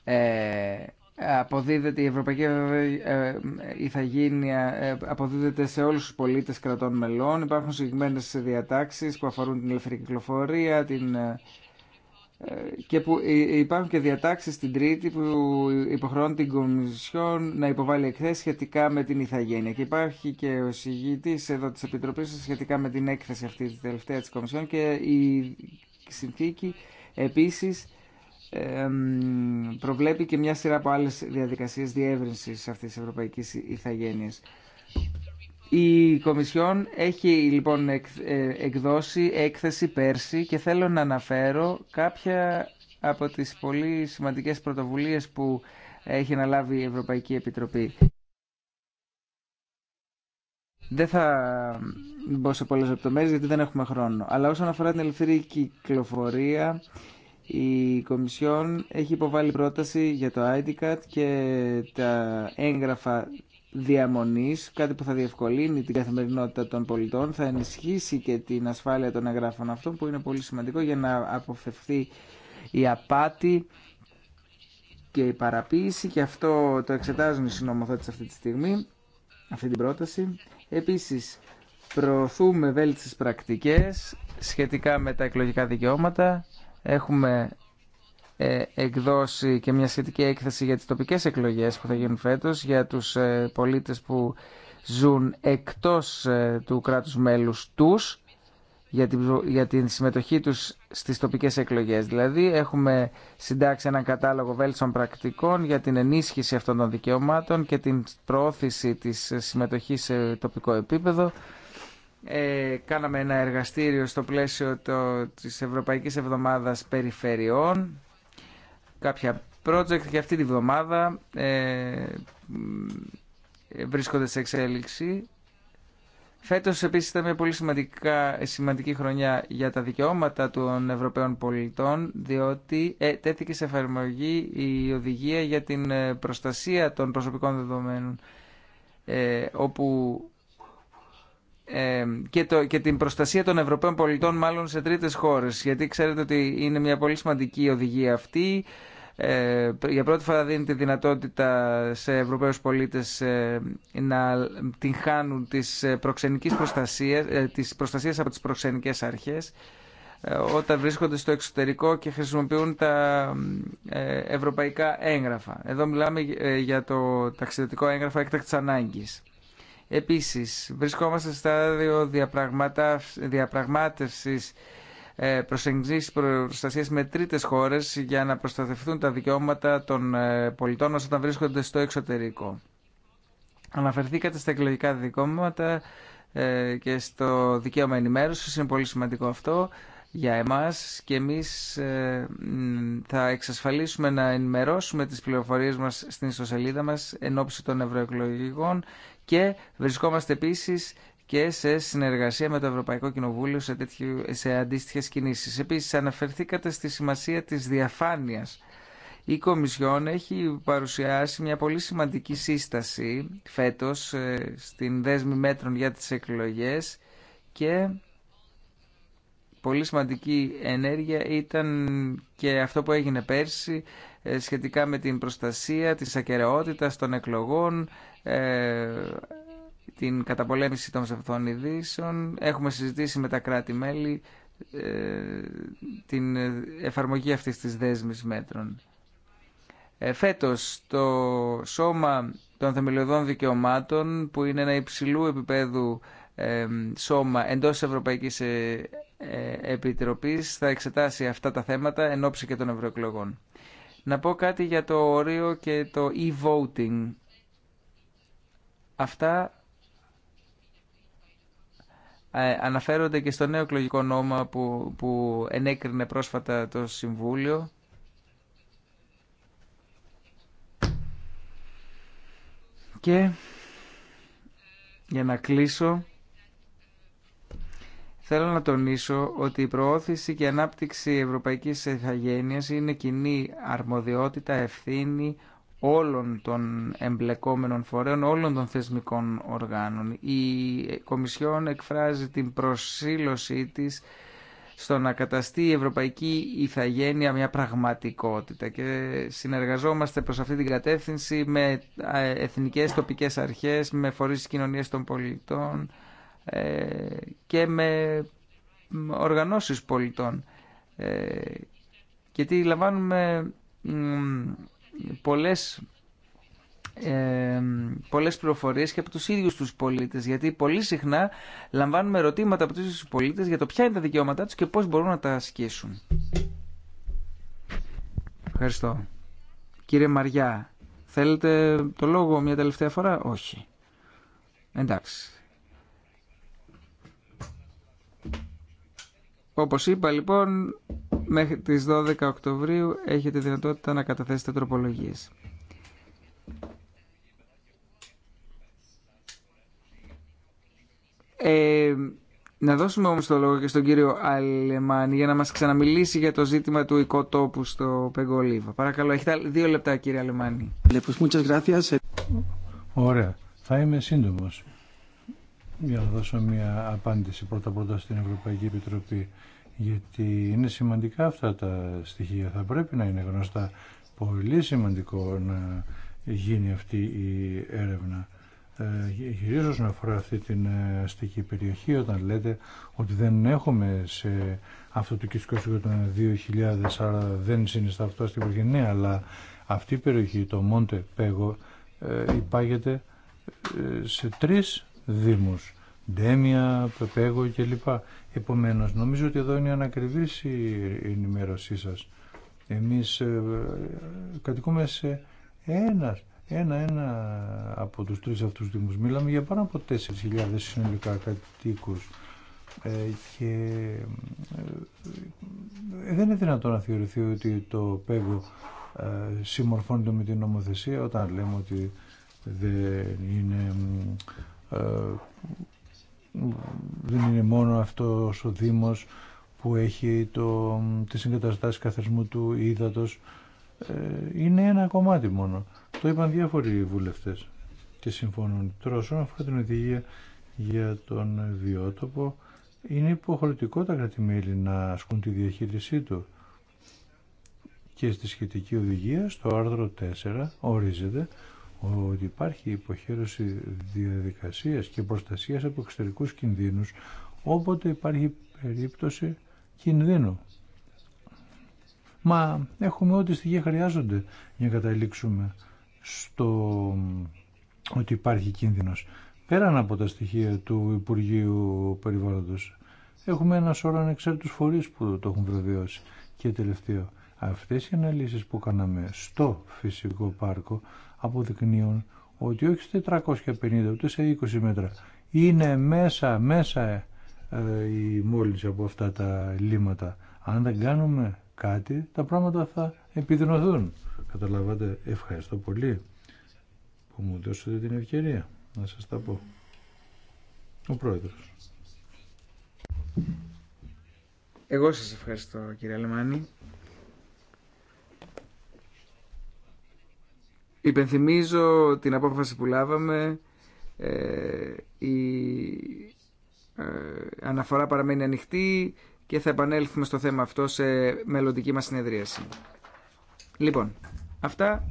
ε, αποδίδεται η Ευρωπαϊκή ε, ε, Ιθαγένεια ε, αποδίδεται σε όλους τους πολίτες κρατών μελών. Υπάρχουν συγκεκριμένες διατάξεις που αφορούν την ελευθερική κυκλοφορία, την και που υπάρχουν και διατάξεις στην Τρίτη που υποχρεώνουν την Κομισιόν να υποβάλει εκθέσεις σχετικά με την Ιθαγένεια. Και υπάρχει και ο συγγητής εδώ της Επιτροπής σχετικά με την έκθεση αυτή τη τελευταία της Κομισιόν και η συνθήκη επίσης προβλέπει και μια σειρά από άλλες διαδικασίες διεύρυνσης αυτής της ευρωπαϊκής Ιθαγένειας. Η Κομισιόν έχει λοιπόν ε, εκδώσει έκθεση πέρσι και θέλω να αναφέρω κάποια από τις πολύ σημαντικές πρωτοβουλίες που έχει αναλάβει η Ευρωπαϊκή Επιτροπή. Δεν θα μπω σε πολλές λεπτομέρειες γιατί δεν έχουμε χρόνο. Αλλά όσον αφορά την ελευθερή κυκλοφορία, η Κομισιόν έχει υποβάλει πρόταση για το IDCAT και τα έγγραφα Διαμονή, κάτι που θα διευκολύνει την καθημερινότητα των πολιτών, θα ενισχύσει και την ασφάλεια των εγγράφων αυτών που είναι πολύ σημαντικό για να αποφευθεί η απάτη και η παραποίηση και αυτό το εξετάζουν οι συνομοθέτες αυτή τη στιγμή, αυτή την πρόταση. Επίσης, προωθούμε βέλτιστες πρακτικές σχετικά με τα εκλογικά δικαιώματα. Έχουμε ε, εκδώσει και μια σχετική έκθεση για τις τοπικές εκλογές που θα γίνουν φέτος για τους ε, πολίτες που ζουν εκτός ε, του κράτους μέλους τους για την, την συμμετοχή τους στις τοπικές εκλογές. Δηλαδή έχουμε συντάξει έναν κατάλογο βέλτιστων πρακτικών για την ενίσχυση αυτών των δικαιωμάτων και την προώθηση της συμμετοχής σε τοπικό επίπεδο. Ε, κάναμε ένα εργαστήριο στο πλαίσιο το, της Ευρωπαϊκής Εβδομάδας Περιφερειών κάποια project για αυτή τη βδομάδα ε, ε, βρίσκονται σε εξέλιξη. Φέτος επίσης ήταν μια πολύ σημαντική χρονιά για τα δικαιώματα των Ευρωπαίων πολιτών διότι ε, τέθηκε σε εφαρμογή η οδηγία για την ε, προστασία των προσωπικών δεδομένων ε, όπου και, το, την προστασία των Ευρωπαίων πολιτών μάλλον σε τρίτες χώρες γιατί ξέρετε ότι είναι μια πολύ σημαντική οδηγία αυτή ε, για πρώτη φορά δίνει τη δυνατότητα σε Ευρωπαίους πολίτες ε, να την χάνουν της ε, προξενικής προστασίας, ε, της από τις προξενικές αρχές ε, όταν βρίσκονται στο εξωτερικό και χρησιμοποιούν τα ευρωπαϊκά έγγραφα. Εδώ μιλάμε για το ταξιδιωτικό έγγραφο έκτακτης ανάγκης. Επίσης, βρισκόμαστε σε στάδιο διαπραγμάτευσης ε, προσεγγίσεις προστασίας με τρίτες χώρες για να προστατευτούν τα δικαιώματα των ε, πολιτών μας όταν βρίσκονται στο εξωτερικό. Αναφερθήκατε στα εκλογικά δικαιώματα ε, και στο δικαίωμα ενημέρωσης, είναι πολύ σημαντικό αυτό για εμάς και εμείς θα εξασφαλίσουμε να ενημερώσουμε τις πληροφορίες μας στην ιστοσελίδα μας εν των ευρωεκλογικών και βρισκόμαστε επίσης και σε συνεργασία με το Ευρωπαϊκό Κοινοβούλιο σε, σε αντίστοιχες κινήσεις. Επίσης αναφερθήκατε στη σημασία της διαφάνειας. Η Κομισιόν έχει παρουσιάσει μια πολύ σημαντική σύσταση φέτος ε, στην δέσμη μέτρων για τις εκλογές και πολύ σημαντική ενέργεια ήταν και αυτό που έγινε πέρσι ε, σχετικά με την προστασία της ακαιρεότητας των εκλογών ε, την καταπολέμηση των ψευθών ειδήσεων. Έχουμε συζητήσει με τα κράτη-μέλη ε, την εφαρμογή αυτής της δέσμης μέτρων. Ε, φέτος, το Σώμα των Θεμελιωδών Δικαιωμάτων, που είναι ένα υψηλού επίπεδου σώμα εντός Ευρωπαϊκής Επιτροπής, θα εξετάσει αυτά τα θέματα εν ώψη και των ευρωεκλογών. Να πω κάτι για το όριο και το e-voting Αυτά ε, αναφέρονται και στο νέο εκλογικό νόμο που, που ενέκρινε πρόσφατα το Συμβούλιο. Και για να κλείσω, θέλω να τονίσω ότι η προώθηση και η ανάπτυξη ευρωπαϊκής ηθαγένειας είναι κοινή αρμοδιότητα, ευθύνη όλων των εμπλεκόμενων φορέων, όλων των θεσμικών οργάνων. Η Κομισιόν εκφράζει την προσήλωσή της στο να καταστεί η ευρωπαϊκή ηθαγένεια μια πραγματικότητα και συνεργαζόμαστε προς αυτή την κατεύθυνση με εθνικές τοπικές αρχές, με φορείς της κοινωνίας των πολιτών ε, και με οργανώσεις πολιτών. Γιατί ε, λαμβάνουμε πολλές, ε, πολλές προφορίες και από τους ίδιους τους πολίτες γιατί πολύ συχνά λαμβάνουμε ερωτήματα από τους ίδιους πολίτες για το ποια είναι τα δικαιώματά τους και πώς μπορούν να τα ασκήσουν. Ευχαριστώ. Κύριε Μαριά, θέλετε το λόγο μια τελευταία φορά? Όχι. Εντάξει. Όπως είπα λοιπόν, Μέχρι τις 12 Οκτωβρίου έχετε δυνατότητα να καταθέσετε τροπολογίες. Ε, να δώσουμε όμως το λόγο και στον κύριο Αλεμάνη για να μας ξαναμιλήσει για το ζήτημα του οικοτόπου στο Πεγκολίβα. Παρακαλώ, έχετε δύο λεπτά κύριε Αλεμάνη. Ωραία, θα είμαι σύντομος για να δώσω μια απάντηση πρώτα-πρώτα στην Ευρωπαϊκή Επιτροπή γιατί είναι σημαντικά αυτά τα στοιχεία, θα πρέπει να είναι γνωστά. Πολύ σημαντικό να γίνει αυτή η έρευνα. Ε, γυρίζω να αφορά αυτή την ε, αστική περιοχή, όταν λέτε ότι δεν έχουμε σε αυτό το κυσκόσιο των 2000, άρα δεν συνιστά αυτό στην ναι, αλλά αυτή η περιοχή, το Μόντε Πέγο, υπάγεται ε, σε τρεις δήμους ντέμια, πεπέγο κλπ. Επομένως, νομίζω ότι εδώ είναι ανακριβή η ενημέρωσή σας. Εμείς ε, κατοικούμε σε ένα, ένα, ένα από τους τρεις αυτούς δήμους. Μιλάμε για πάνω από 4.000 συνολικά κατοίκους. Ε, και ε, δεν είναι δυνατόν να θεωρηθεί ότι το πέγο ε, συμμορφώνεται με την νομοθεσία όταν λέμε ότι δεν είναι ε, δεν είναι μόνο αυτός ο Δήμος που έχει το, τις εγκαταστάσεις καθαρισμού του ύδατος. Ε, είναι ένα κομμάτι μόνο. Το είπαν διάφοροι βουλευτές και συμφωνούν. Τώρα όσον αφορά την οδηγία για τον βιότοπο, είναι υποχρεωτικό τα κρατημέλη να ασκούν τη διαχείρισή του. Και στη σχετική οδηγία, στο άρθρο 4, ορίζεται ότι υπάρχει υποχέρωση διαδικασίας και προστασίας από εξωτερικούς κινδύνους όποτε υπάρχει περίπτωση κινδύνου. Μα έχουμε ό,τι στοιχεία χρειάζονται για να καταλήξουμε στο ότι υπάρχει κίνδυνος. Πέραν από τα στοιχεία του Υπουργείου Περιβάλλοντος έχουμε ένα σώρο ανεξάρτητους φορείς που το έχουν βεβαιώσει. Και τελευταίο, αυτές οι αναλύσεις που κάναμε στο φυσικό πάρκο αποδεικνύουν ότι όχι σε 450 ούτε σε 20 μέτρα. Είναι μέσα, μέσα ε, η μόλυνση από αυτά τα λίμματα. Αν δεν κάνουμε κάτι, τα πράγματα θα επιδεινωθούν. Καταλαβαίνετε, ευχαριστώ πολύ που μου δώσετε την ευκαιρία να σας τα πω. Ο Πρόεδρος. Εγώ σας ευχαριστώ κύριε Αλεμάνη. Υπενθυμίζω την απόφαση που λάβαμε. Ε, η ε, αναφορά παραμένει ανοιχτή και θα επανέλθουμε στο θέμα αυτό σε μελλοντική μας συνεδρίαση. Λοιπόν, αυτά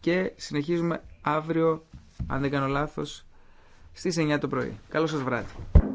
και συνεχίζουμε αύριο, αν δεν κάνω λάθος, στις 9 το πρωί. Καλό σας βράδυ.